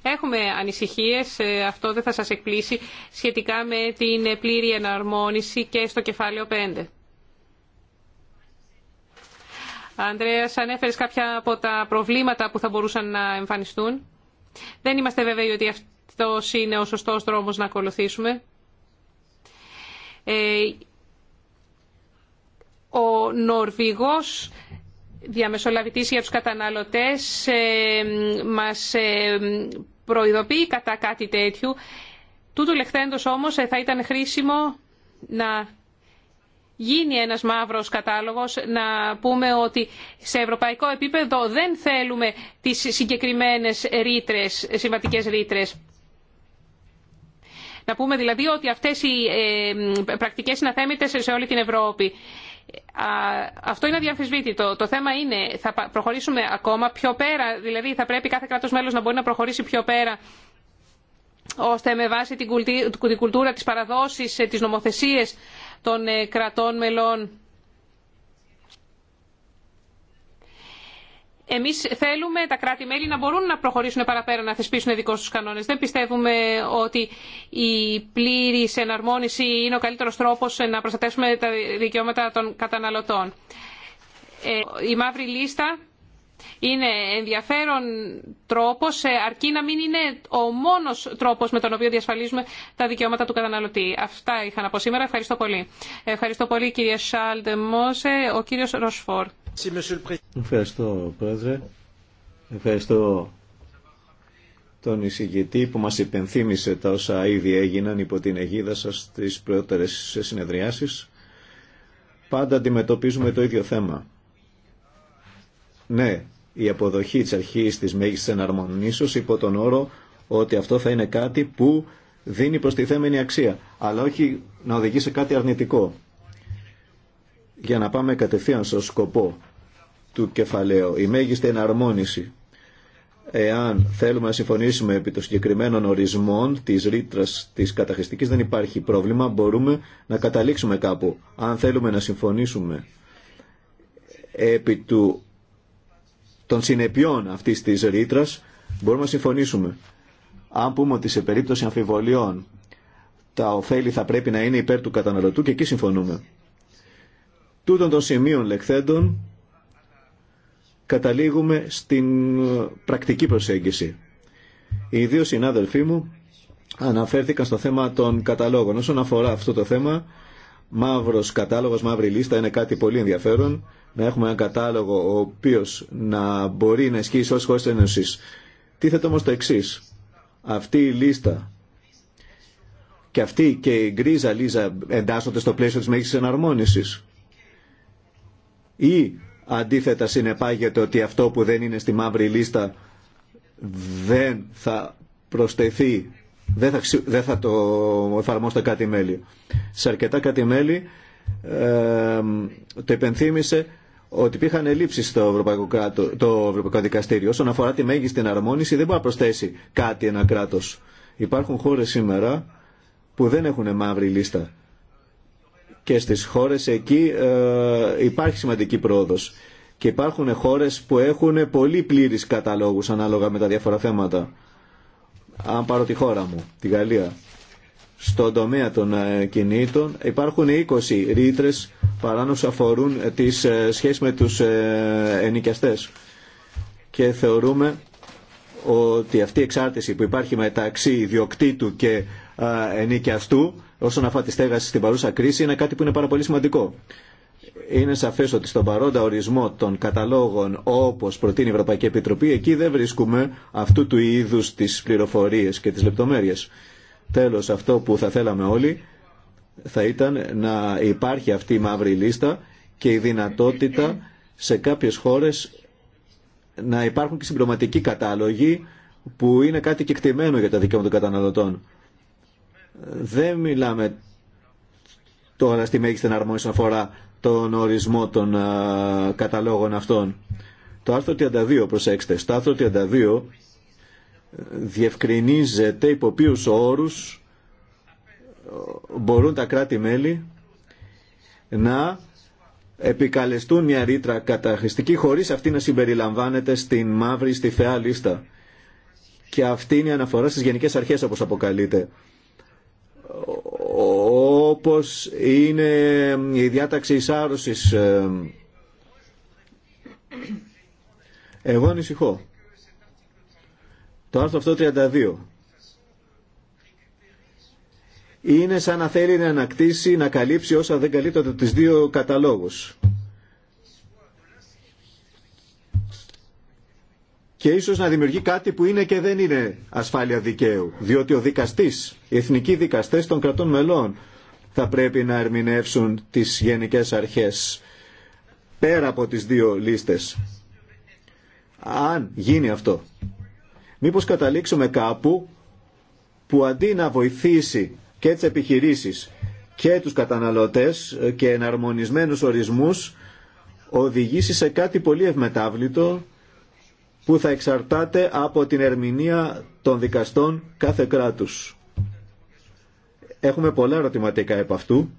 Έχουμε ανησυχίες, ε, αυτό δεν θα σας εκπλήσει, σχετικά με την πλήρη εναρμόνιση και στο κεφάλαιο 5. Ανδρέας, ανέφερε κάποια από τα προβλήματα που θα μπορούσαν να εμφανιστούν. Δεν είμαστε βέβαιοι ότι αυτό είναι ο σωστός δρόμος να ακολουθήσουμε. Ε, ο Νορβηγός διαμεσολαβητής για τους καταναλωτές ε, μας ε, προειδοποιεί κατά κάτι τέτοιου. Τούτου λεχθέντος όμως ε, θα ήταν χρήσιμο να γίνει ένας μαύρος κατάλογος, να πούμε ότι σε ευρωπαϊκό επίπεδο δεν θέλουμε τις συγκεκριμένες ρήτρες, συμβατικές ρήτρες. Να πούμε δηλαδή ότι αυτές οι πρακτικές είναι σε όλη την Ευρώπη αυτό είναι αδιαμφισβήτητο. Το θέμα είναι θα προχωρήσουμε ακόμα πιο πέρα, δηλαδή θα πρέπει κάθε κράτος μέλος να μπορεί να προχωρήσει πιο πέρα ώστε με βάση την κουλτούρα, τις παραδόσεις, ε, τις νομοθεσίες των ε, κρατών μελών Εμείς θέλουμε τα κράτη-μέλη να μπορούν να προχωρήσουν παραπέρα, να θεσπίσουν δικού του κανόνες. Δεν πιστεύουμε ότι η πλήρης εναρμόνιση είναι ο καλύτερος τρόπος να προστατεύσουμε τα δικαιώματα των καταναλωτών. Ε, η μαύρη λίστα είναι ενδιαφέρον τρόπος, ε, αρκεί να μην είναι ο μόνος τρόπος με τον οποίο διασφαλίζουμε τα δικαιώματα του καταναλωτή. Αυτά είχα να πω σήμερα. Ευχαριστώ πολύ. Ευχαριστώ πολύ κύριε Σάλτε Μόσε, ο κύριο Ροσφόρ. Ευχαριστώ, Πρόεδρε. Ευχαριστώ τον εισηγητή που μας υπενθύμησε τα όσα ήδη έγιναν υπό την αιγίδα σας στις πρώτερες συνεδριάσεις. Πάντα αντιμετωπίζουμε το ίδιο θέμα. Ναι, η αποδοχή της αρχής της μέγιστης εναρμονίσεως υπό τον όρο ότι αυτό θα είναι κάτι που δίνει προστιθέμενη αξία, αλλά όχι να οδηγεί σε κάτι αρνητικό για να πάμε κατευθείαν στο σκοπό του κεφαλαίου, η μέγιστη εναρμόνιση. Εάν θέλουμε να συμφωνήσουμε επί των συγκεκριμένων ορισμών της ρήτρα της καταχρηστικής δεν υπάρχει πρόβλημα, μπορούμε να καταλήξουμε κάπου. Αν θέλουμε να συμφωνήσουμε επί του, των συνεπειών αυτής της ρήτρα, μπορούμε να συμφωνήσουμε. Αν πούμε ότι σε περίπτωση αμφιβολιών τα ωφέλη θα πρέπει να είναι υπέρ του καταναλωτού και εκεί συμφωνούμε τούτων των σημείων λεκθέντων καταλήγουμε στην ε, πρακτική προσέγγιση. Οι δύο συνάδελφοί μου αναφέρθηκαν στο θέμα των καταλόγων. Όσον αφορά αυτό το θέμα, μαύρος κατάλογος, μαύρη λίστα είναι κάτι πολύ ενδιαφέρον. Να έχουμε ένα κατάλογο ο οποίος να μπορεί να ισχύει σε όλες χώρες της Ένωσης. Τίθεται όμως το εξή. Αυτή η λίστα και αυτή και η γκρίζα λίζα εντάσσονται στο πλαίσιο της μέγιστης εναρμόνισης ή αντίθετα συνεπάγεται ότι αυτό που δεν είναι στη μαύρη λίστα δεν θα προσθεθεί, δεν θα, δεν θα το εφαρμόσετε κάτι μέλη. Σε αρκετά κάτι μέλη ε, το υπενθύμησε ότι υπήρχαν ελλείψεις στο Ευρωπαϊκό, κράτο, το Ευρωπαϊκό Δικαστήριο. Όσον αφορά τη μέγιστη εναρμόνιση δεν μπορεί να προσθέσει κάτι ένα κράτος. Υπάρχουν χώρες σήμερα που δεν έχουν μαύρη λίστα και στις χώρες εκεί ε, υπάρχει σημαντική πρόοδος. Και υπάρχουν χώρες που έχουν πολύ πλήρεις καταλόγους ανάλογα με τα διάφορα θέματα. Αν πάρω τη χώρα μου, τη Γαλλία, στον τομέα των ε, κινήτων υπάρχουν 20 ρήτρε παράνους αφορούν ε, τις σχέσεις με τους ενοικιαστές. Και θεωρούμε ότι αυτή η εξάρτηση που υπάρχει μεταξύ ιδιοκτήτου και αυτού όσον αφορά τη στέγαση στην παρούσα κρίση είναι κάτι που είναι πάρα πολύ σημαντικό. Είναι σαφέ ότι στον παρόντα ορισμό των καταλόγων όπω προτείνει η Ευρωπαϊκή Επιτροπή, εκεί δεν βρίσκουμε αυτού του είδου τι πληροφορίε και τι λεπτομέρειε. Τέλο, αυτό που θα θέλαμε όλοι θα ήταν να υπάρχει αυτή η μαύρη λίστα και η δυνατότητα σε κάποιες χώρες να υπάρχουν και συμπληρωματικοί κατάλογοι που είναι κάτι κεκτημένο για τα δικαιώματα των καταναλωτών δεν μιλάμε τώρα στη μέγιστη εναρμόνιση αφορά τον ορισμό των καταλόγων αυτών. Το άρθρο 32, προσέξτε, στο άρθρο 32 ε, διευκρινίζεται υπό ποιου όρους ε, μπορούν τα κράτη-μέλη να επικαλεστούν μια ρήτρα καταχρηστική χωρίς αυτή να συμπεριλαμβάνεται στην μαύρη, στη θεά λίστα. Και αυτή είναι η αναφορά στις γενικές αρχές όπως αποκαλείται όπως είναι η διάταξη εισάρρωσης. Ε, εγώ ανησυχώ. Το άρθρο αυτό 32 είναι σαν να θέλει να ανακτήσει, να καλύψει όσα δεν καλύπτονται τις δύο καταλόγους. και ίσως να δημιουργεί κάτι που είναι και δεν είναι ασφάλεια δικαίου. Διότι ο δικαστής, οι εθνικοί δικαστές των κρατών μελών θα πρέπει να ερμηνεύσουν τις γενικές αρχές πέρα από τις δύο λίστες. Αν γίνει αυτό, μήπως καταλήξουμε κάπου που αντί να βοηθήσει και τις επιχειρήσεις και τους καταναλωτές και εναρμονισμένους ορισμούς οδηγήσει σε κάτι πολύ ευμετάβλητο που θα εξαρτάται από την ερμηνεία των δικαστών κάθε κράτους. Έχουμε πολλά ερωτηματικά επ' αυτού.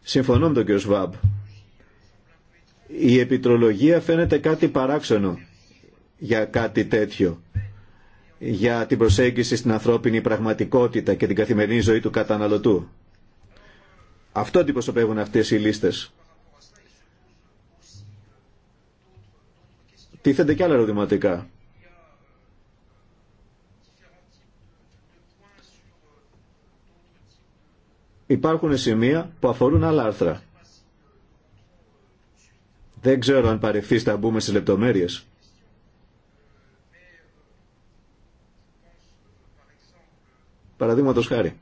Συμφωνώ με τον κ. Σβάμπ. Η επιτρολογία φαίνεται κάτι παράξενο για κάτι τέτοιο για την προσέγγιση στην ανθρώπινη πραγματικότητα και την καθημερινή ζωή του καταναλωτού. Αυτό αντιπροσωπεύουν αυτές οι λίστες. τίθενται και άλλα ερωτηματικά. Υπάρχουν σημεία που αφορούν άλλα άρθρα. Δεν ξέρω αν παρευθείς θα μπούμε στις λεπτομέρειες. Παραδείγματος χάρη.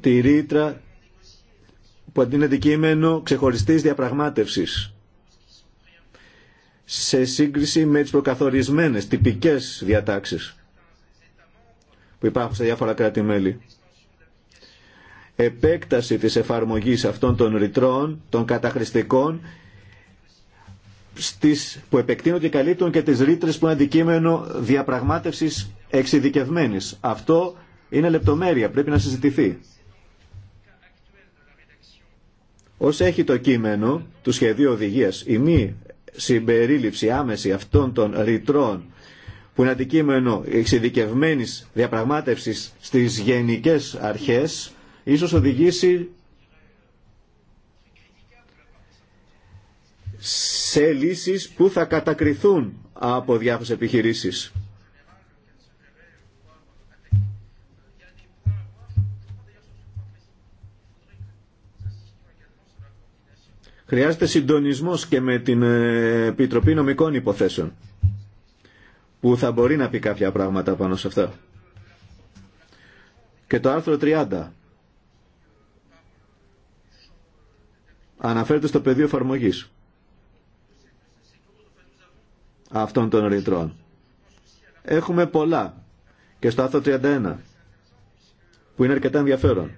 τη ρήτρα που είναι αντικείμενο ξεχωριστής διαπραγμάτευσης σε σύγκριση με τις προκαθορισμένες τυπικές διατάξεις που υπάρχουν σε διάφορα κράτη-μέλη. Επέκταση της εφαρμογής αυτών των ρητρών, των καταχρηστικών, στις, που επεκτείνονται και καλύπτουν και τις ρήτρες που είναι αντικείμενο διαπραγμάτευσης εξειδικευμένης. Αυτό είναι λεπτομέρεια, πρέπει να συζητηθεί. Ως έχει το κείμενο του σχεδίου οδηγίας, η μη συμπερίληψη άμεση αυτών των ρητρών που είναι αντικείμενο εξειδικευμένη διαπραγμάτευσης στις γενικές αρχές, ίσως οδηγήσει σε λύσεις που θα κατακριθούν από διάφορες επιχειρήσεις. Χρειάζεται συντονισμός και με την ε, Επιτροπή Νομικών Υποθέσεων που θα μπορεί να πει κάποια πράγματα πάνω σε αυτά. Και το άρθρο 30 αναφέρεται στο πεδίο εφαρμογή αυτών των ρητρών. Έχουμε πολλά και στο άρθρο 31 που είναι αρκετά ενδιαφέρον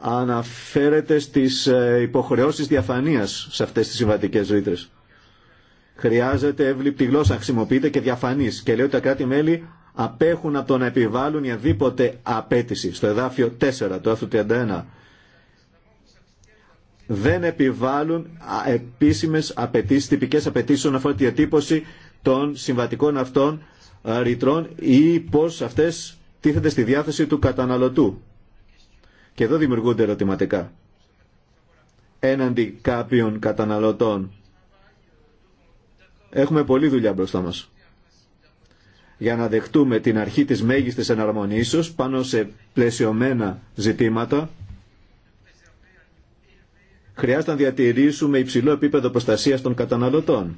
αναφέρεται στις ε, υποχρεώσεις διαφανείας σε αυτές τις συμβατικές ρήτρες. Χρειάζεται εύληπτη γλώσσα να χρησιμοποιείται και διαφανής και λέει ότι τα κράτη-μέλη απέχουν από το να επιβάλλουν η απέτηση στο εδάφιο 4 το άρθρου 31 δεν επιβάλλουν επίσημες απαιτήσεις, τυπικές απαιτήσεις όσον αφορά τη διατύπωση των συμβατικών αυτών ρητρών ή πώς αυτές τίθεται στη διάθεση του καταναλωτού. Και εδώ δημιουργούνται ερωτηματικά έναντι κάποιων καταναλωτών. Έχουμε πολλή δουλειά μπροστά μας για να δεχτούμε την αρχή της μέγιστης εναρμονίσεως πάνω σε πλαισιωμένα ζητήματα. Χρειάζεται να διατηρήσουμε υψηλό επίπεδο προστασίας των καταναλωτών,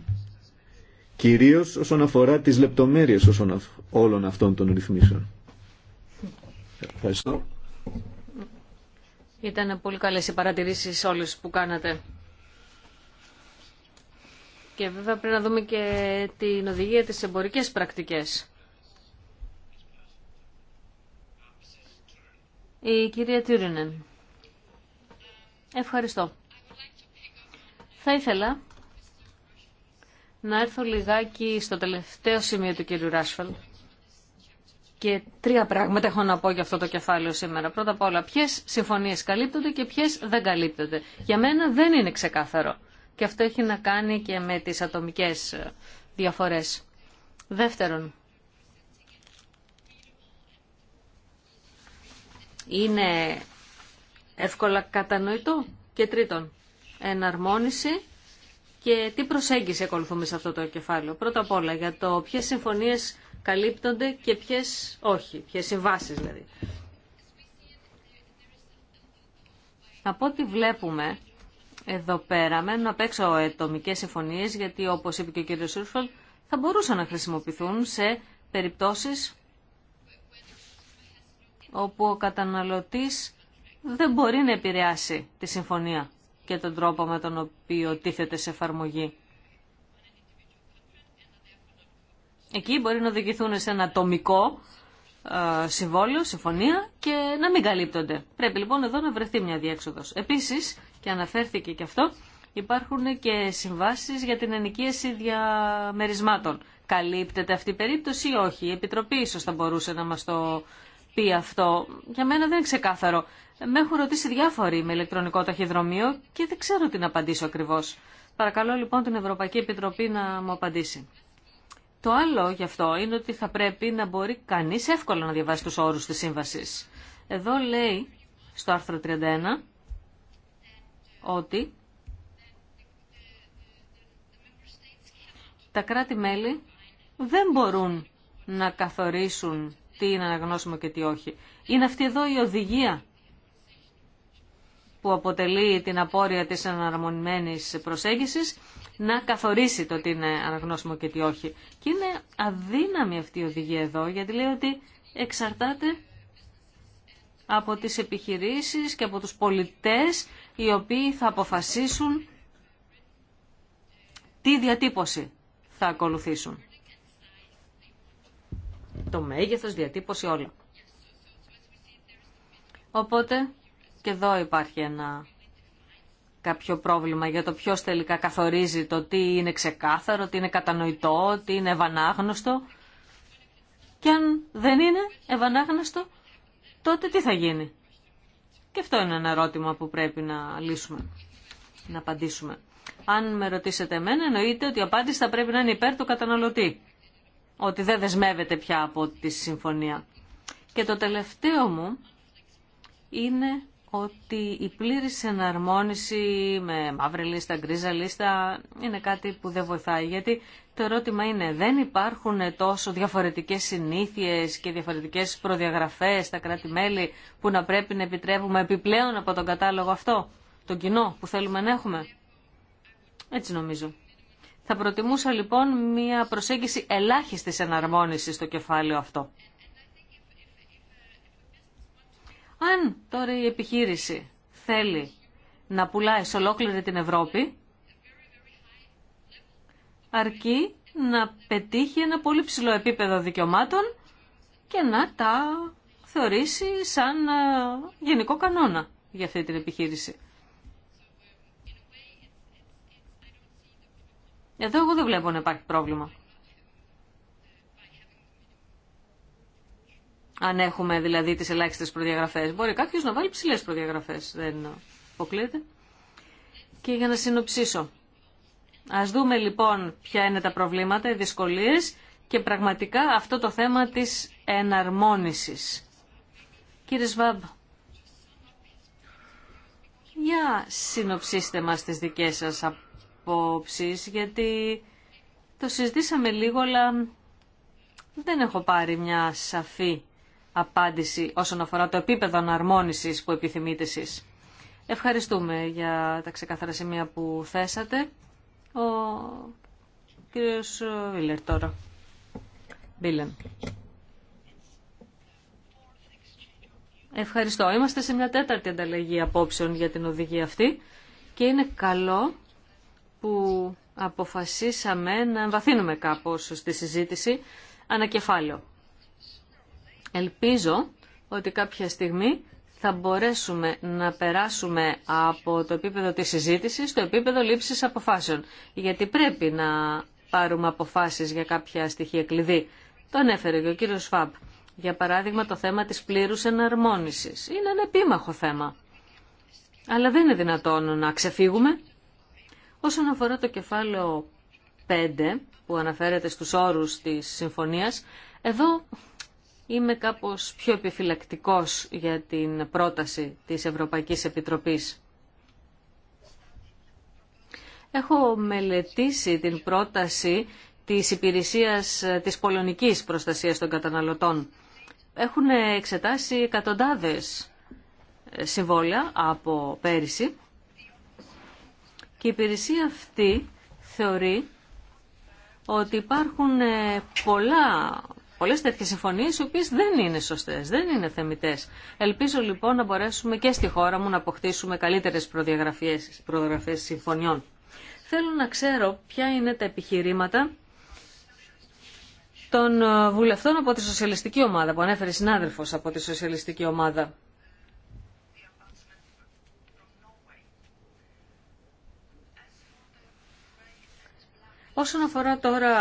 κυρίως όσον αφορά τις λεπτομέρειες όσον όλων αυτών των ρυθμίσεων. Ευχαριστώ. Ήταν πολύ καλές οι παρατηρήσεις όλες που κάνατε. Και βέβαια πρέπει να δούμε και την οδηγία της εμπορικές πρακτικές. Η κυρία Τιούρινεν. Ευχαριστώ. Θα ήθελα να έρθω λιγάκι στο τελευταίο σημείο του κύριου Ράσφαλ και τρία πράγματα έχω να πω για αυτό το κεφάλαιο σήμερα. Πρώτα απ' όλα, ποιε συμφωνίε καλύπτονται και ποιε δεν καλύπτονται. Για μένα δεν είναι ξεκάθαρο. Και αυτό έχει να κάνει και με τι ατομικέ ε, διαφορέ. Δεύτερον, είναι εύκολα κατανοητό. Και τρίτον, εναρμόνιση και τι προσέγγιση ακολουθούμε σε αυτό το κεφάλαιο. Πρώτα απ' όλα, για το ποιε συμφωνίε καλύπτονται και ποιες όχι, ποιες συμβάσει δηλαδή. Από ό,τι βλέπουμε εδώ πέρα μένουν απ' έξω ετομικές συμφωνίες γιατί όπως είπε και ο κ. Σούρφαλ θα μπορούσαν να χρησιμοποιηθούν σε περιπτώσεις όπου ο καταναλωτής δεν μπορεί να επηρεάσει τη συμφωνία και τον τρόπο με τον οποίο τίθεται σε εφαρμογή. Εκεί μπορεί να οδηγηθούν σε ένα ατομικό ε, συμβόλαιο, συμφωνία και να μην καλύπτονται. Πρέπει λοιπόν εδώ να βρεθεί μια διέξοδο. Επίση, και αναφέρθηκε και αυτό, υπάρχουν και συμβάσει για την ενοικίαση διαμερισμάτων. Καλύπτεται αυτή η περίπτωση ή όχι. Η Επιτροπή επιτροπη ισω θα μπορούσε να μα το πει αυτό. Για μένα δεν είναι ξεκάθαρο. Με έχουν ρωτήσει διάφοροι με ηλεκτρονικό ταχυδρομείο και δεν ξέρω τι να απαντήσω ακριβώ. Παρακαλώ λοιπόν την Ευρωπαϊκή Επιτροπή να μου απαντήσει. Το άλλο γι' αυτό είναι ότι θα πρέπει να μπορεί κανείς εύκολα να διαβάσει τους όρους της σύμβασης. Εδώ λέει στο άρθρο 31 ότι τα κράτη-μέλη δεν μπορούν να καθορίσουν τι είναι αναγνώσιμο και τι όχι. Είναι αυτή εδώ η οδηγία που αποτελεί την απόρρια της αναρμονημένης προσέγγισης να καθορίσει το τι είναι αναγνώσιμο και τι όχι. Και είναι αδύναμη αυτή η οδηγία εδώ, γιατί λέει ότι εξαρτάται από τις επιχειρήσεις και από τους πολιτές οι οποίοι θα αποφασίσουν τι διατύπωση θα ακολουθήσουν. Το μέγεθος, διατύπωση, όλα. Οπότε και εδώ υπάρχει ένα κάποιο πρόβλημα για το ποιος τελικά καθορίζει το τι είναι ξεκάθαρο, τι είναι κατανοητό, τι είναι ευανάγνωστο. Και αν δεν είναι ευανάγνωστο, τότε τι θα γίνει. Και αυτό είναι ένα ερώτημα που πρέπει να λύσουμε, να απαντήσουμε. Αν με ρωτήσετε εμένα, εννοείται ότι η απάντηση θα πρέπει να είναι υπέρ του καταναλωτή. Ότι δεν δεσμεύεται πια από τη συμφωνία. Και το τελευταίο μου είναι ότι η πλήρης εναρμόνιση με μαύρη λίστα, γκρίζα λίστα είναι κάτι που δεν βοηθάει. Γιατί το ερώτημα είναι, δεν υπάρχουν τόσο διαφορετικές συνήθειες και διαφορετικές προδιαγραφές στα κράτη-μέλη που να πρέπει να επιτρέπουμε επιπλέον από τον κατάλογο αυτό, τον κοινό που θέλουμε να έχουμε. Έτσι νομίζω. Θα προτιμούσα λοιπόν μια προσέγγιση ελάχιστης εναρμόνισης στο κεφάλαιο αυτό. Αν τώρα η επιχείρηση θέλει να πουλάει σε ολόκληρη την Ευρώπη, αρκεί να πετύχει ένα πολύ ψηλό επίπεδο δικαιωμάτων και να τα θεωρήσει σαν ε, γενικό κανόνα για αυτή την επιχείρηση. Εδώ εγώ δεν βλέπω να υπάρχει πρόβλημα. Αν έχουμε δηλαδή τις ελάχιστες προδιαγραφές. Μπορεί κάποιος να βάλει ψηλές προδιαγραφές, δεν υποκλείεται. Και για να συνοψίσω. Ας δούμε λοιπόν ποια είναι τα προβλήματα, οι δυσκολίες και πραγματικά αυτό το θέμα της εναρμόνισης. Κύριε Σβάμπ, για συνοψίστε μας τις δικές σας απόψεις, γιατί το συζητήσαμε λίγο, αλλά δεν έχω πάρει μια σαφή απάντηση όσον αφορά το επίπεδο αναρμόνισης που επιθυμείτε εσείς. Ευχαριστούμε για τα ξεκάθαρα σημεία που θέσατε. Ο κύριος Βίλερ τώρα. Βίλεν. Ευχαριστώ. Είμαστε σε μια τέταρτη ανταλλαγή απόψεων για την οδηγία αυτή και είναι καλό που αποφασίσαμε να εμβαθύνουμε κάπως στη συζήτηση ανακεφάλαιο. Ελπίζω ότι κάποια στιγμή θα μπορέσουμε να περάσουμε από το επίπεδο της συζήτησης στο επίπεδο λήψης αποφάσεων. Γιατί πρέπει να πάρουμε αποφάσεις για κάποια στοιχεία κλειδί. Το ανέφερε και ο κύριος Φαμπ. Για παράδειγμα το θέμα της πλήρους εναρμόνισης. Είναι ένα επίμαχο θέμα. Αλλά δεν είναι δυνατόν να ξεφύγουμε. Όσον αφορά το κεφάλαιο 5 που αναφέρεται στους όρους της συμφωνίας, εδώ είμαι κάπως πιο επιφυλακτικός για την πρόταση της Ευρωπαϊκής Επιτροπής. Έχω μελετήσει την πρόταση της υπηρεσίας της πολωνικής προστασίας των καταναλωτών. Έχουν εξετάσει εκατοντάδες συμβόλαια από πέρυσι και η υπηρεσία αυτή θεωρεί ότι υπάρχουν πολλά πολλέ τέτοιε συμφωνίε, οι οποίε δεν είναι σωστέ, δεν είναι θεμητέ. Ελπίζω λοιπόν να μπορέσουμε και στη χώρα μου να αποκτήσουμε καλύτερε προδιαγραφέ συμφωνιών. Θέλω να ξέρω ποια είναι τα επιχειρήματα των ε, βουλευτών από τη Σοσιαλιστική Ομάδα, που ανέφερε συνάδελφο από τη Σοσιαλιστική Ομάδα. Όσον αφορά τώρα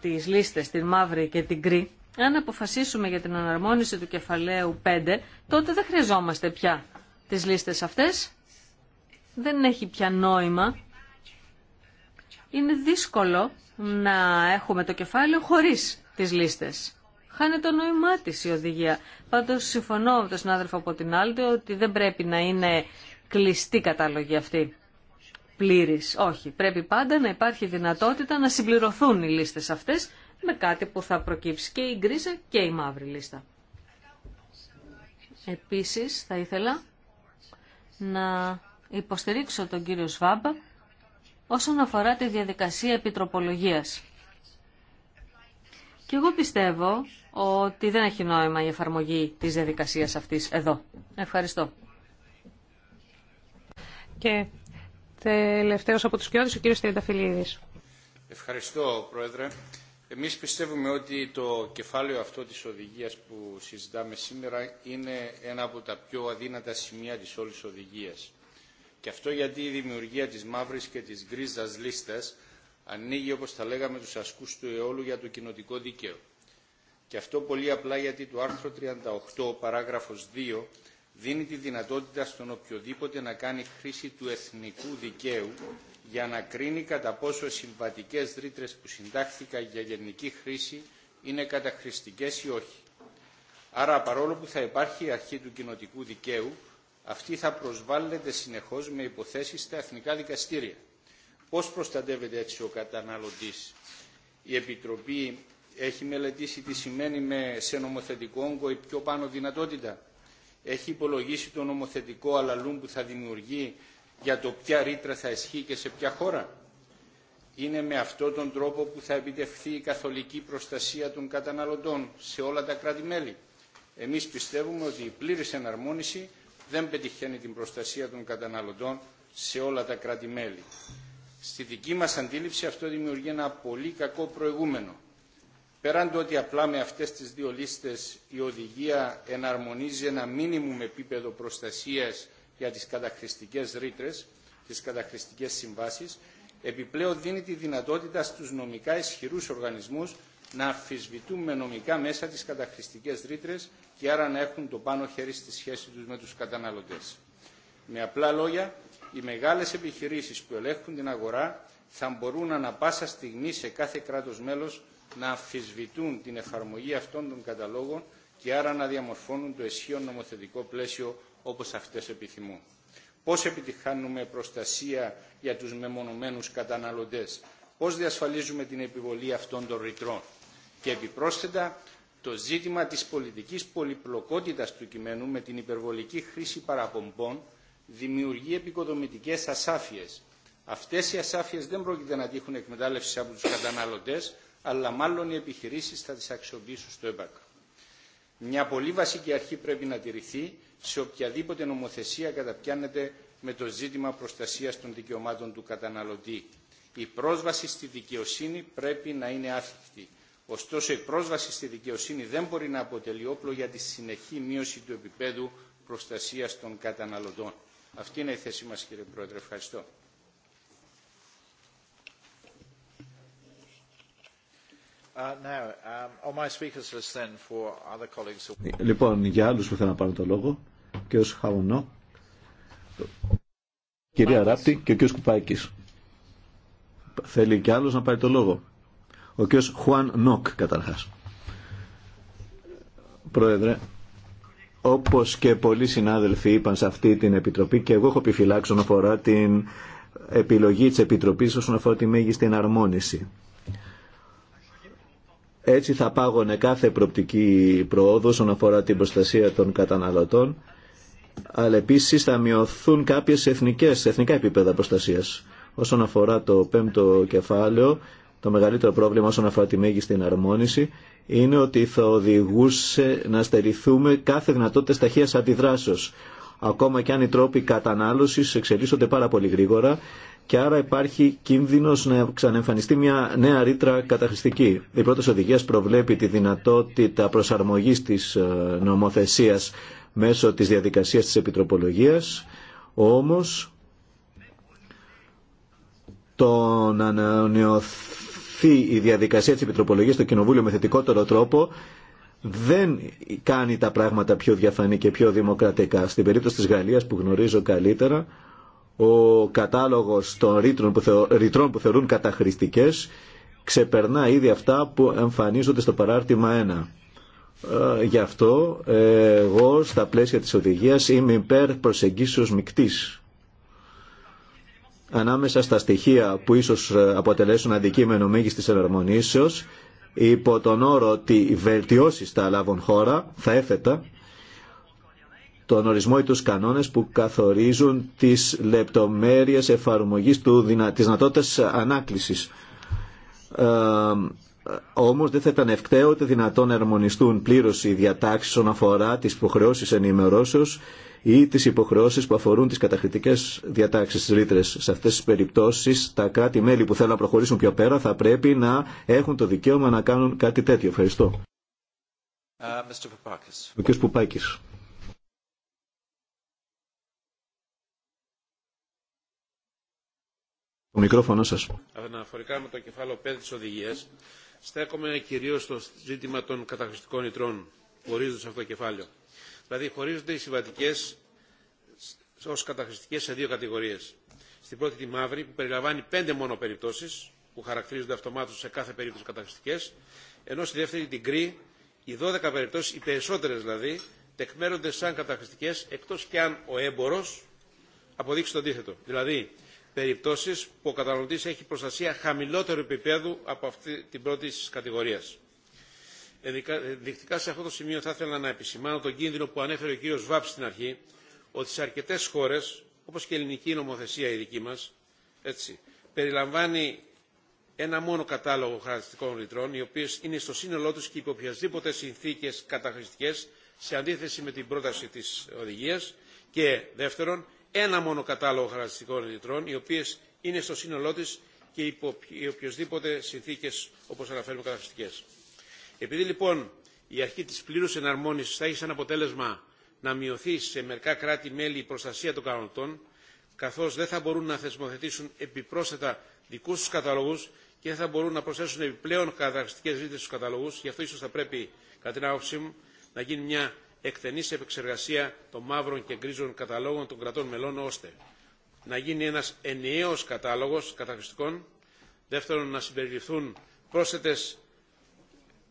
τις λίστες, την μαύρη και την κρύ, αν αποφασίσουμε για την αναρμόνιση του κεφαλαίου 5, τότε δεν χρειαζόμαστε πια τις λίστες αυτές. Δεν έχει πια νόημα. Είναι δύσκολο να έχουμε το κεφάλαιο χωρίς τις λίστες. χάνεται το νόημά τη η οδηγία. Πάντως συμφωνώ με τον συνάδελφο από την άλλη ότι δεν πρέπει να είναι κλειστή κατάλογη αυτή. Όχι, πρέπει πάντα να υπάρχει δυνατότητα να συμπληρωθούν οι λίστες αυτές με κάτι που θα προκύψει και η γκρίζα και η μαύρη λίστα. Επίσης θα ήθελα να υποστηρίξω τον κύριο Σβάμπ όσον αφορά τη διαδικασία επιτροπολογίας. Και εγώ πιστεύω ότι δεν έχει νόημα η εφαρμογή της διαδικασίας αυτής εδώ. Ευχαριστώ. Και Τελευταίος από τους κοιόδους, ο κύριος Τριανταφυλλίδη. Ευχαριστώ, Πρόεδρε. Εμείς πιστεύουμε ότι το κεφάλαιο αυτό της οδηγίας που συζητάμε σήμερα είναι ένα από τα πιο αδύνατα σημεία της όλης οδηγίας. Και αυτό γιατί η δημιουργία της μαύρης και της γκρίζας λίστας ανοίγει, όπως τα λέγαμε, τους ασκούς του αιώλου για το κοινοτικό δίκαιο. Και αυτό πολύ απλά γιατί το άρθρο 38, παράγραφος 2, δίνει τη δυνατότητα στον οποιοδήποτε να κάνει χρήση του εθνικού δικαίου για να κρίνει κατά πόσο συμβατικές ρήτρε που συντάχθηκαν για γενική χρήση είναι καταχρηστικές ή όχι. Άρα παρόλο που θα υπάρχει η αρχή του κοινοτικού δικαίου, αυτή θα προσβάλλεται συνεχώς με υποθέσεις στα εθνικά δικαστήρια. Πώς προστατεύεται έτσι ο καταναλωτής. Η Επιτροπή έχει μελετήσει τι σημαίνει με, σε νομοθετικό όγκο η πιο πάνω δυνατότητα έχει υπολογίσει το νομοθετικό αλαλούν που θα δημιουργεί για το ποια ρήτρα θα ισχύει και σε ποια χώρα. Είναι με αυτόν τον τρόπο που θα επιτευχθεί η καθολική προστασία των καταναλωτών σε όλα τα κράτη-μέλη. Εμείς πιστεύουμε ότι η πλήρης εναρμόνιση δεν πετυχαίνει την προστασία των καταναλωτών σε όλα τα κράτη-μέλη. Στη δική μας αντίληψη αυτό δημιουργεί ένα πολύ κακό προηγούμενο Πέραν το ότι απλά με αυτές τις δύο λίστες η οδηγία εναρμονίζει ένα με επίπεδο προστασίας για τις καταχρηστικές ρήτρες, τις καταχρηστικές συμβάσεις, επιπλέον δίνει τη δυνατότητα στους νομικά ισχυρούς οργανισμούς να αφισβητούν με νομικά μέσα τις καταχρηστικές ρήτρες και άρα να έχουν το πάνω χέρι στη σχέση τους με τους καταναλωτές. Με απλά λόγια, οι μεγάλες επιχειρήσεις που ελέγχουν την αγορά θα μπορούν ανα πάσα στιγμή σε κάθε κράτο μέλο, να αμφισβητούν την εφαρμογή αυτών των καταλόγων και άρα να διαμορφώνουν το ισχύον νομοθετικό πλαίσιο όπως αυτές επιθυμούν. Πώς επιτυχάνουμε προστασία για τους μεμονωμένους καταναλωτές, πώς διασφαλίζουμε την επιβολή αυτών των ρητρών. Και επιπρόσθετα, το ζήτημα της πολιτικής πολυπλοκότητας του κειμένου με την υπερβολική χρήση παραπομπών δημιουργεί επικοδομητικές ασάφειες. Αυτές οι ασάφειες δεν πρόκειται να τύχουν εκμετάλλευση από τους καταναλωτές, αλλά μάλλον οι επιχειρήσεις θα τις αξιοποιήσουν στο ΕΠΑΚ. Μια πολύ βασική αρχή πρέπει να τηρηθεί σε οποιαδήποτε νομοθεσία καταπιάνεται με το ζήτημα προστασίας των δικαιωμάτων του καταναλωτή. Η πρόσβαση στη δικαιοσύνη πρέπει να είναι άθικτη. Ωστόσο, η πρόσβαση στη δικαιοσύνη δεν μπορεί να αποτελεί όπλο για τη συνεχή μείωση του επίπεδου προστασίας των καταναλωτών. Αυτή είναι η θέση μας, κύριε Πρόεδρε. Ευχαριστώ. Uh, um, λοιπόν, για άλλους που θέλουν να πάρουν το λόγο, και κ. Χαουνό, κυρία Ράπτη και ο κ. Κουπάκης. Θέλει και άλλος να πάρει το λόγο. Ο κ. Χουάν Νοκ, καταρχάς. Πρόεδρε, όπως και πολλοί συνάδελφοι είπαν σε αυτή την Επιτροπή και εγώ έχω επιφυλάξει όσον αφορά την επιλογή της Επιτροπής όσον αφορά τη μέγιστη εναρμόνιση έτσι θα πάγωνε κάθε προπτική προόδος όσον αφορά την προστασία των καταναλωτών, αλλά επίση θα μειωθούν κάποιε εθνικά επίπεδα προστασία. Όσον αφορά το πέμπτο κεφάλαιο, το μεγαλύτερο πρόβλημα όσον αφορά τη μέγιστη εναρμόνιση είναι ότι θα οδηγούσε να στερηθούμε κάθε δυνατότητα ταχεία αντιδράσεω. Ακόμα και αν οι τρόποι κατανάλωση εξελίσσονται πάρα πολύ γρήγορα, και άρα υπάρχει κίνδυνος να ξανεμφανιστεί μια νέα ρήτρα καταχρηστική. Η πρώτη οδηγία προβλέπει τη δυνατότητα προσαρμογή της ε, νομοθεσίας μέσω της διαδικασίας της επιτροπολογίας, όμως το να ανανεωθεί η διαδικασία της επιτροπολογίας στο Κοινοβούλιο με θετικότερο τρόπο δεν κάνει τα πράγματα πιο διαφανή και πιο δημοκρατικά. Στην περίπτωση της Γαλλίας που γνωρίζω καλύτερα, ο κατάλογος των ρήτρων που, που θεωρούν καταχρηστικές ξεπερνά ήδη αυτά που εμφανίζονται στο παράρτημα 1. Ε, γι' αυτό ε, εγώ στα πλαίσια της οδηγίας είμαι υπέρ προσεγγίσεως μικτής. Ανάμεσα στα στοιχεία που ίσως ε, αποτελέσουν αντικείμενο μέγιστης εναρμονήσεως, υπό τον όρο ότι οι βελτιώσεις τα λάβουν χώρα, θα έθετα, τον ορισμό ή τους κανόνες που καθορίζουν τις λεπτομέρειες εφαρμογής του, της δυνατότητας ανάκλησης. Ε, όμως δεν θα ήταν ευκταίο ότι δυνατόν να ερμονιστούν πλήρως οι διατάξεις όσον αφορά τις υποχρεώσει ενημερώσεως ή τις υποχρεώσεις που αφορούν τις καταχρητικές διατάξεις της ρήτρες. Σε αυτές τις περιπτώσεις τα κράτη-μέλη που θέλουν να προχωρήσουν πιο πέρα θα πρέπει να έχουν το δικαίωμα να κάνουν κάτι τέτοιο. Ευχαριστώ. Uh, Mr. Ο κ. Πουπάκης. Το μικρόφωνο σας. Αναφορικά με το κεφάλαιο 5 της οδηγίας, στέκομαι κυρίως στο ζήτημα των καταχρηστικών ιτρών που ορίζονται σε αυτό το κεφάλαιο. Δηλαδή χωρίζονται οι συμβατικές ως καταχρηστικές σε δύο κατηγορίες. Στην πρώτη τη μαύρη που περιλαμβάνει πέντε μόνο περιπτώσεις που χαρακτηρίζονται αυτομάτως σε κάθε περίπτωση καταχρηστικές, ενώ στη δεύτερη την κρή οι 12 περιπτώσεις, οι περισσότερες δηλαδή, τεκμέρονται σαν καταχρηστικές εκτός και αν ο έμπορος αποδείξει το αντίθετο. Δηλαδή περιπτώσεις που ο καταναλωτής έχει προστασία χαμηλότερου επίπεδου από αυτή την πρώτη κατηγορία. Ενδεικτικά σε αυτό το σημείο θα ήθελα να επισημάνω τον κίνδυνο που ανέφερε ο κ. Βάπ στην αρχή, ότι σε αρκετέ χώρε, όπω και η ελληνική νομοθεσία η δική μα, περιλαμβάνει ένα μόνο κατάλογο χαρακτηριστικών ρητρών, οι οποίε είναι στο σύνολό του και υπό οποιασδήποτε συνθήκε καταχρηστικέ, σε αντίθεση με την πρόταση τη οδηγία. Και δεύτερον, ένα μόνο κατάλογο χαρακτηριστικών ρητρών, οι οποίε είναι στο σύνολό τη και υπό οποιασδήποτε συνθήκε όπω αναφέρουμε καταχρηστικέ. Επειδή λοιπόν η αρχή τη πλήρου εναρμόνιση θα έχει σαν αποτέλεσμα να μειωθεί σε μερικά κράτη-μέλη η προστασία των κανοντών, καθώ δεν θα μπορούν να θεσμοθετήσουν επιπρόσθετα δικού του καταλογού και δεν θα μπορούν να προσθέσουν επιπλέον καταρχιστικέ ρήτρε στου καταλογού. Γι' αυτό ίσω θα πρέπει, κατά την άποψή μου, να γίνει μια εκτενής επεξεργασία των μαύρων και γκρίζων καταλόγων των κρατών μελών ώστε να γίνει ένας ενιαίος κατάλογος καταχρηστικών, δεύτερον να συμπεριληφθούν πρόσθετες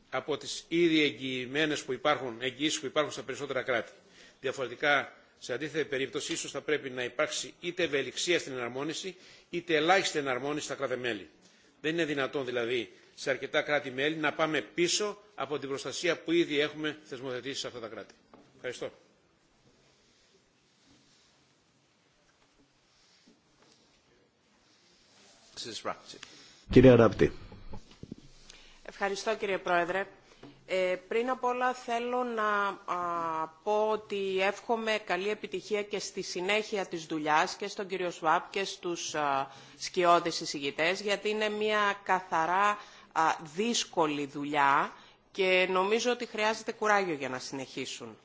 από τις ήδη εγγυημένε που υπάρχουν, εγγυήσει που υπάρχουν στα περισσότερα κράτη. Διαφορετικά, σε αντίθετη περίπτωση, ίσως θα πρέπει να υπάρξει είτε ευελιξία στην εναρμόνιση, είτε ελάχιστη εναρμόνιση στα κράτη-μέλη. Δεν είναι δυνατόν δηλαδή σε αρκετά κράτη-μέλη να πάμε πίσω από την προστασία που ήδη έχουμε θεσμοθετήσει σε αυτά τα κράτη. Ευχαριστώ. Κύριε Ράπτη. Ευχαριστώ κύριε Πρόεδρε. Ε, πριν από όλα θέλω να πω ότι εύχομαι καλή επιτυχία και στη συνέχεια της δουλειάς και στον κύριο Σουάπ και στους α, σκιώδες εισηγητές γιατί είναι μια καθαρά δύσκολη δουλειά και νομίζω ότι χρειάζεται κουράγιο για να συνεχίσουν.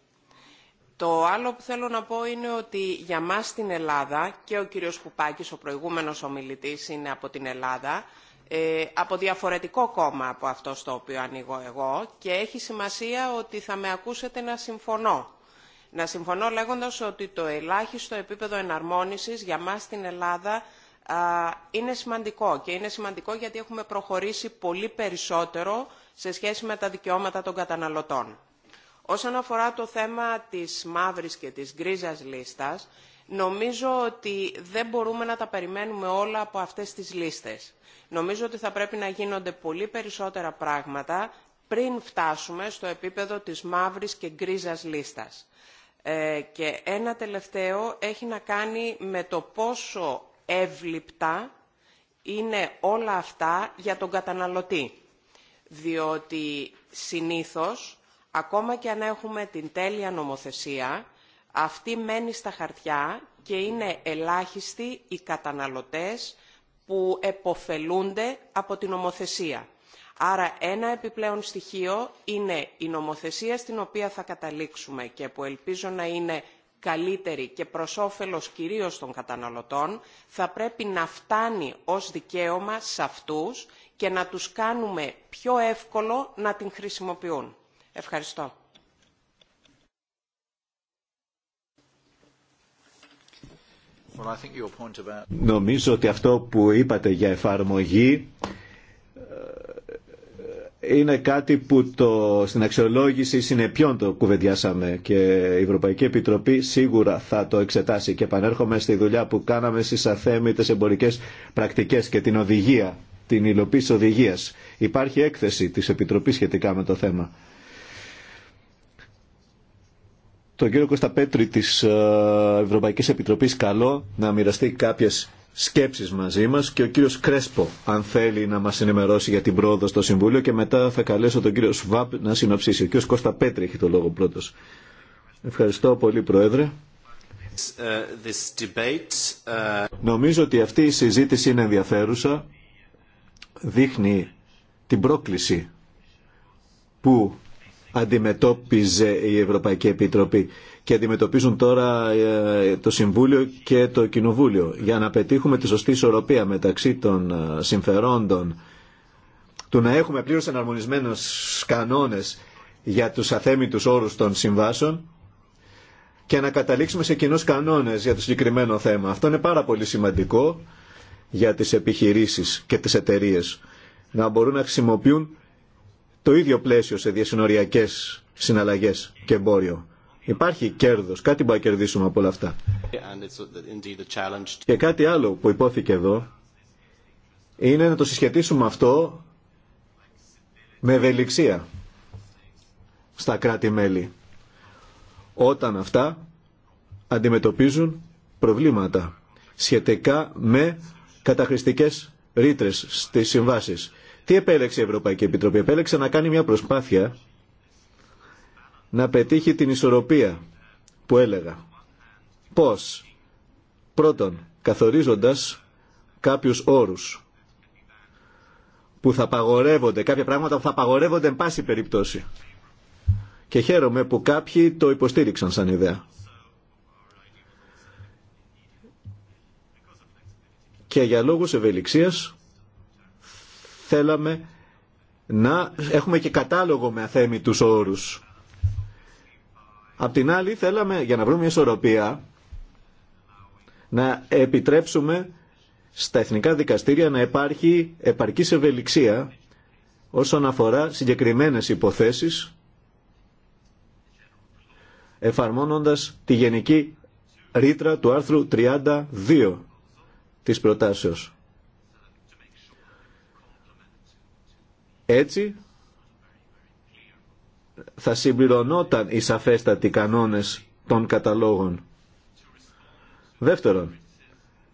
Το άλλο που θέλω να πω είναι ότι για μας στην Ελλάδα και ο κύριος Κουπάκης, ο προηγούμενος ομιλητής, είναι από την Ελλάδα, ε, από διαφορετικό κόμμα από αυτό στο οποίο ανοίγω εγώ και έχει σημασία ότι θα με ακούσετε να συμφωνώ. Να συμφωνώ λέγοντας ότι το ελάχιστο επίπεδο εναρμόνισης για μας στην Ελλάδα είναι σημαντικό και είναι σημαντικό γιατί έχουμε προχωρήσει πολύ περισσότερο σε σχέση με τα δικαιώματα των καταναλωτών. Όσον αφορά το θέμα της μαύρης και της γκρίζας λίστας, νομίζω ότι δεν μπορούμε να τα περιμένουμε όλα από αυτές τις λίστες. Νομίζω ότι θα πρέπει να γίνονται πολύ περισσότερα πράγματα πριν φτάσουμε στο επίπεδο της μαύρης και γκρίζας λίστας. Ε, και ένα τελευταίο έχει να κάνει με το πόσο εύληπτα είναι όλα αυτά για τον καταναλωτή. Διότι συνήθως, ακόμα και αν έχουμε την τέλεια νομοθεσία, αυτή μένει στα χαρτιά και είναι ελάχιστοι οι καταναλωτές που εποφελούνται από την νομοθεσία. Άρα ένα επιπλέον στοιχείο είναι η νομοθεσία στην οποία θα καταλήξουμε και που ελπίζω να είναι καλύτερη και προς όφελος κυρίως των καταναλωτών θα πρέπει να φτάνει ως δικαίωμα σε αυτούς και να τους κάνουμε πιο εύκολο να την χρησιμοποιούν. Ευχαριστώ. Νομίζω ότι αυτό που είπατε για εφαρμογή ε, είναι κάτι που το, στην αξιολόγηση συνεπιών το κουβεντιάσαμε και η Ευρωπαϊκή Επιτροπή σίγουρα θα το εξετάσει και επανέρχομαι στη δουλειά που κάναμε στις αθέμητες εμπορικές πρακτικές και την οδηγία, την υλοποίηση οδηγίας. Υπάρχει έκθεση της Επιτροπής σχετικά με το θέμα. Τον κύριο Κωνσταπέτρη της ε, Ευρωπαϊκής Επιτροπής καλό να μοιραστεί κάποιες σκέψεις μαζί μας και ο κύριος Κρέσπο αν θέλει να μας ενημερώσει για την πρόοδο στο Συμβούλιο και μετά θα καλέσω τον κύριο Σβάπ να συνοψίσει. Ο κύριος Κώστα Πέτρη έχει το λόγο πρώτος. Ευχαριστώ πολύ Πρόεδρε. Uh, Νομίζω ότι αυτή η συζήτηση είναι ενδιαφέρουσα. Δείχνει την πρόκληση που αντιμετώπιζε η Ευρωπαϊκή Επιτροπή και αντιμετωπίζουν τώρα ε, το Συμβούλιο και το Κοινοβούλιο. Για να πετύχουμε τη σωστή ισορροπία μεταξύ των ε, συμφερόντων του να έχουμε πλήρως εναρμονισμένους κανόνες για τους αθέμητους όρους των συμβάσεων και να καταλήξουμε σε κοινούς κανόνες για το συγκεκριμένο θέμα. Αυτό είναι πάρα πολύ σημαντικό για τις επιχειρήσεις και τις εταιρείε να μπορούν να χρησιμοποιούν το ίδιο πλαίσιο σε διασυνοριακές συναλλαγές και εμπόριο. Υπάρχει κέρδος, κάτι μπορεί να κερδίσουμε από όλα αυτά. Και κάτι άλλο που υπόθηκε εδώ είναι να το συσχετίσουμε αυτό με ευελιξία στα κράτη-μέλη όταν αυτά αντιμετωπίζουν προβλήματα σχετικά με καταχρηστικές ρήτρε στις συμβάσεις. Τι επέλεξε η Ευρωπαϊκή Επιτροπή. Επέλεξε να κάνει μια προσπάθεια να πετύχει την ισορροπία που έλεγα. Πώς. Πρώτον, καθορίζοντας κάποιους όρους που θα απαγορεύονται, κάποια πράγματα που θα απαγορεύονται εν πάση περιπτώσει. Και χαίρομαι που κάποιοι το υποστήριξαν σαν ιδέα. Και για λόγους ευελιξίας θέλαμε να έχουμε και κατάλογο με αθέμητους όρους Απ' την άλλη θέλαμε για να βρούμε μια ισορροπία να επιτρέψουμε στα εθνικά δικαστήρια να υπάρχει επαρκής ευελιξία όσον αφορά συγκεκριμένες υποθέσεις εφαρμόνοντας τη γενική ρήτρα του άρθρου 32 της προτάσεως. Έτσι θα συμπληρωνόταν οι σαφέστατοι κανόνες των καταλόγων. Δεύτερον,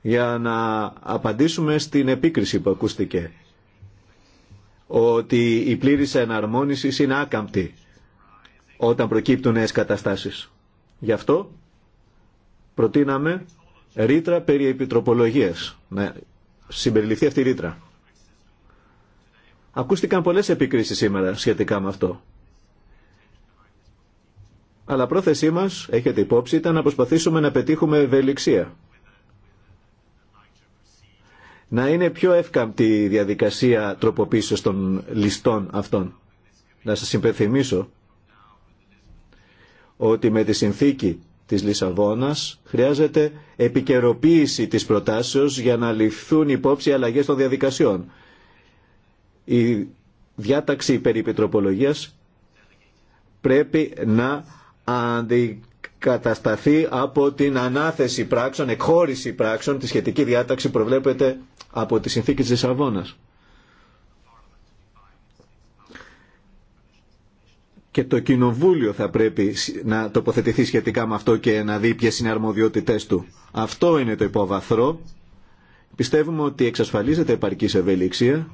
για να απαντήσουμε στην επίκριση που ακούστηκε ότι η πλήρης εναρμόνιση είναι άκαμπτη όταν προκύπτουν νέες καταστάσεις. Γι' αυτό προτείναμε ρήτρα περί επιτροπολογίας. Να συμπεριληφθεί αυτή η ρήτρα. Ακούστηκαν πολλές επικρίσεις σήμερα σχετικά με αυτό αλλά πρόθεσή μας, έχετε υπόψη, ήταν να προσπαθήσουμε να πετύχουμε ευελιξία. Να είναι πιο εύκαμπτη η διαδικασία τροποποίησης των ληστών αυτών. Να σας υπενθυμίσω ότι με τη συνθήκη της Λισαβόνας χρειάζεται επικαιροποίηση της προτάσεως για να ληφθούν υπόψη αλλαγές των διαδικασιών. Η διάταξη περί πρέπει να αντικατασταθεί από την ανάθεση πράξεων, εκχώρηση πράξεων, τη σχετική διάταξη προβλέπεται από τη συνθήκη της Λισαβόνας. Και το Κοινοβούλιο θα πρέπει να τοποθετηθεί σχετικά με αυτό και να δει ποιες είναι οι αρμοδιότητές του. Αυτό είναι το υποβαθρό. Πιστεύουμε ότι εξασφαλίζεται επαρκής ευελιξία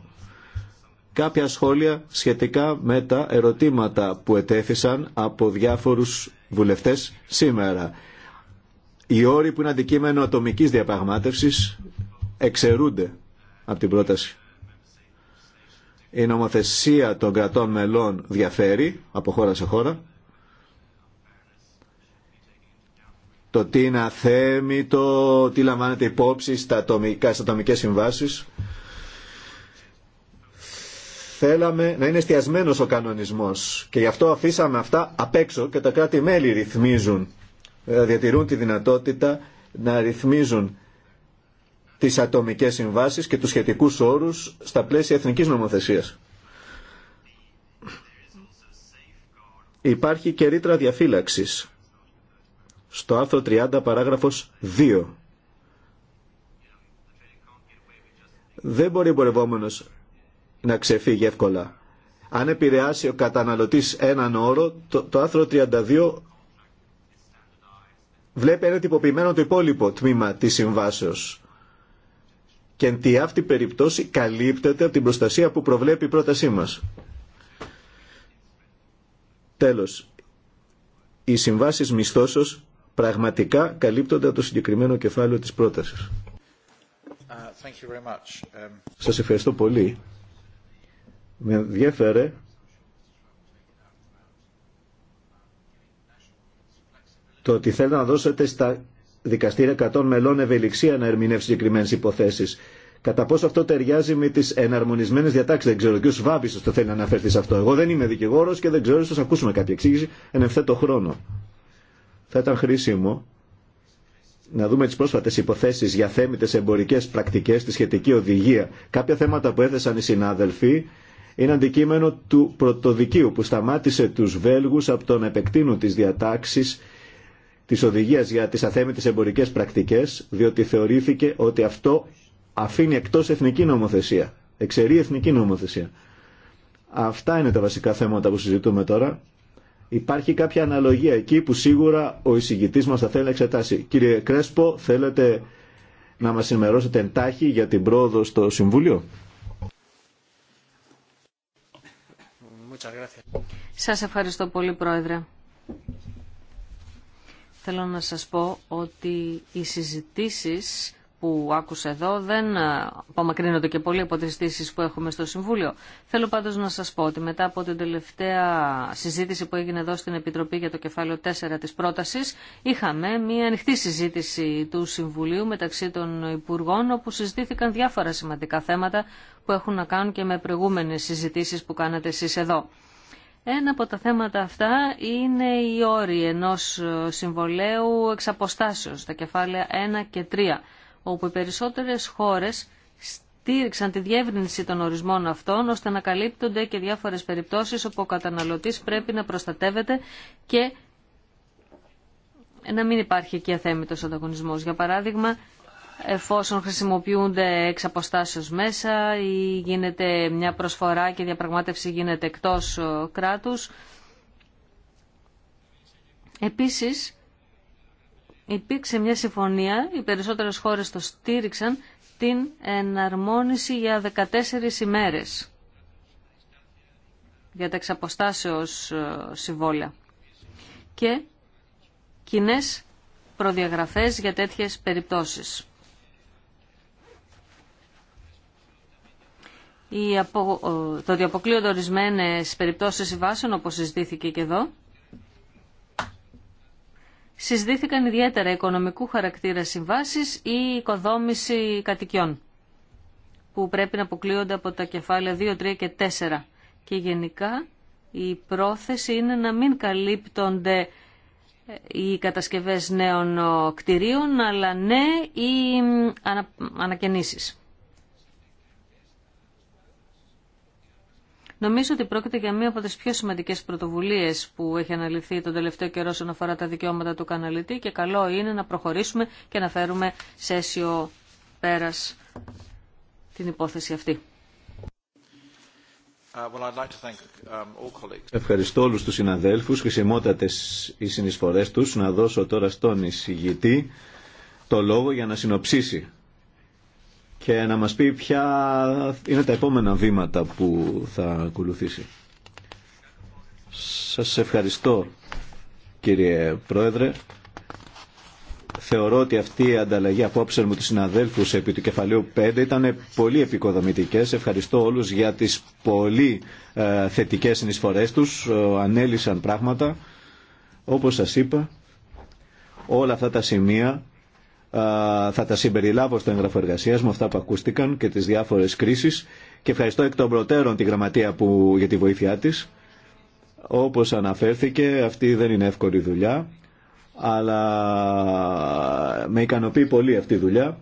κάποια σχόλια σχετικά με τα ερωτήματα που ετέθησαν από διάφορους βουλευτές σήμερα. Οι όροι που είναι αντικείμενο ατομικής διαπραγμάτευσης εξαιρούνται από την πρόταση. Η νομοθεσία των κρατών μελών διαφέρει από χώρα σε χώρα. Το τι είναι αθέμητο, τι λαμβάνεται υπόψη στα ατομικά, στα ατομικές συμβάσεις. Θέλαμε να είναι εστιασμένο ο κανονισμό. και γι' αυτό αφήσαμε αυτά απ' έξω και τα κράτη-μέλη ρυθμίζουν, ε, διατηρούν τη δυνατότητα να ρυθμίζουν τι ατομικέ συμβάσει και του σχετικού όρου στα πλαίσια εθνική νομοθεσία. Υπάρχει και ρήτρα διαφύλαξη. στο άρθρο 30 παράγραφο 2. Δεν μπορεί ο να ξεφύγει εύκολα. Αν επηρεάσει ο καταναλωτής έναν όρο, το, το 32 βλέπει ένα τυποποιημένο το υπόλοιπο τμήμα της συμβάσεως. Και εν τη αυτή περιπτώση καλύπτεται από την προστασία που προβλέπει η πρότασή μας. Τέλος, οι συμβάσεις μισθώσεως πραγματικά καλύπτονται από το συγκεκριμένο κεφάλαιο της πρότασης. Uh, um, Σας ευχαριστώ πολύ με ενδιέφερε το ότι θέλετε να δώσετε στα δικαστήρια 100 μελών ευελιξία να ερμηνεύσει συγκεκριμένε υποθέσει. Κατά πόσο αυτό ταιριάζει με τι εναρμονισμένε διατάξει, δεν ξέρω. ο κ. Βάμπη το θέλει να αναφερθεί σε αυτό. Εγώ δεν είμαι δικηγόρο και δεν ξέρω, ίσω ακούσουμε κάποια εξήγηση εν ευθέτω χρόνο. Θα ήταν χρήσιμο να δούμε τι πρόσφατε υποθέσει για θέμητε εμπορικέ πρακτικέ, τη σχετική οδηγία. Κάποια θέματα που έθεσαν οι συνάδελφοι είναι αντικείμενο του πρωτοδικίου που σταμάτησε τους Βέλγους από το να επεκτείνουν τις διατάξεις της οδηγίας για τις αθέμητες εμπορικές πρακτικές, διότι θεωρήθηκε ότι αυτό αφήνει εκτός εθνική νομοθεσία, εξαιρεί εθνική νομοθεσία. Αυτά είναι τα βασικά θέματα που συζητούμε τώρα. Υπάρχει κάποια αναλογία εκεί που σίγουρα ο εισηγητής μα θα θέλει να εξετάσει. Κύριε Κρέσπο, θέλετε να μα ενημερώσετε εντάχει για την πρόοδο στο Συμβούλιο. Σας ευχαριστώ πολύ, Πρόεδρε. Θέλω να σας πω ότι οι συζητήσεις που άκουσα εδώ δεν ε, απομακρύνονται και πολύ από τις ζητήσει που έχουμε στο Συμβούλιο. Θέλω πάντως να σας πω ότι μετά από την τελευταία συζήτηση που έγινε εδώ στην Επιτροπή για το κεφάλαιο 4 της πρότασης, είχαμε μια ανοιχτή συζήτηση του Συμβουλίου μεταξύ των Υπουργών, όπου συζητήθηκαν διάφορα σημαντικά θέματα που έχουν να κάνουν και με προηγούμενες συζητήσεις που κάνατε εσείς εδώ. Ένα από τα θέματα αυτά είναι οι όροι ενός συμβολέου εξαποστάσεως, τα κεφάλαια 1 και 3 όπου οι περισσότερες χώρες στήριξαν τη διεύρυνση των ορισμών αυτών, ώστε να καλύπτονται και διάφορες περιπτώσεις όπου ο καταναλωτής πρέπει να προστατεύεται και να μην υπάρχει εκεί αθέμητος ανταγωνισμός. Για παράδειγμα, εφόσον χρησιμοποιούνται εξ αποστάσεως μέσα ή γίνεται μια προσφορά και διαπραγμάτευση γίνεται εκτός ε, κράτους. Επίσης, υπήρξε μια συμφωνία, οι περισσότερες χώρες το στήριξαν, την εναρμόνιση για 14 ημέρες για τα εξαποστάσεως ε, συμβόλαια και κοινέ προδιαγραφές για τέτοιες περιπτώσεις. Η ε, Το ότι αποκλείονται ορισμένε περιπτώσεις συμβάσεων, όπως συζητήθηκε και εδώ, συζητήθηκαν ιδιαίτερα οικονομικού χαρακτήρα συμβάσεις ή οικοδόμηση κατοικιών που πρέπει να αποκλείονται από τα κεφάλαια 2, 3 και 4. Και γενικά η πρόθεση είναι να μην καλύπτονται ε, οι κατασκευές νέων κτηρίων, αλλά ναι οι ανα... ανακαινήσεις. Νομίζω ότι πρόκειται για μία από τις πιο σημαντικές πρωτοβουλίε που έχει αναλυθεί τον τελευταίο καιρό όσον αφορά τα δικαιώματα του καναλητή και καλό είναι να προχωρήσουμε και να φέρουμε σε αίσιο πέρας την υπόθεση αυτή. Uh, um, Ευχαριστώ όλους τους συναδέλφους, χρησιμότατες οι συνεισφορές τους. Να δώσω τώρα στον εισηγητή το λόγο για να συνοψίσει και να μας πει ποια είναι τα επόμενα βήματα που θα ακολουθήσει. Σας ευχαριστώ κύριε Πρόεδρε. Θεωρώ ότι αυτή η ανταλλαγή απόψε μου του συναδέλφου επί του κεφαλαίου 5 ήταν πολύ επικοδομητικέ. Ευχαριστώ όλου για τι πολύ ε, θετικές θετικέ τους. του. Ε, ανέλησαν πράγματα. Όπως σα είπα, όλα αυτά τα σημεία θα τα συμπεριλάβω στο έγγραφο εργασία μου αυτά που ακούστηκαν και τις διάφορες κρίσεις και ευχαριστώ εκ των προτέρων τη γραμματεία που, για τη βοήθειά τη. Όπως αναφέρθηκε αυτή δεν είναι εύκολη δουλειά αλλά με ικανοποιεί πολύ αυτή η δουλειά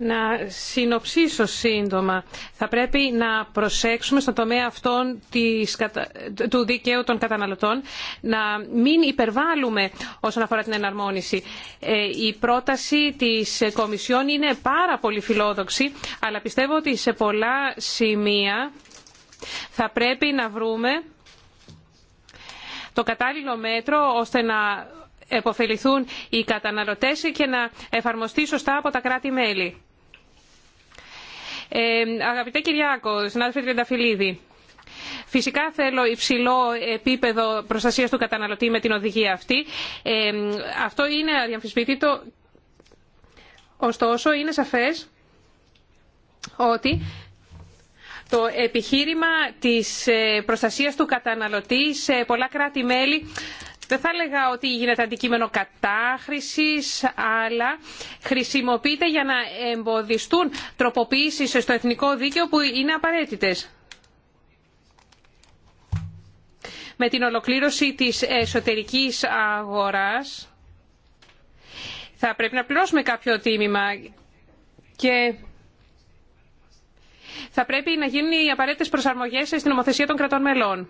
να συνοψίσω σύντομα. Θα πρέπει να προσέξουμε στον τομέα αυτών του δικαίου των καταναλωτών να μην υπερβάλλουμε όσον αφορά την εναρμόνιση. Ε, η πρόταση της Κομισιόν είναι πάρα πολύ φιλόδοξη, αλλά πιστεύω ότι σε πολλά σημεία θα πρέπει να βρούμε το κατάλληλο μέτρο ώστε να εποφεληθούν οι καταναλωτές και να εφαρμοστεί σωστά από τα κράτη-μέλη. Ε, αγαπητέ Κυριάκο, συνάδελφε Τριανταφυλλίδη, Φυσικά θέλω υψηλό επίπεδο προστασίας του καταναλωτή με την οδηγία αυτή. Ε, αυτό είναι αδιαμφισβήτητο. Ωστόσο, είναι σαφές ότι το επιχείρημα της ε, προστασίας του καταναλωτή σε πολλά κράτη-μέλη δεν θα έλεγα ότι γίνεται αντικείμενο κατάχρησης, αλλά χρησιμοποιείται για να εμποδιστούν τροποποιήσεις στο εθνικό δίκαιο που είναι απαραίτητες. Με την ολοκλήρωση της εσωτερικής αγοράς θα πρέπει να πληρώσουμε κάποιο τίμημα και θα πρέπει να γίνουν οι απαραίτητες προσαρμογές στην νομοθεσία των κρατών μελών.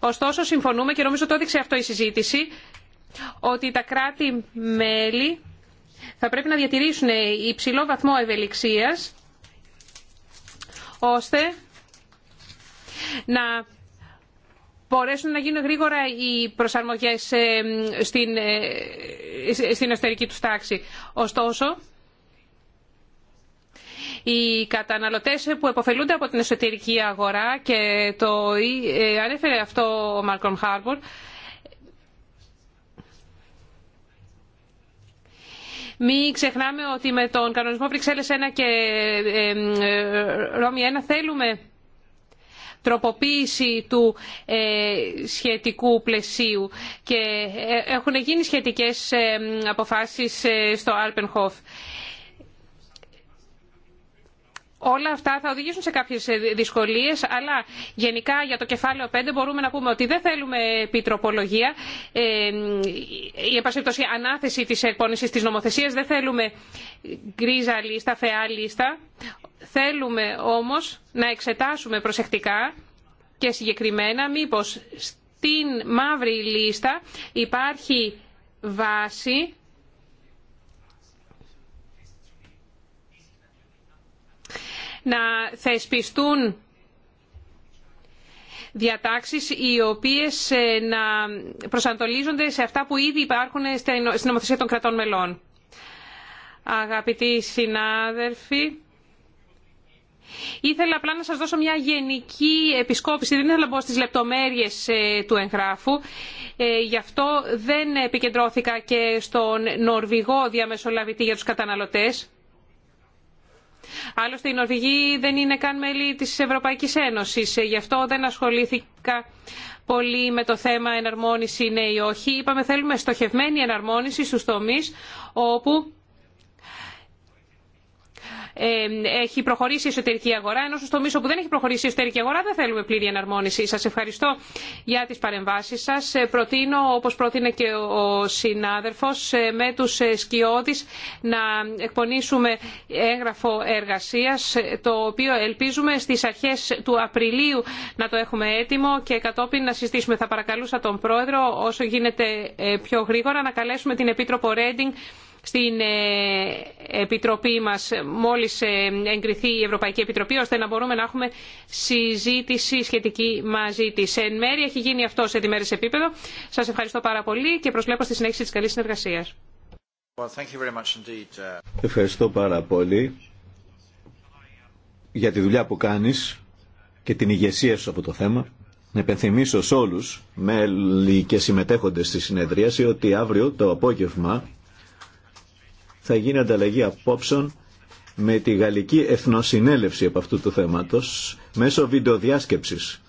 Ωστόσο, συμφωνούμε και νομίζω το έδειξε αυτό η συζήτηση ότι τα κράτη-μέλη θα πρέπει να διατηρήσουν υψηλό βαθμό ευελιξίας ώστε να μπορέσουν να γίνουν γρήγορα οι προσαρμογές ε, ε, στην εσωτερική τους τάξη. Ωστόσο, οι καταναλωτές που επωφελούνται από την εσωτερική αγορά και το ε, ανέφερε αυτό ο Μάρκομ Χάρμπορ, Μην ξεχνάμε ότι με τον κανονισμό Βρυξέλλες 1 και ε, ε, Ρώμη 1 θέλουμε τροποποίηση του σχετικού πλαισίου και έχουν γίνει σχετικές αποφάσεις στο Αρπενχόφ. Όλα αυτά θα οδηγήσουν σε κάποιες ε, δυσκολίες, αλλά γενικά για το κεφάλαιο 5 μπορούμε να πούμε ότι δεν θέλουμε επιτροπολογία, ε, η επασύπτωση ανάθεση τη εκπόνηση τη νομοθεσία. δεν θέλουμε γκρίζα λίστα, φεά λίστα. Θέλουμε όμως να εξετάσουμε προσεκτικά και συγκεκριμένα μήπως στην μαύρη λίστα υπάρχει βάση να θεσπιστούν διατάξεις οι οποίες ε, να προσανατολίζονται σε αυτά που ήδη υπάρχουν στην νομοθεσία των κρατών μελών. Αγαπητοί συνάδελφοι, ήθελα απλά να σας δώσω μια γενική επισκόπηση, δεν ήθελα να μπω στις λεπτομέρειες ε, του εγγράφου, ε, γι' αυτό δεν επικεντρώθηκα και στον Νορβηγό διαμεσολαβητή για τους καταναλωτές Άλλωστε οι Νορβηγοί δεν είναι καν μέλη της Ευρωπαϊκής Ένωση. Ε, γι' αυτό δεν ασχολήθηκα πολύ με το θέμα εναρμόνιση ναι ή όχι. Είπαμε θέλουμε στοχευμένη εναρμόνιση στου τομείς όπου έχει προχωρήσει η εσωτερική αγορά, ενώ στο μίσο που δεν έχει προχωρήσει η εσωτερική αγορά δεν θέλουμε πλήρη εναρμόνιση. Σα ευχαριστώ για τι παρεμβάσει σα. Ε, προτείνω, όπω πρότεινε και ο συνάδελφο ε, με του ε, σκιώδει να εκπονήσουμε έγγραφο εργασία, το οποίο ελπίζουμε στι αρχέ του Απριλίου να το έχουμε έτοιμο και κατόπιν να συζητήσουμε. Θα παρακαλούσα τον Πρόεδρο, όσο γίνεται πιο γρήγορα, να καλέσουμε την Επίτροπο Ρέντινγκ στην ε, Επιτροπή μας μόλις ε, εγκριθεί η Ευρωπαϊκή Επιτροπή ώστε να μπορούμε να έχουμε συζήτηση σχετική μαζί της. Εν μέρη έχει γίνει αυτό σε διμέρες επίπεδο. Σας ευχαριστώ πάρα πολύ και προσβλέπω στη συνέχιση της καλής συνεργασίας. Uh, ευχαριστώ πάρα πολύ για τη δουλειά που κάνεις και την ηγεσία σου από το θέμα. Να επενθυμίσω σε όλους, μέλη και συμμετέχοντες στη συνεδρίαση, ότι αύριο το απόγευμα θα γίνει ανταλλαγή απόψεων με τη Γαλλική Εθνοσυνέλευση από αυτού του θέματος μέσω βιντεοδιάσκεψης.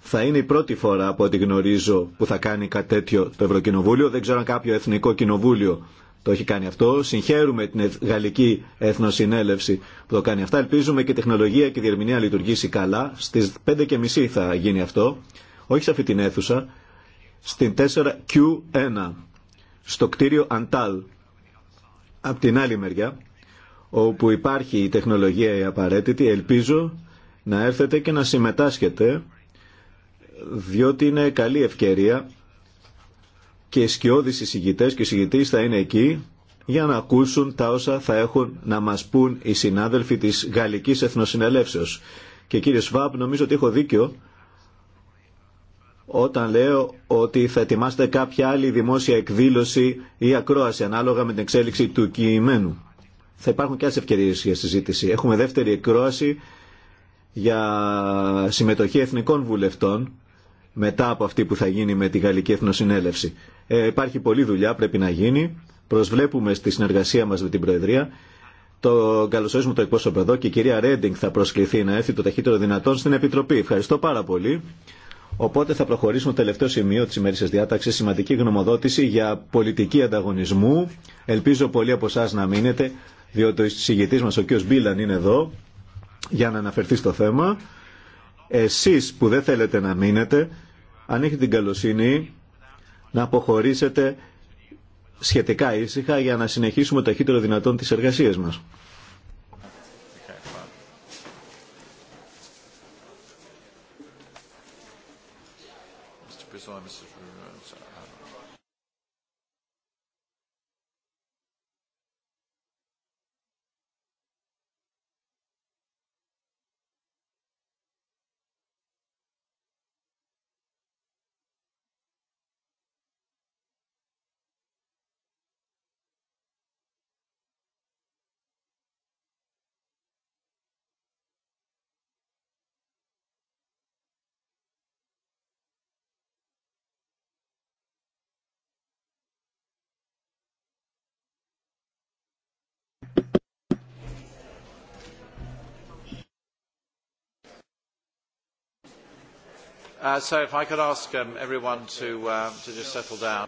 Θα είναι η πρώτη φορά από ό,τι γνωρίζω που θα κάνει κάτι τέτοιο το Ευρωκοινοβούλιο. Δεν ξέρω αν κάποιο εθνικό κοινοβούλιο το έχει κάνει αυτό. Συγχαίρουμε την Γαλλική Εθνοσυνέλευση που το κάνει αυτά. Ελπίζουμε και η τεχνολογία και η διερμηνία λειτουργήσει καλά. Στις 5.30 θα γίνει αυτό. Όχι σε αυτή την αίθουσα. Στην 4Q1 στο κτίριο Αντάλ Απ' την άλλη μεριά, όπου υπάρχει η τεχνολογία η απαραίτητη, ελπίζω να έρθετε και να συμμετάσχετε, διότι είναι καλή ευκαιρία και σκιώδεις εισηγητές και εισηγητής θα είναι εκεί για να ακούσουν τα όσα θα έχουν να μας πούν οι συνάδελφοι της Γαλλικής Εθνοσυνελεύσεως. Και κύριε Σβάμπ, νομίζω ότι έχω δίκιο όταν λέω ότι θα ετοιμάσετε κάποια άλλη δημόσια εκδήλωση ή ακρόαση ανάλογα με την εξέλιξη του κειμένου. Θα υπάρχουν και άλλε ευκαιρίε για συζήτηση. Έχουμε δεύτερη εκρόαση για συμμετοχή εθνικών βουλευτών μετά από αυτή που θα γίνει με τη Γαλλική Εθνοσυνέλευση. Ε, υπάρχει πολλή δουλειά, πρέπει να γίνει. Προσβλέπουμε στη συνεργασία μας με την Προεδρία. Το καλωσορίζουμε το εκπρόσωπο εδώ και η κυρία Ρέντινγκ θα προσκληθεί να έρθει το ταχύτερο δυνατόν στην Επιτροπή. Ευχαριστώ πάρα πολύ. Οπότε θα προχωρήσουμε το τελευταίο σημείο της ημερήσιας διάταξη σημαντική γνωμοδότηση για πολιτική ανταγωνισμού. Ελπίζω πολλοί από εσά να μείνετε, διότι ο συγγητής μα, ο κ. Μπίλαν είναι εδώ για να αναφερθεί στο θέμα. Εσείς που δεν θέλετε να μείνετε, αν έχετε την καλοσύνη να αποχωρήσετε σχετικά ήσυχα για να συνεχίσουμε ταχύτερο δυνατόν τις εργασίες μας.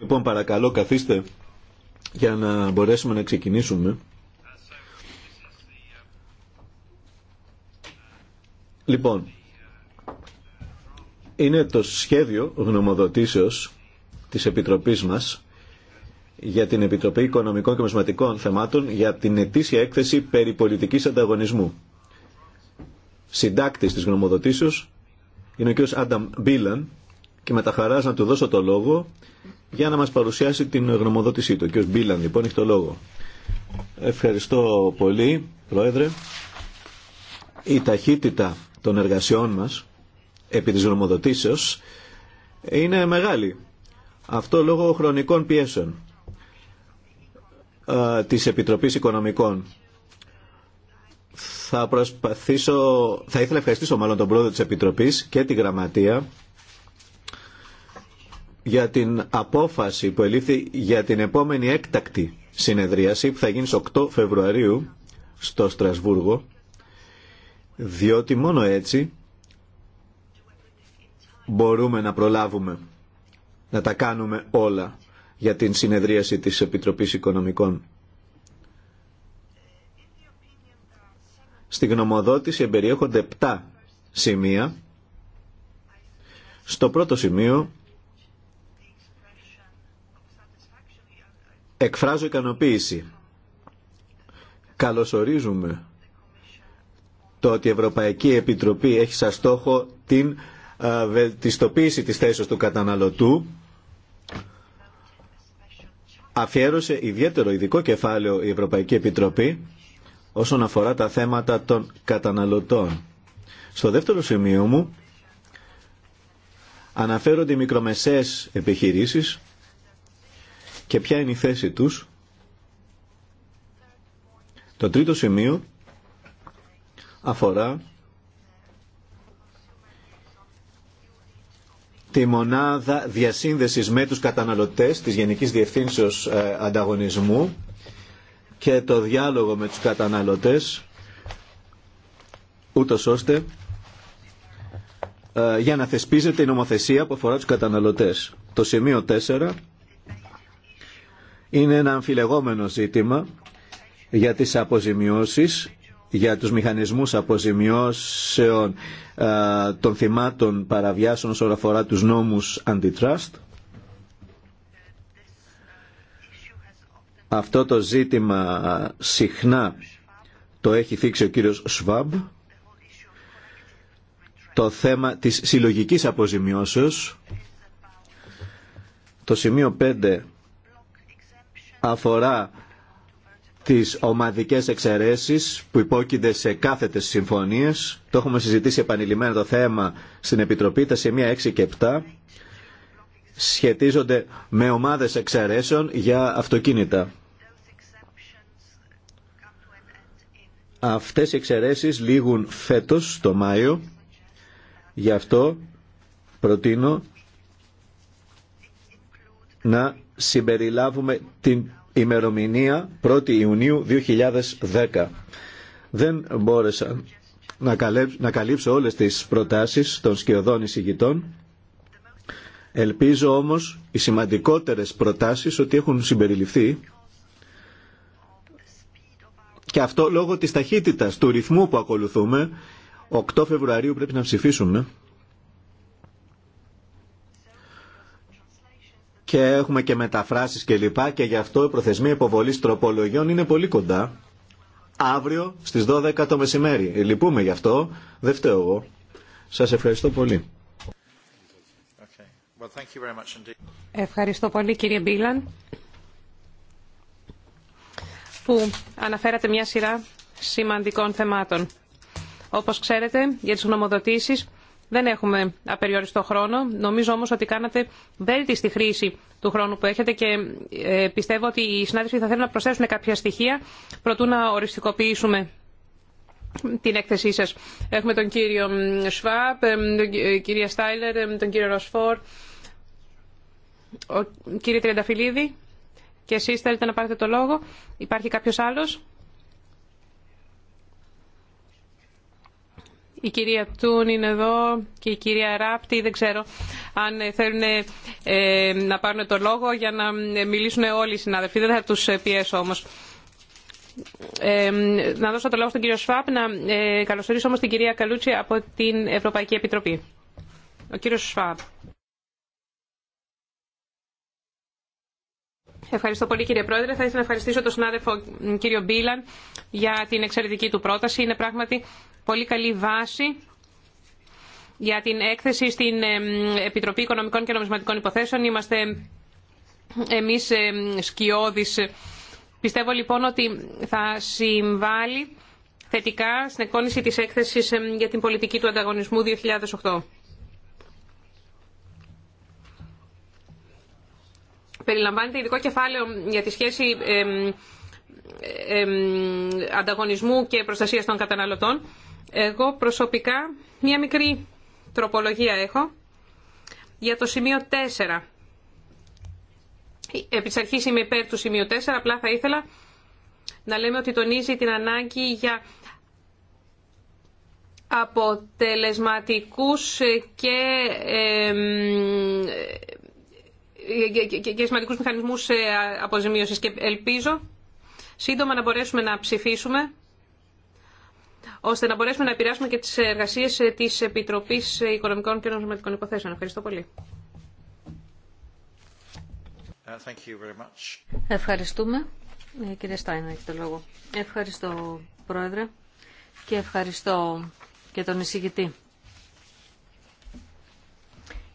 Λοιπόν, παρακαλώ καθίστε για να μπορέσουμε να ξεκινήσουμε. Λοιπόν, είναι το σχέδιο γνωμοδοτήσεως της Επιτροπής μας για την Επιτροπή Οικονομικών και Μεσματικών Θεμάτων για την ετήσια έκθεση περί πολιτικής ανταγωνισμού. Συντάκτης της γνωμοδοτήσεως είναι ο κ. Άνταμ Μπίλαν και με τα χαράς να του δώσω το λόγο για να μας παρουσιάσει την γνωμοδότησή του. Ο κ. Μπίλαν λοιπόν έχει το λόγο. Ευχαριστώ πολύ, Πρόεδρε. Η ταχύτητα των εργασιών μας επί της γνωμοδοτήσεως είναι μεγάλη. Αυτό λόγω χρονικών πιέσεων της Επιτροπής Οικονομικών θα προσπαθήσω, θα ήθελα να ευχαριστήσω μάλλον τον πρόεδρο της Επιτροπής και τη Γραμματεία για την απόφαση που ελήφθη για την επόμενη έκτακτη συνεδρίαση που θα γίνει στις 8 Φεβρουαρίου στο Στρασβούργο διότι μόνο έτσι μπορούμε να προλάβουμε να τα κάνουμε όλα για την συνεδρίαση της Επιτροπής Οικονομικών. Στη γνωμοδότηση εμπεριέχονται 7 σημεία. Στο πρώτο σημείο εκφράζω ικανοποίηση. Καλωσορίζουμε το ότι η Ευρωπαϊκή Επιτροπή έχει σαν στόχο την βελτιστοποίηση της θέσης του καταναλωτού αφιέρωσε ιδιαίτερο ειδικό κεφάλαιο η Ευρωπαϊκή Επιτροπή όσον αφορά τα θέματα των καταναλωτών. Στο δεύτερο σημείο μου αναφέρονται οι μικρομεσαίες επιχειρήσεις και ποια είναι η θέση τους. Το τρίτο σημείο αφορά τη μονάδα διασύνδεσης με τους καταναλωτές της Γενικής Διευθύνσεως ε, Ανταγωνισμού και το διάλογο με τους καταναλωτές ούτως ώστε ε, για να θεσπίζεται η νομοθεσία που αφορά τους καταναλωτές. Το σημείο 4 είναι ένα αμφιλεγόμενο ζήτημα για τις αποζημιώσεις, για τους μηχανισμούς αποζημιώσεων ε, των θυμάτων παραβιάσεων όσον αφορά τους νόμους αντιτράστ. Αυτό το ζήτημα συχνά το έχει θίξει ο κύριος Σβάμπ. Το θέμα της συλλογικής αποζημιώσεως. Το σημείο 5 αφορά τις ομαδικές εξαιρέσεις που υπόκεινται σε κάθετες συμφωνίες. Το έχουμε συζητήσει επανειλημμένα το θέμα στην Επιτροπή, τα σημεία 6 και 7 σχετίζονται με ομάδες εξαιρέσεων για αυτοκίνητα. Αυτές οι εξαιρέσεις λήγουν φέτος, το Μάιο. Γι' αυτό προτείνω να συμπεριλάβουμε την ημερομηνία 1η Ιουνίου 2010. Δεν μπόρεσα να καλύψω όλες τις προτάσεις των σκιωδών εισηγητών Ελπίζω όμως οι σημαντικότερες προτάσεις ότι έχουν συμπεριληφθεί και αυτό λόγω της ταχύτητας, του ρυθμού που ακολουθούμε, 8 Φεβρουαρίου πρέπει να ψηφίσουμε. Και έχουμε και μεταφράσεις και και γι' αυτό η προθεσμία υποβολής τροπολογιών είναι πολύ κοντά. Αύριο στις 12 το μεσημέρι. Λυπούμε γι' αυτό. Δεν φταίω εγώ. Σας ευχαριστώ πολύ. Ευχαριστώ πολύ κύριε Μπίλαν που αναφέρατε μια σειρά σημαντικών θεμάτων. Όπως ξέρετε, για τις γνωμοδοτήσεις δεν έχουμε απεριοριστό χρόνο. Νομίζω όμως ότι κάνατε βέλτιστη χρήση του χρόνου που έχετε και ε, πιστεύω ότι οι συνάδελφοι θα θέλουν να προσθέσουν κάποια στοιχεία προτού να οριστικοποιήσουμε την έκθεσή σας. Έχουμε τον κύριο Σβάπ, τον ε, κυρία Στάιλερ, τον κύριο Ροσφόρ, ο, κύριε Τριανταφυλλίδη, και εσείς θέλετε να πάρετε το λόγο. Υπάρχει κάποιος άλλος. Η κυρία Τούν είναι εδώ και η κυρία Ράπτη. Δεν ξέρω αν θέλουν ε, να πάρουν το λόγο για να μιλήσουν όλοι οι συνάδελφοι. Δεν θα τους πιέσω όμως. Ε, να δώσω το λόγο στον κύριο Σφάπ, να ε, καλωσορίσω όμως την κυρία Καλούτσι από την Ευρωπαϊκή Επιτροπή. Ο κύριος Σφάπ. Ευχαριστώ πολύ κύριε Πρόεδρε. Θα ήθελα να ευχαριστήσω τον συνάδελφο κύριο Μπίλαν για την εξαιρετική του πρόταση. Είναι πράγματι πολύ καλή βάση για την έκθεση στην ε, Επιτροπή Οικονομικών και Νομισματικών Υποθέσεων. Είμαστε εμείς ε, σκιώδεις. Πιστεύω λοιπόν ότι θα συμβάλλει θετικά στην εκπόνηση της έκθεσης ε, για την πολιτική του ανταγωνισμού 2008. περιλαμβάνεται ειδικό κεφάλαιο για τη σχέση ανταγωνισμού και προστασίας των καταναλωτών. Εγώ προσωπικά μία μικρή τροπολογία έχω για το σημείο 4. Επί της αρχής είμαι υπέρ του σημείου 4, απλά θα ήθελα να λέμε ότι τονίζει την ανάγκη για αποτελεσματικούς και και σημαντικούς μηχανισμούς ε, αποζημίωση. και ελπίζω σύντομα να μπορέσουμε να ψηφίσουμε ώστε να μπορέσουμε να επηρεάσουμε και τις εργασίες ε, τη επιτροπή ε, Οικονομικών και Νομισματικών Υποθέσεων. Ευχαριστώ πολύ. Uh, thank you Ευχαριστούμε. Κύριε Στάινα, έχει το λόγο. Ευχαριστώ, Πρόεδρε, και ευχαριστώ και τον εισηγητή.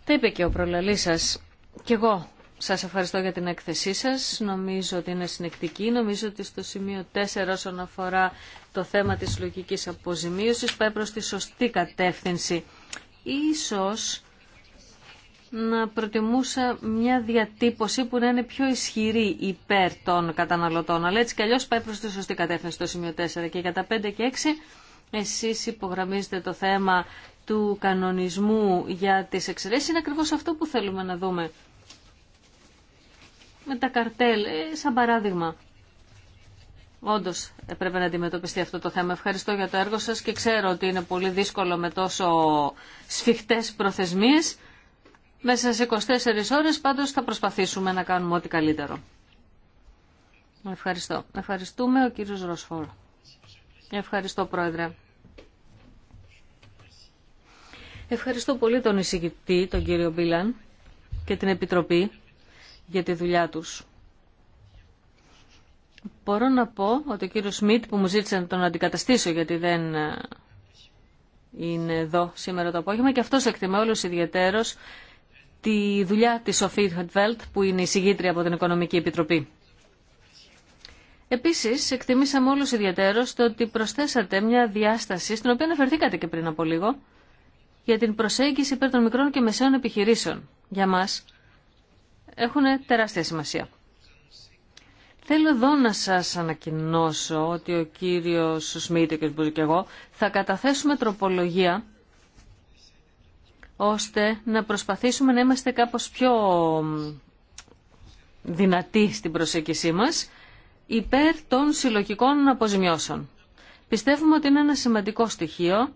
Τα είπε και ο προλαλής σας. Κι εγώ σας ευχαριστώ για την έκθεσή σας. Νομίζω ότι είναι συνεκτική. Νομίζω ότι στο σημείο 4 όσον αφορά το θέμα της λογικής αποζημίωσης πάει προς τη σωστή κατεύθυνση. Ίσως να προτιμούσα μια διατύπωση που να είναι πιο ισχυρή υπέρ των καταναλωτών. Αλλά έτσι κι αλλιώς πάει προς τη σωστή κατεύθυνση στο σημείο 4. Και για τα 5 και 6 εσείς υπογραμμίζετε το θέμα του κανονισμού για τις εξαιρέσεις είναι ακριβώς αυτό που θέλουμε να δούμε. Με τα καρτέλ, ε, σαν παράδειγμα. όντω πρέπει να αντιμετωπιστεί αυτό το θέμα. Ευχαριστώ για το έργο σας και ξέρω ότι είναι πολύ δύσκολο με τόσο σφιχτές προθεσμίες. Μέσα σε 24 ώρες πάντως θα προσπαθήσουμε να κάνουμε ό,τι καλύτερο. Ευχαριστώ. Ευχαριστούμε ο κύριος Ροσφόρ. Ευχαριστώ πρόεδρε. Ευχαριστώ πολύ τον εισηγητή, τον κύριο Μπίλαν και την Επιτροπή για τη δουλειά τους. Μπορώ να πω ότι ο κύριος Σμιτ που μου ζήτησε να τον αντικαταστήσω γιατί δεν ε, είναι εδώ σήμερα το απόγευμα και αυτός εκτιμά όλος ιδιαίτερος τη δουλειά της Σοφή Χατβέλτ που είναι η από την Οικονομική Επιτροπή. Επίσης, εκτιμήσαμε όλους ιδιαίτερος το ότι προσθέσατε μια διάσταση στην οποία αναφερθήκατε και πριν από λίγο για την προσέγγιση υπέρ των μικρών και μεσαίων επιχειρήσεων για μας έχουν τεράστια σημασία. Θέλω εδώ να σας ανακοινώσω ότι ο κύριος Σμίτη και ο και εγώ θα καταθέσουμε τροπολογία ώστε να προσπαθήσουμε να είμαστε κάπως πιο δυνατοί στην προσέγγιση μας υπέρ των συλλογικών αποζημιώσεων. Πιστεύουμε ότι είναι ένα σημαντικό στοιχείο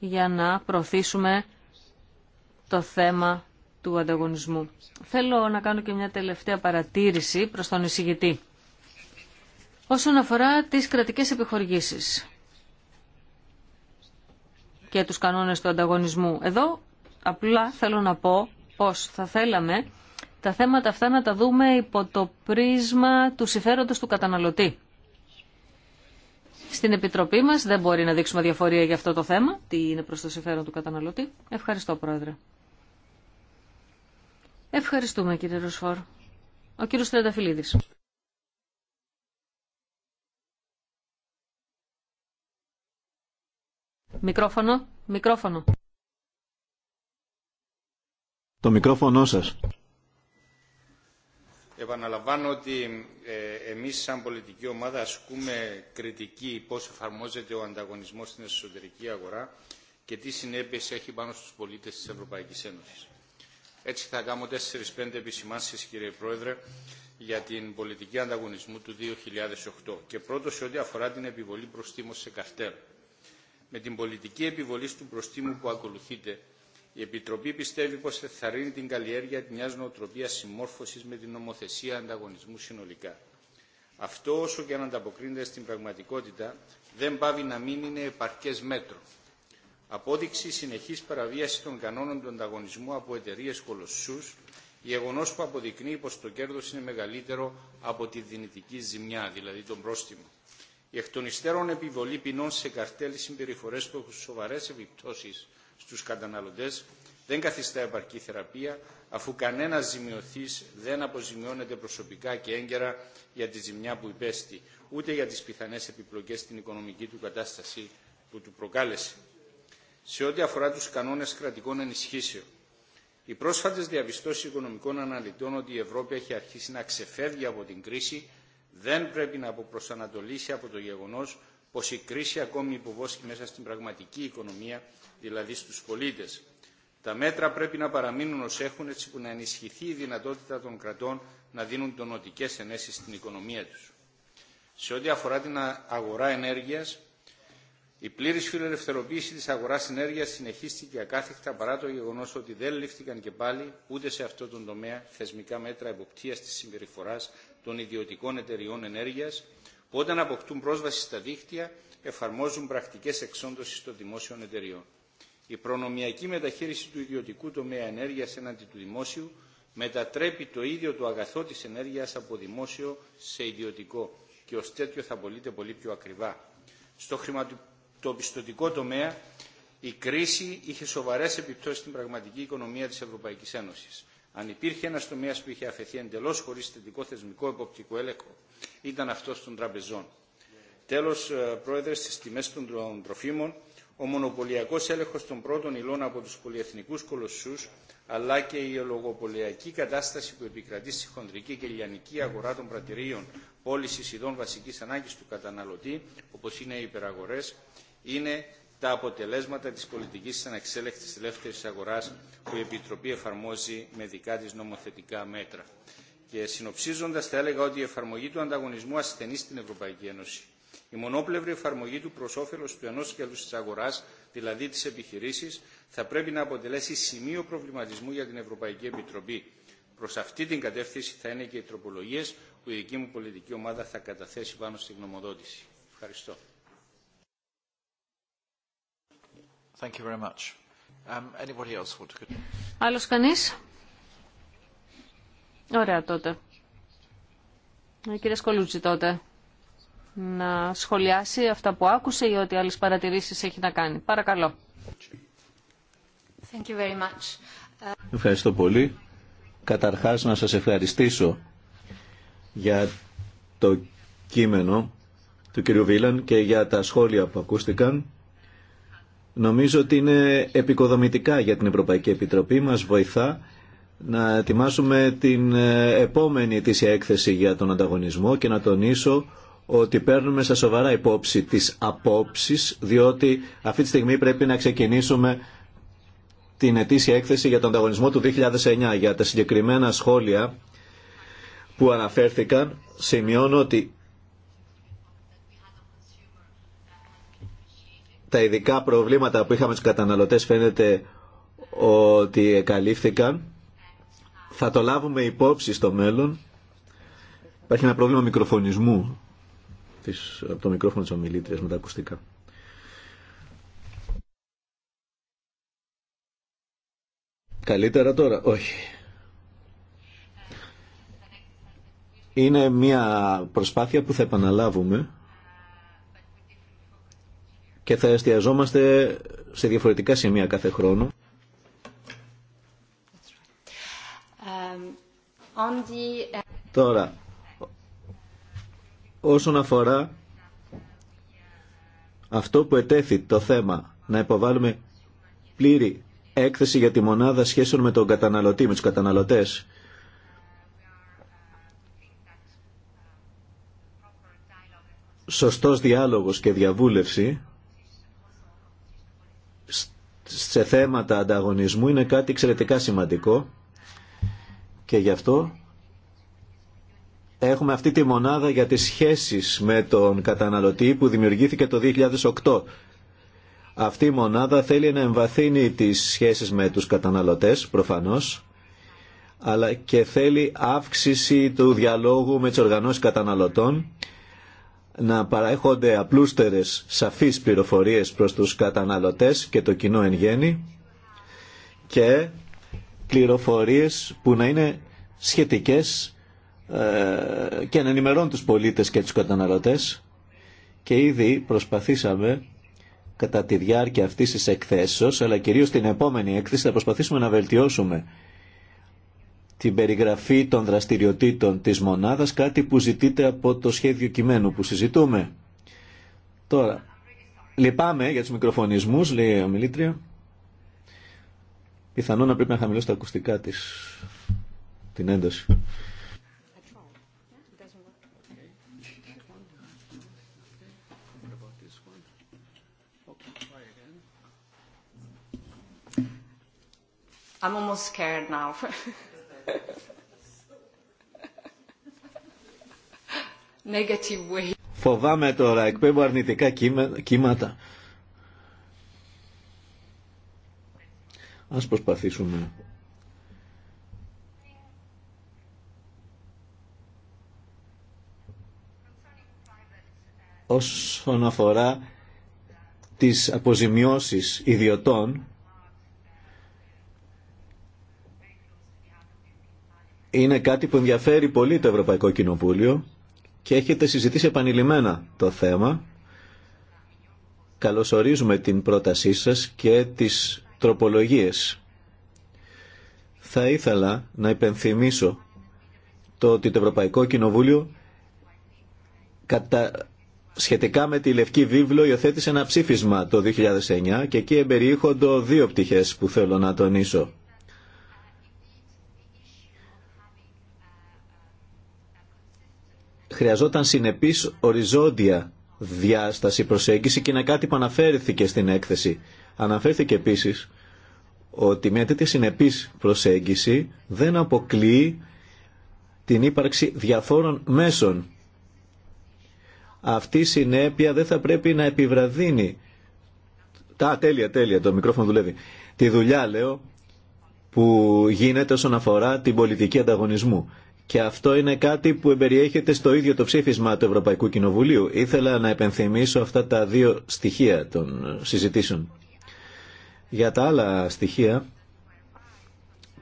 για να προωθήσουμε το θέμα του ανταγωνισμού. Θέλω να κάνω και μια τελευταία παρατήρηση προς τον εισηγητή. Όσον αφορά τις κρατικές επιχορηγήσεις και τους κανόνες του ανταγωνισμού, εδώ απλά θέλω να πω πως θα θέλαμε τα θέματα αυτά να τα δούμε υπό το πρίσμα του συμφέροντος του καταναλωτή στην Επιτροπή μας. Δεν μπορεί να δείξουμε διαφορία για αυτό το θέμα, τι είναι προς το συμφέρον του καταναλωτή. Ευχαριστώ, Πρόεδρε. Ευχαριστούμε, κύριε Ροσφόρ. Ο κύριος Τρενταφυλλίδη. Μικρόφωνο, μικρόφωνο. Το μικρόφωνο σας. Επαναλαμβάνω ότι ε, εμείς σαν πολιτική ομάδα ασκούμε κριτική πώς εφαρμόζεται ο ανταγωνισμός στην εσωτερική αγορά και τι συνέπειες έχει πάνω στους πολίτες της Ευρωπαϊκής Ένωσης. Έτσι θα κάνω πέντε επισημάνσεις κύριε Πρόεδρε για την πολιτική ανταγωνισμού του 2008 και πρώτο σε ό,τι αφορά την επιβολή προστήμου σε καρτέλ. Με την πολιτική επιβολή του προστήμου που ακολουθείται η Επιτροπή πιστεύει πως θα την καλλιέργεια μιας νοοτροπίας συμμόρφωσης με την νομοθεσία ανταγωνισμού συνολικά. Αυτό όσο και αν ανταποκρίνεται στην πραγματικότητα δεν πάβει να μην είναι επαρκές μέτρο. Απόδειξη συνεχής παραβίαση των κανόνων του ανταγωνισμού από εταιρείε κολοσσούς, γεγονό που αποδεικνύει πως το κέρδος είναι μεγαλύτερο από τη δυνητική ζημιά, δηλαδή τον πρόστιμο. Η εκ των υστέρων επιβολή ποινών σε καρτέλ συμπεριφορέ που έχουν σοβαρέ επιπτώσει στους καταναλωτές δεν καθιστά επαρκή θεραπεία αφού κανένας ζημιωθής δεν αποζημιώνεται προσωπικά και έγκαιρα για τη ζημιά που υπέστη, ούτε για τις πιθανές επιπλοκές στην οικονομική του κατάσταση που του προκάλεσε. Σε ό,τι αφορά τους κανόνες κρατικών ενισχύσεων, οι πρόσφατες διαπιστώσεις οικονομικών αναλυτών ότι η Ευρώπη έχει αρχίσει να ξεφεύγει από την κρίση δεν πρέπει να αποπροσανατολίσει από το γεγονός πως η κρίση ακόμη υποβόσκει μέσα στην πραγματική οικονομία, δηλαδή στους πολίτες. Τα μέτρα πρέπει να παραμείνουν ως έχουν έτσι που να ενισχυθεί η δυνατότητα των κρατών να δίνουν τονωτικές ενέσεις στην οικονομία τους. Σε ό,τι αφορά την αγορά ενέργειας, η πλήρης φιλελευθερωποίηση της αγοράς ενέργειας συνεχίστηκε ακάθεκτα παρά το γεγονός ότι δεν λήφθηκαν και πάλι ούτε σε αυτό τον τομέα θεσμικά μέτρα εποπτείας της συμπεριφοράς των ιδιωτικών εταιριών ενέργειας που όταν αποκτούν πρόσβαση στα δίκτυα εφαρμόζουν πρακτικές εξόντωσης των δημόσιων εταιριών. Η προνομιακή μεταχείριση του ιδιωτικού τομέα ενέργειας έναντι του δημόσιου μετατρέπει το ίδιο το αγαθό της ενέργειας από δημόσιο σε ιδιωτικό και ως τέτοιο θα πωλείται πολύ πιο ακριβά. Στο χρηματοπιστωτικό τομέα η κρίση είχε σοβαρές επιπτώσεις στην πραγματική οικονομία της Ευρωπαϊκής Ένωσης. Αν υπήρχε ένα τομέα που είχε αφαιθεί εντελώ χωρί θετικό θεσμικό εποπτικό έλεγχο, ήταν αυτό των τραπεζών. Τέλο, ε, Πρόεδρε, στι τιμέ των τροφίμων, ο μονοπωλιακό έλεγχο των πρώτων υλών από του πολυεθνικού κολοσσού, αλλά και η ολογοπολιακή κατάσταση που επικρατεί στη χοντρική και λιανική αγορά των πρατηρίων πώληση ειδών βασική ανάγκη του καταναλωτή, όπω είναι οι υπεραγορέ, είναι τα αποτελέσματα της πολιτικής της αναξέλεκτης ελεύθερης αγοράς που η Επιτροπή εφαρμόζει με δικά της νομοθετικά μέτρα. Και συνοψίζοντας θα έλεγα ότι η εφαρμογή του ανταγωνισμού ασθενεί στην Ευρωπαϊκή Ένωση. Η μονόπλευρη εφαρμογή του προ όφελο του ενό κέρδου τη αγορά, δηλαδή τη επιχειρήση, θα πρέπει να αποτελέσει σημείο προβληματισμού για την Ευρωπαϊκή Επιτροπή. Προ αυτή την κατεύθυνση θα είναι και οι τροπολογίε που η δική μου πολιτική ομάδα θα καταθέσει πάνω στη γνωμοδότηση. Ευχαριστώ. Thank you um, Άλλος κανείς? Ωραία τότε. Η κυρία Σκολούτζη τότε να σχολιάσει αυτά που άκουσε ή ό,τι άλλες παρατηρήσεις έχει να κάνει. Παρακαλώ. Ευχαριστώ πολύ. Καταρχάς να σας ευχαριστήσω για το κείμενο του κυρίου Βίλαν και για τα σχόλια που ακούστηκαν. Νομίζω ότι είναι επικοδομητικά για την Ευρωπαϊκή Επιτροπή. Μας βοηθά να ετοιμάσουμε την ε, επόμενη της έκθεση για τον ανταγωνισμό και να τονίσω ότι παίρνουμε στα σοβαρά υπόψη τις απόψεις, διότι αυτή τη στιγμή πρέπει να ξεκινήσουμε την ετήσια έκθεση για τον ανταγωνισμό του 2009. Για τα συγκεκριμένα σχόλια που αναφέρθηκαν, σημειώνω ότι τα ειδικά προβλήματα που είχαμε στους καταναλωτές φαίνεται ότι καλύφθηκαν. Θα το λάβουμε υπόψη στο μέλλον. Υπάρχει ένα πρόβλημα μικροφωνισμού της, από το μικρόφωνο της ομιλήτριας με τα ακουστικά. Καλύτερα τώρα, όχι. Είναι μια προσπάθεια που θα επαναλάβουμε και θα εστιαζόμαστε σε διαφορετικά σημεία κάθε χρόνο. Τώρα, όσον αφορά αυτό που ετέθη το θέμα, να υποβάλουμε πλήρη έκθεση για τη μονάδα σχέσεων με τον καταναλωτή, με τους καταναλωτές. Σωστός διάλογος και διαβούλευση σε θέματα ανταγωνισμού είναι κάτι εξαιρετικά σημαντικό και γι' αυτό έχουμε αυτή τη μονάδα για τις σχέσεις με τον καταναλωτή που δημιουργήθηκε το 2008. Αυτή η μονάδα θέλει να εμβαθύνει τις σχέσεις με τους καταναλωτές προφανώς αλλά και θέλει αύξηση του διαλόγου με τις οργανώσεις καταναλωτών να παραέχονται απλούστερες σαφείς πληροφορίες προς τους καταναλωτές και το κοινό εν γέννη και πληροφορίες που να είναι σχετικές ε, και να ενημερώνουν τους πολίτες και τους καταναλωτές και ήδη προσπαθήσαμε κατά τη διάρκεια αυτής της εκθέσεως αλλά κυρίως την επόμενη έκθεση θα προσπαθήσουμε να βελτιώσουμε την περιγραφή των δραστηριοτήτων της μονάδας, κάτι που ζητείται από το σχέδιο κειμένου που συζητούμε. Τώρα, λυπάμαι για τους μικροφωνισμούς, λέει η ομιλήτρια. Πιθανόν να πρέπει να χαμηλώσει τα ακουστικά της, την ένταση. I'm almost scared now. Φοβάμαι τώρα, εκπέμπω αρνητικά κύματα. Ας προσπαθήσουμε. Όσον αφορά τις αποζημιώσεις ιδιωτών, είναι κάτι που ενδιαφέρει πολύ το Ευρωπαϊκό Κοινοβούλιο και έχετε συζητήσει επανειλημμένα το θέμα. Καλωσορίζουμε την πρότασή σας και τις τροπολογίες. Θα ήθελα να υπενθυμίσω το ότι το Ευρωπαϊκό Κοινοβούλιο κατα... σχετικά με τη Λευκή Βίβλο υιοθέτησε ένα ψήφισμα το 2009 και εκεί εμπεριείχονται δύο πτυχές που θέλω να τονίσω. χρειαζόταν συνεπής οριζόντια διάσταση προσέγγιση και είναι κάτι που αναφέρθηκε στην έκθεση. Αναφέρθηκε επίσης ότι μια τέτοια συνεπής προσέγγιση δεν αποκλείει την ύπαρξη διαφόρων μέσων. Αυτή η συνέπεια δεν θα πρέπει να επιβραδύνει. Τα τέλεια, τέλεια, το μικρόφωνο δουλεύει. Τη δουλειά, λέω, που γίνεται όσον αφορά την πολιτική ανταγωνισμού. Και αυτό είναι κάτι που εμπεριέχεται στο ίδιο το ψήφισμα του Ευρωπαϊκού Κοινοβουλίου. Ήθελα να επενθυμίσω αυτά τα δύο στοιχεία των συζητήσεων. Για τα άλλα στοιχεία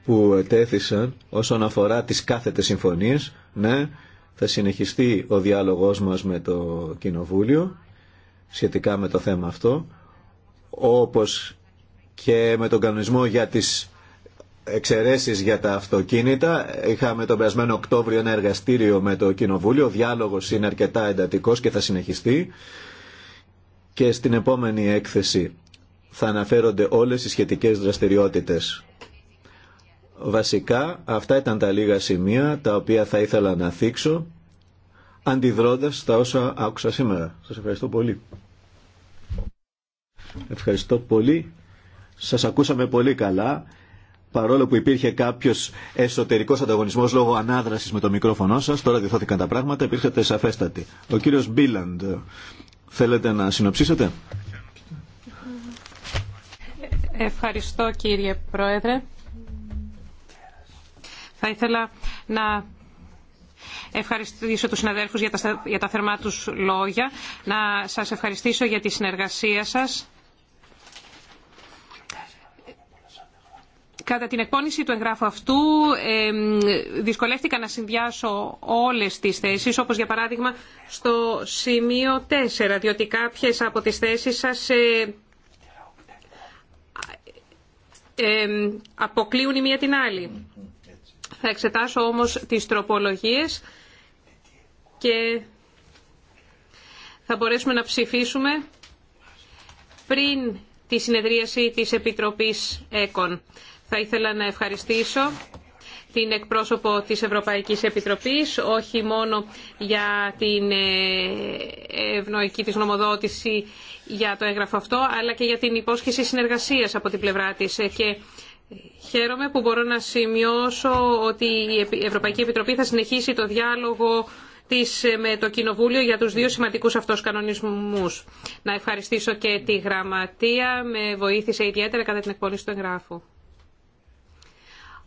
που ετέθησαν όσον αφορά τις κάθετες συμφωνίες, ναι, θα συνεχιστεί ο διάλογός μας με το Κοινοβούλιο σχετικά με το θέμα αυτό, όπως και με τον κανονισμό για τις εξαιρέσει για τα αυτοκίνητα. Είχαμε τον περασμένο Οκτώβριο ένα εργαστήριο με το Κοινοβούλιο. Ο διάλογο είναι αρκετά εντατικό και θα συνεχιστεί. Και στην επόμενη έκθεση θα αναφέρονται όλες οι σχετικές δραστηριότητες. Βασικά αυτά ήταν τα λίγα σημεία τα οποία θα ήθελα να θίξω αντιδρώντας τα όσα άκουσα σήμερα. Σας ευχαριστώ πολύ. Ευχαριστώ πολύ. Σας ακούσαμε πολύ καλά παρόλο που υπήρχε κάποιο εσωτερικό ανταγωνισμό λόγω ανάδραση με το μικρόφωνο σα, τώρα διθώθηκαν τα πράγματα, υπήρχατε σαφέστατοι. Ο κύριο Μπίλαντ, θέλετε να συνοψίσετε. Ευχαριστώ κύριε Πρόεδρε. Θα ήθελα να ευχαριστήσω τους συναδέλφους για τα, για τα θερμά τους λόγια, να σας ευχαριστήσω για τη συνεργασία σας Κατά την εκπόνηση του εγγράφου αυτού δυσκολεύτηκα να συνδυάσω όλες τις θέσεις, όπως για παράδειγμα στο σημείο 4, διότι κάποιες από τις θέσεις σας ε, αποκλείουν η μία την άλλη. Θα εξετάσω όμως τις τροπολογίες και θα μπορέσουμε να ψηφίσουμε πριν τη συνεδρίαση της Επιτροπής ΕΚΟΝ. Θα ήθελα να ευχαριστήσω την εκπρόσωπο της Ευρωπαϊκής Επιτροπής, όχι μόνο για την ε, ευνοϊκή της νομοδότηση για το έγγραφο αυτό, αλλά και για την υπόσχεση συνεργασίας από την πλευρά της. Ε, και χαίρομαι που μπορώ να σημειώσω ότι η Ευρωπαϊκή Επιτροπή θα συνεχίσει το διάλογο της ε, με το Κοινοβούλιο για τους δύο σημαντικούς αυτούς κανονισμούς. Να ευχαριστήσω και τη Γραμματεία, με βοήθησε ιδιαίτερα κατά την εκπόνηση του εγγράφου.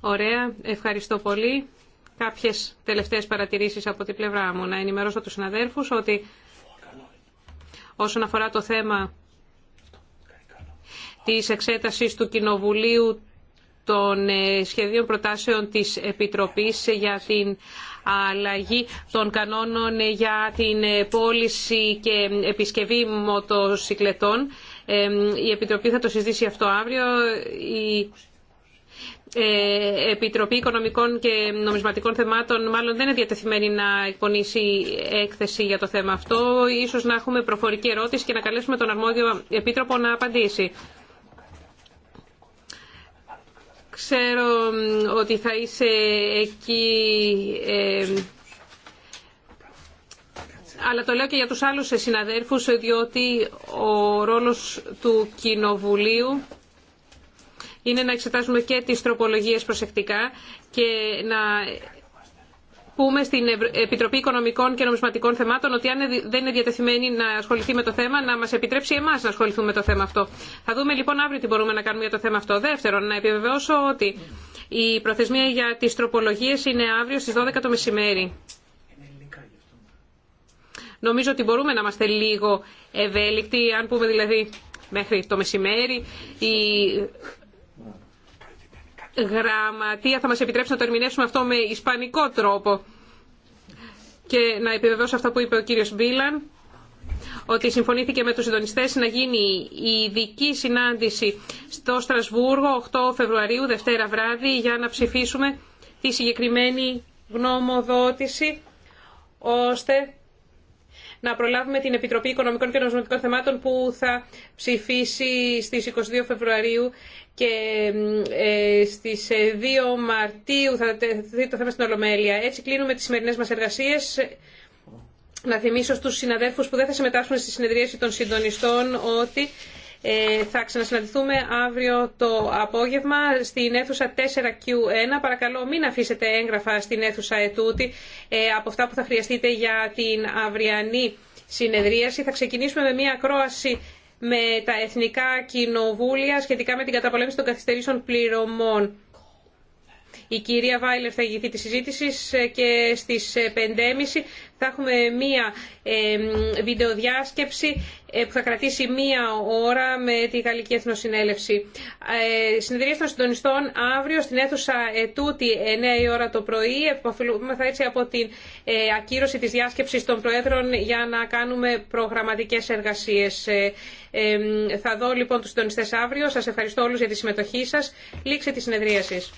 Ωραία, ευχαριστώ πολύ. Κάποιες τελευταίες παρατηρήσεις από την πλευρά μου. Να ενημερώσω τους συναδέλφους ότι όσον αφορά το θέμα της εξέτασης του Κοινοβουλίου των ε, σχεδίων προτάσεων της Επιτροπής για την αλλαγή των κανόνων ε, για την ε, πώληση και επισκευή μοτοσυκλετών. Η Επιτροπή θα το συζητήσει αυτό αύριο. Ε, Επιτροπή Οικονομικών και Νομισματικών Θεμάτων μάλλον δεν είναι διατεθειμένη να εκπονήσει έκθεση για το θέμα αυτό. Ίσως να έχουμε προφορική ερώτηση και να καλέσουμε τον αρμόδιο επίτροπο να απαντήσει. Ξέρω ότι θα είσαι εκεί... Ε, αλλά το λέω και για τους άλλους συναδέρφους, διότι ο ρόλος του Κοινοβουλίου είναι να εξετάσουμε και τις τροπολογίες προσεκτικά και να πούμε στην Επιτροπή Οικονομικών και Νομισματικών Θεμάτων ότι αν δεν είναι διατεθειμένη να ασχοληθεί με το θέμα, να μα επιτρέψει εμά να ασχοληθούμε με το θέμα αυτό. Θα δούμε λοιπόν αύριο τι μπορούμε να κάνουμε για το θέμα αυτό. Δεύτερον, να επιβεβαιώσω ότι η προθεσμία για τι τροπολογίε είναι αύριο στι 12 το μεσημέρι. Νομίζω ότι μπορούμε να είμαστε λίγο ευέλικτοι, αν πούμε δηλαδή μέχρι το μεσημέρι. Η γραμματεία θα μας επιτρέψει να το ερμηνεύσουμε αυτό με ισπανικό τρόπο. Και να επιβεβαιώσω αυτό που είπε ο κύριος Μπίλαν, ότι συμφωνήθηκε με τους συντονιστές να γίνει η ειδική συνάντηση στο Στρασβούργο 8 Φεβρουαρίου, Δευτέρα βράδυ, για να ψηφίσουμε τη συγκεκριμένη γνωμοδότηση, ώστε να προλάβουμε την Επιτροπή Οικονομικών και Νομισματικών Θεμάτων που θα ψηφίσει στις 22 Φεβρουαρίου και ε, στις 2 ε, Μαρτίου θα τεθεί το θέμα στην Ολομέλεια. Έτσι κλείνουμε τις σημερινές μας εργασίες. Να θυμίσω στους συναδέλφους που δεν θα συμμετάσχουν στη συνεδρίαση των συντονιστών ότι ε, θα ξανασυναντηθούμε αύριο το απόγευμα στην αίθουσα 4Q1. Παρακαλώ μην αφήσετε έγγραφα στην αίθουσα ετούτη ε, από αυτά που θα χρειαστείτε για την αυριανή συνεδρίαση. Θα ξεκινήσουμε με μια ακρόαση με τα εθνικά κοινοβούλια σχετικά με την καταπολέμηση των καθυστερήσεων πληρωμών. Η κυρία Βάιλερ θα ηγηθεί τη συζήτηση ε, και στι 5.30 ε, θα έχουμε μία ε, βιντεοδιάσκεψη που θα κρατήσει μία ώρα με τη Γαλλική Εθνοσυνέλευση. Συνεδρία των συντονιστών αύριο στην αίθουσα τούτη 9 η ώρα το πρωί. Εποφελούμεθα θα έτσι από την ακύρωση τη διάσκεψης των Προέδρων για να κάνουμε προγραμματικές εργασίες. Θα δω λοιπόν του συντονιστέ αύριο. σα ευχαριστώ όλου για τη συμμετοχή σα. Λήξε τη συνεδρίαση.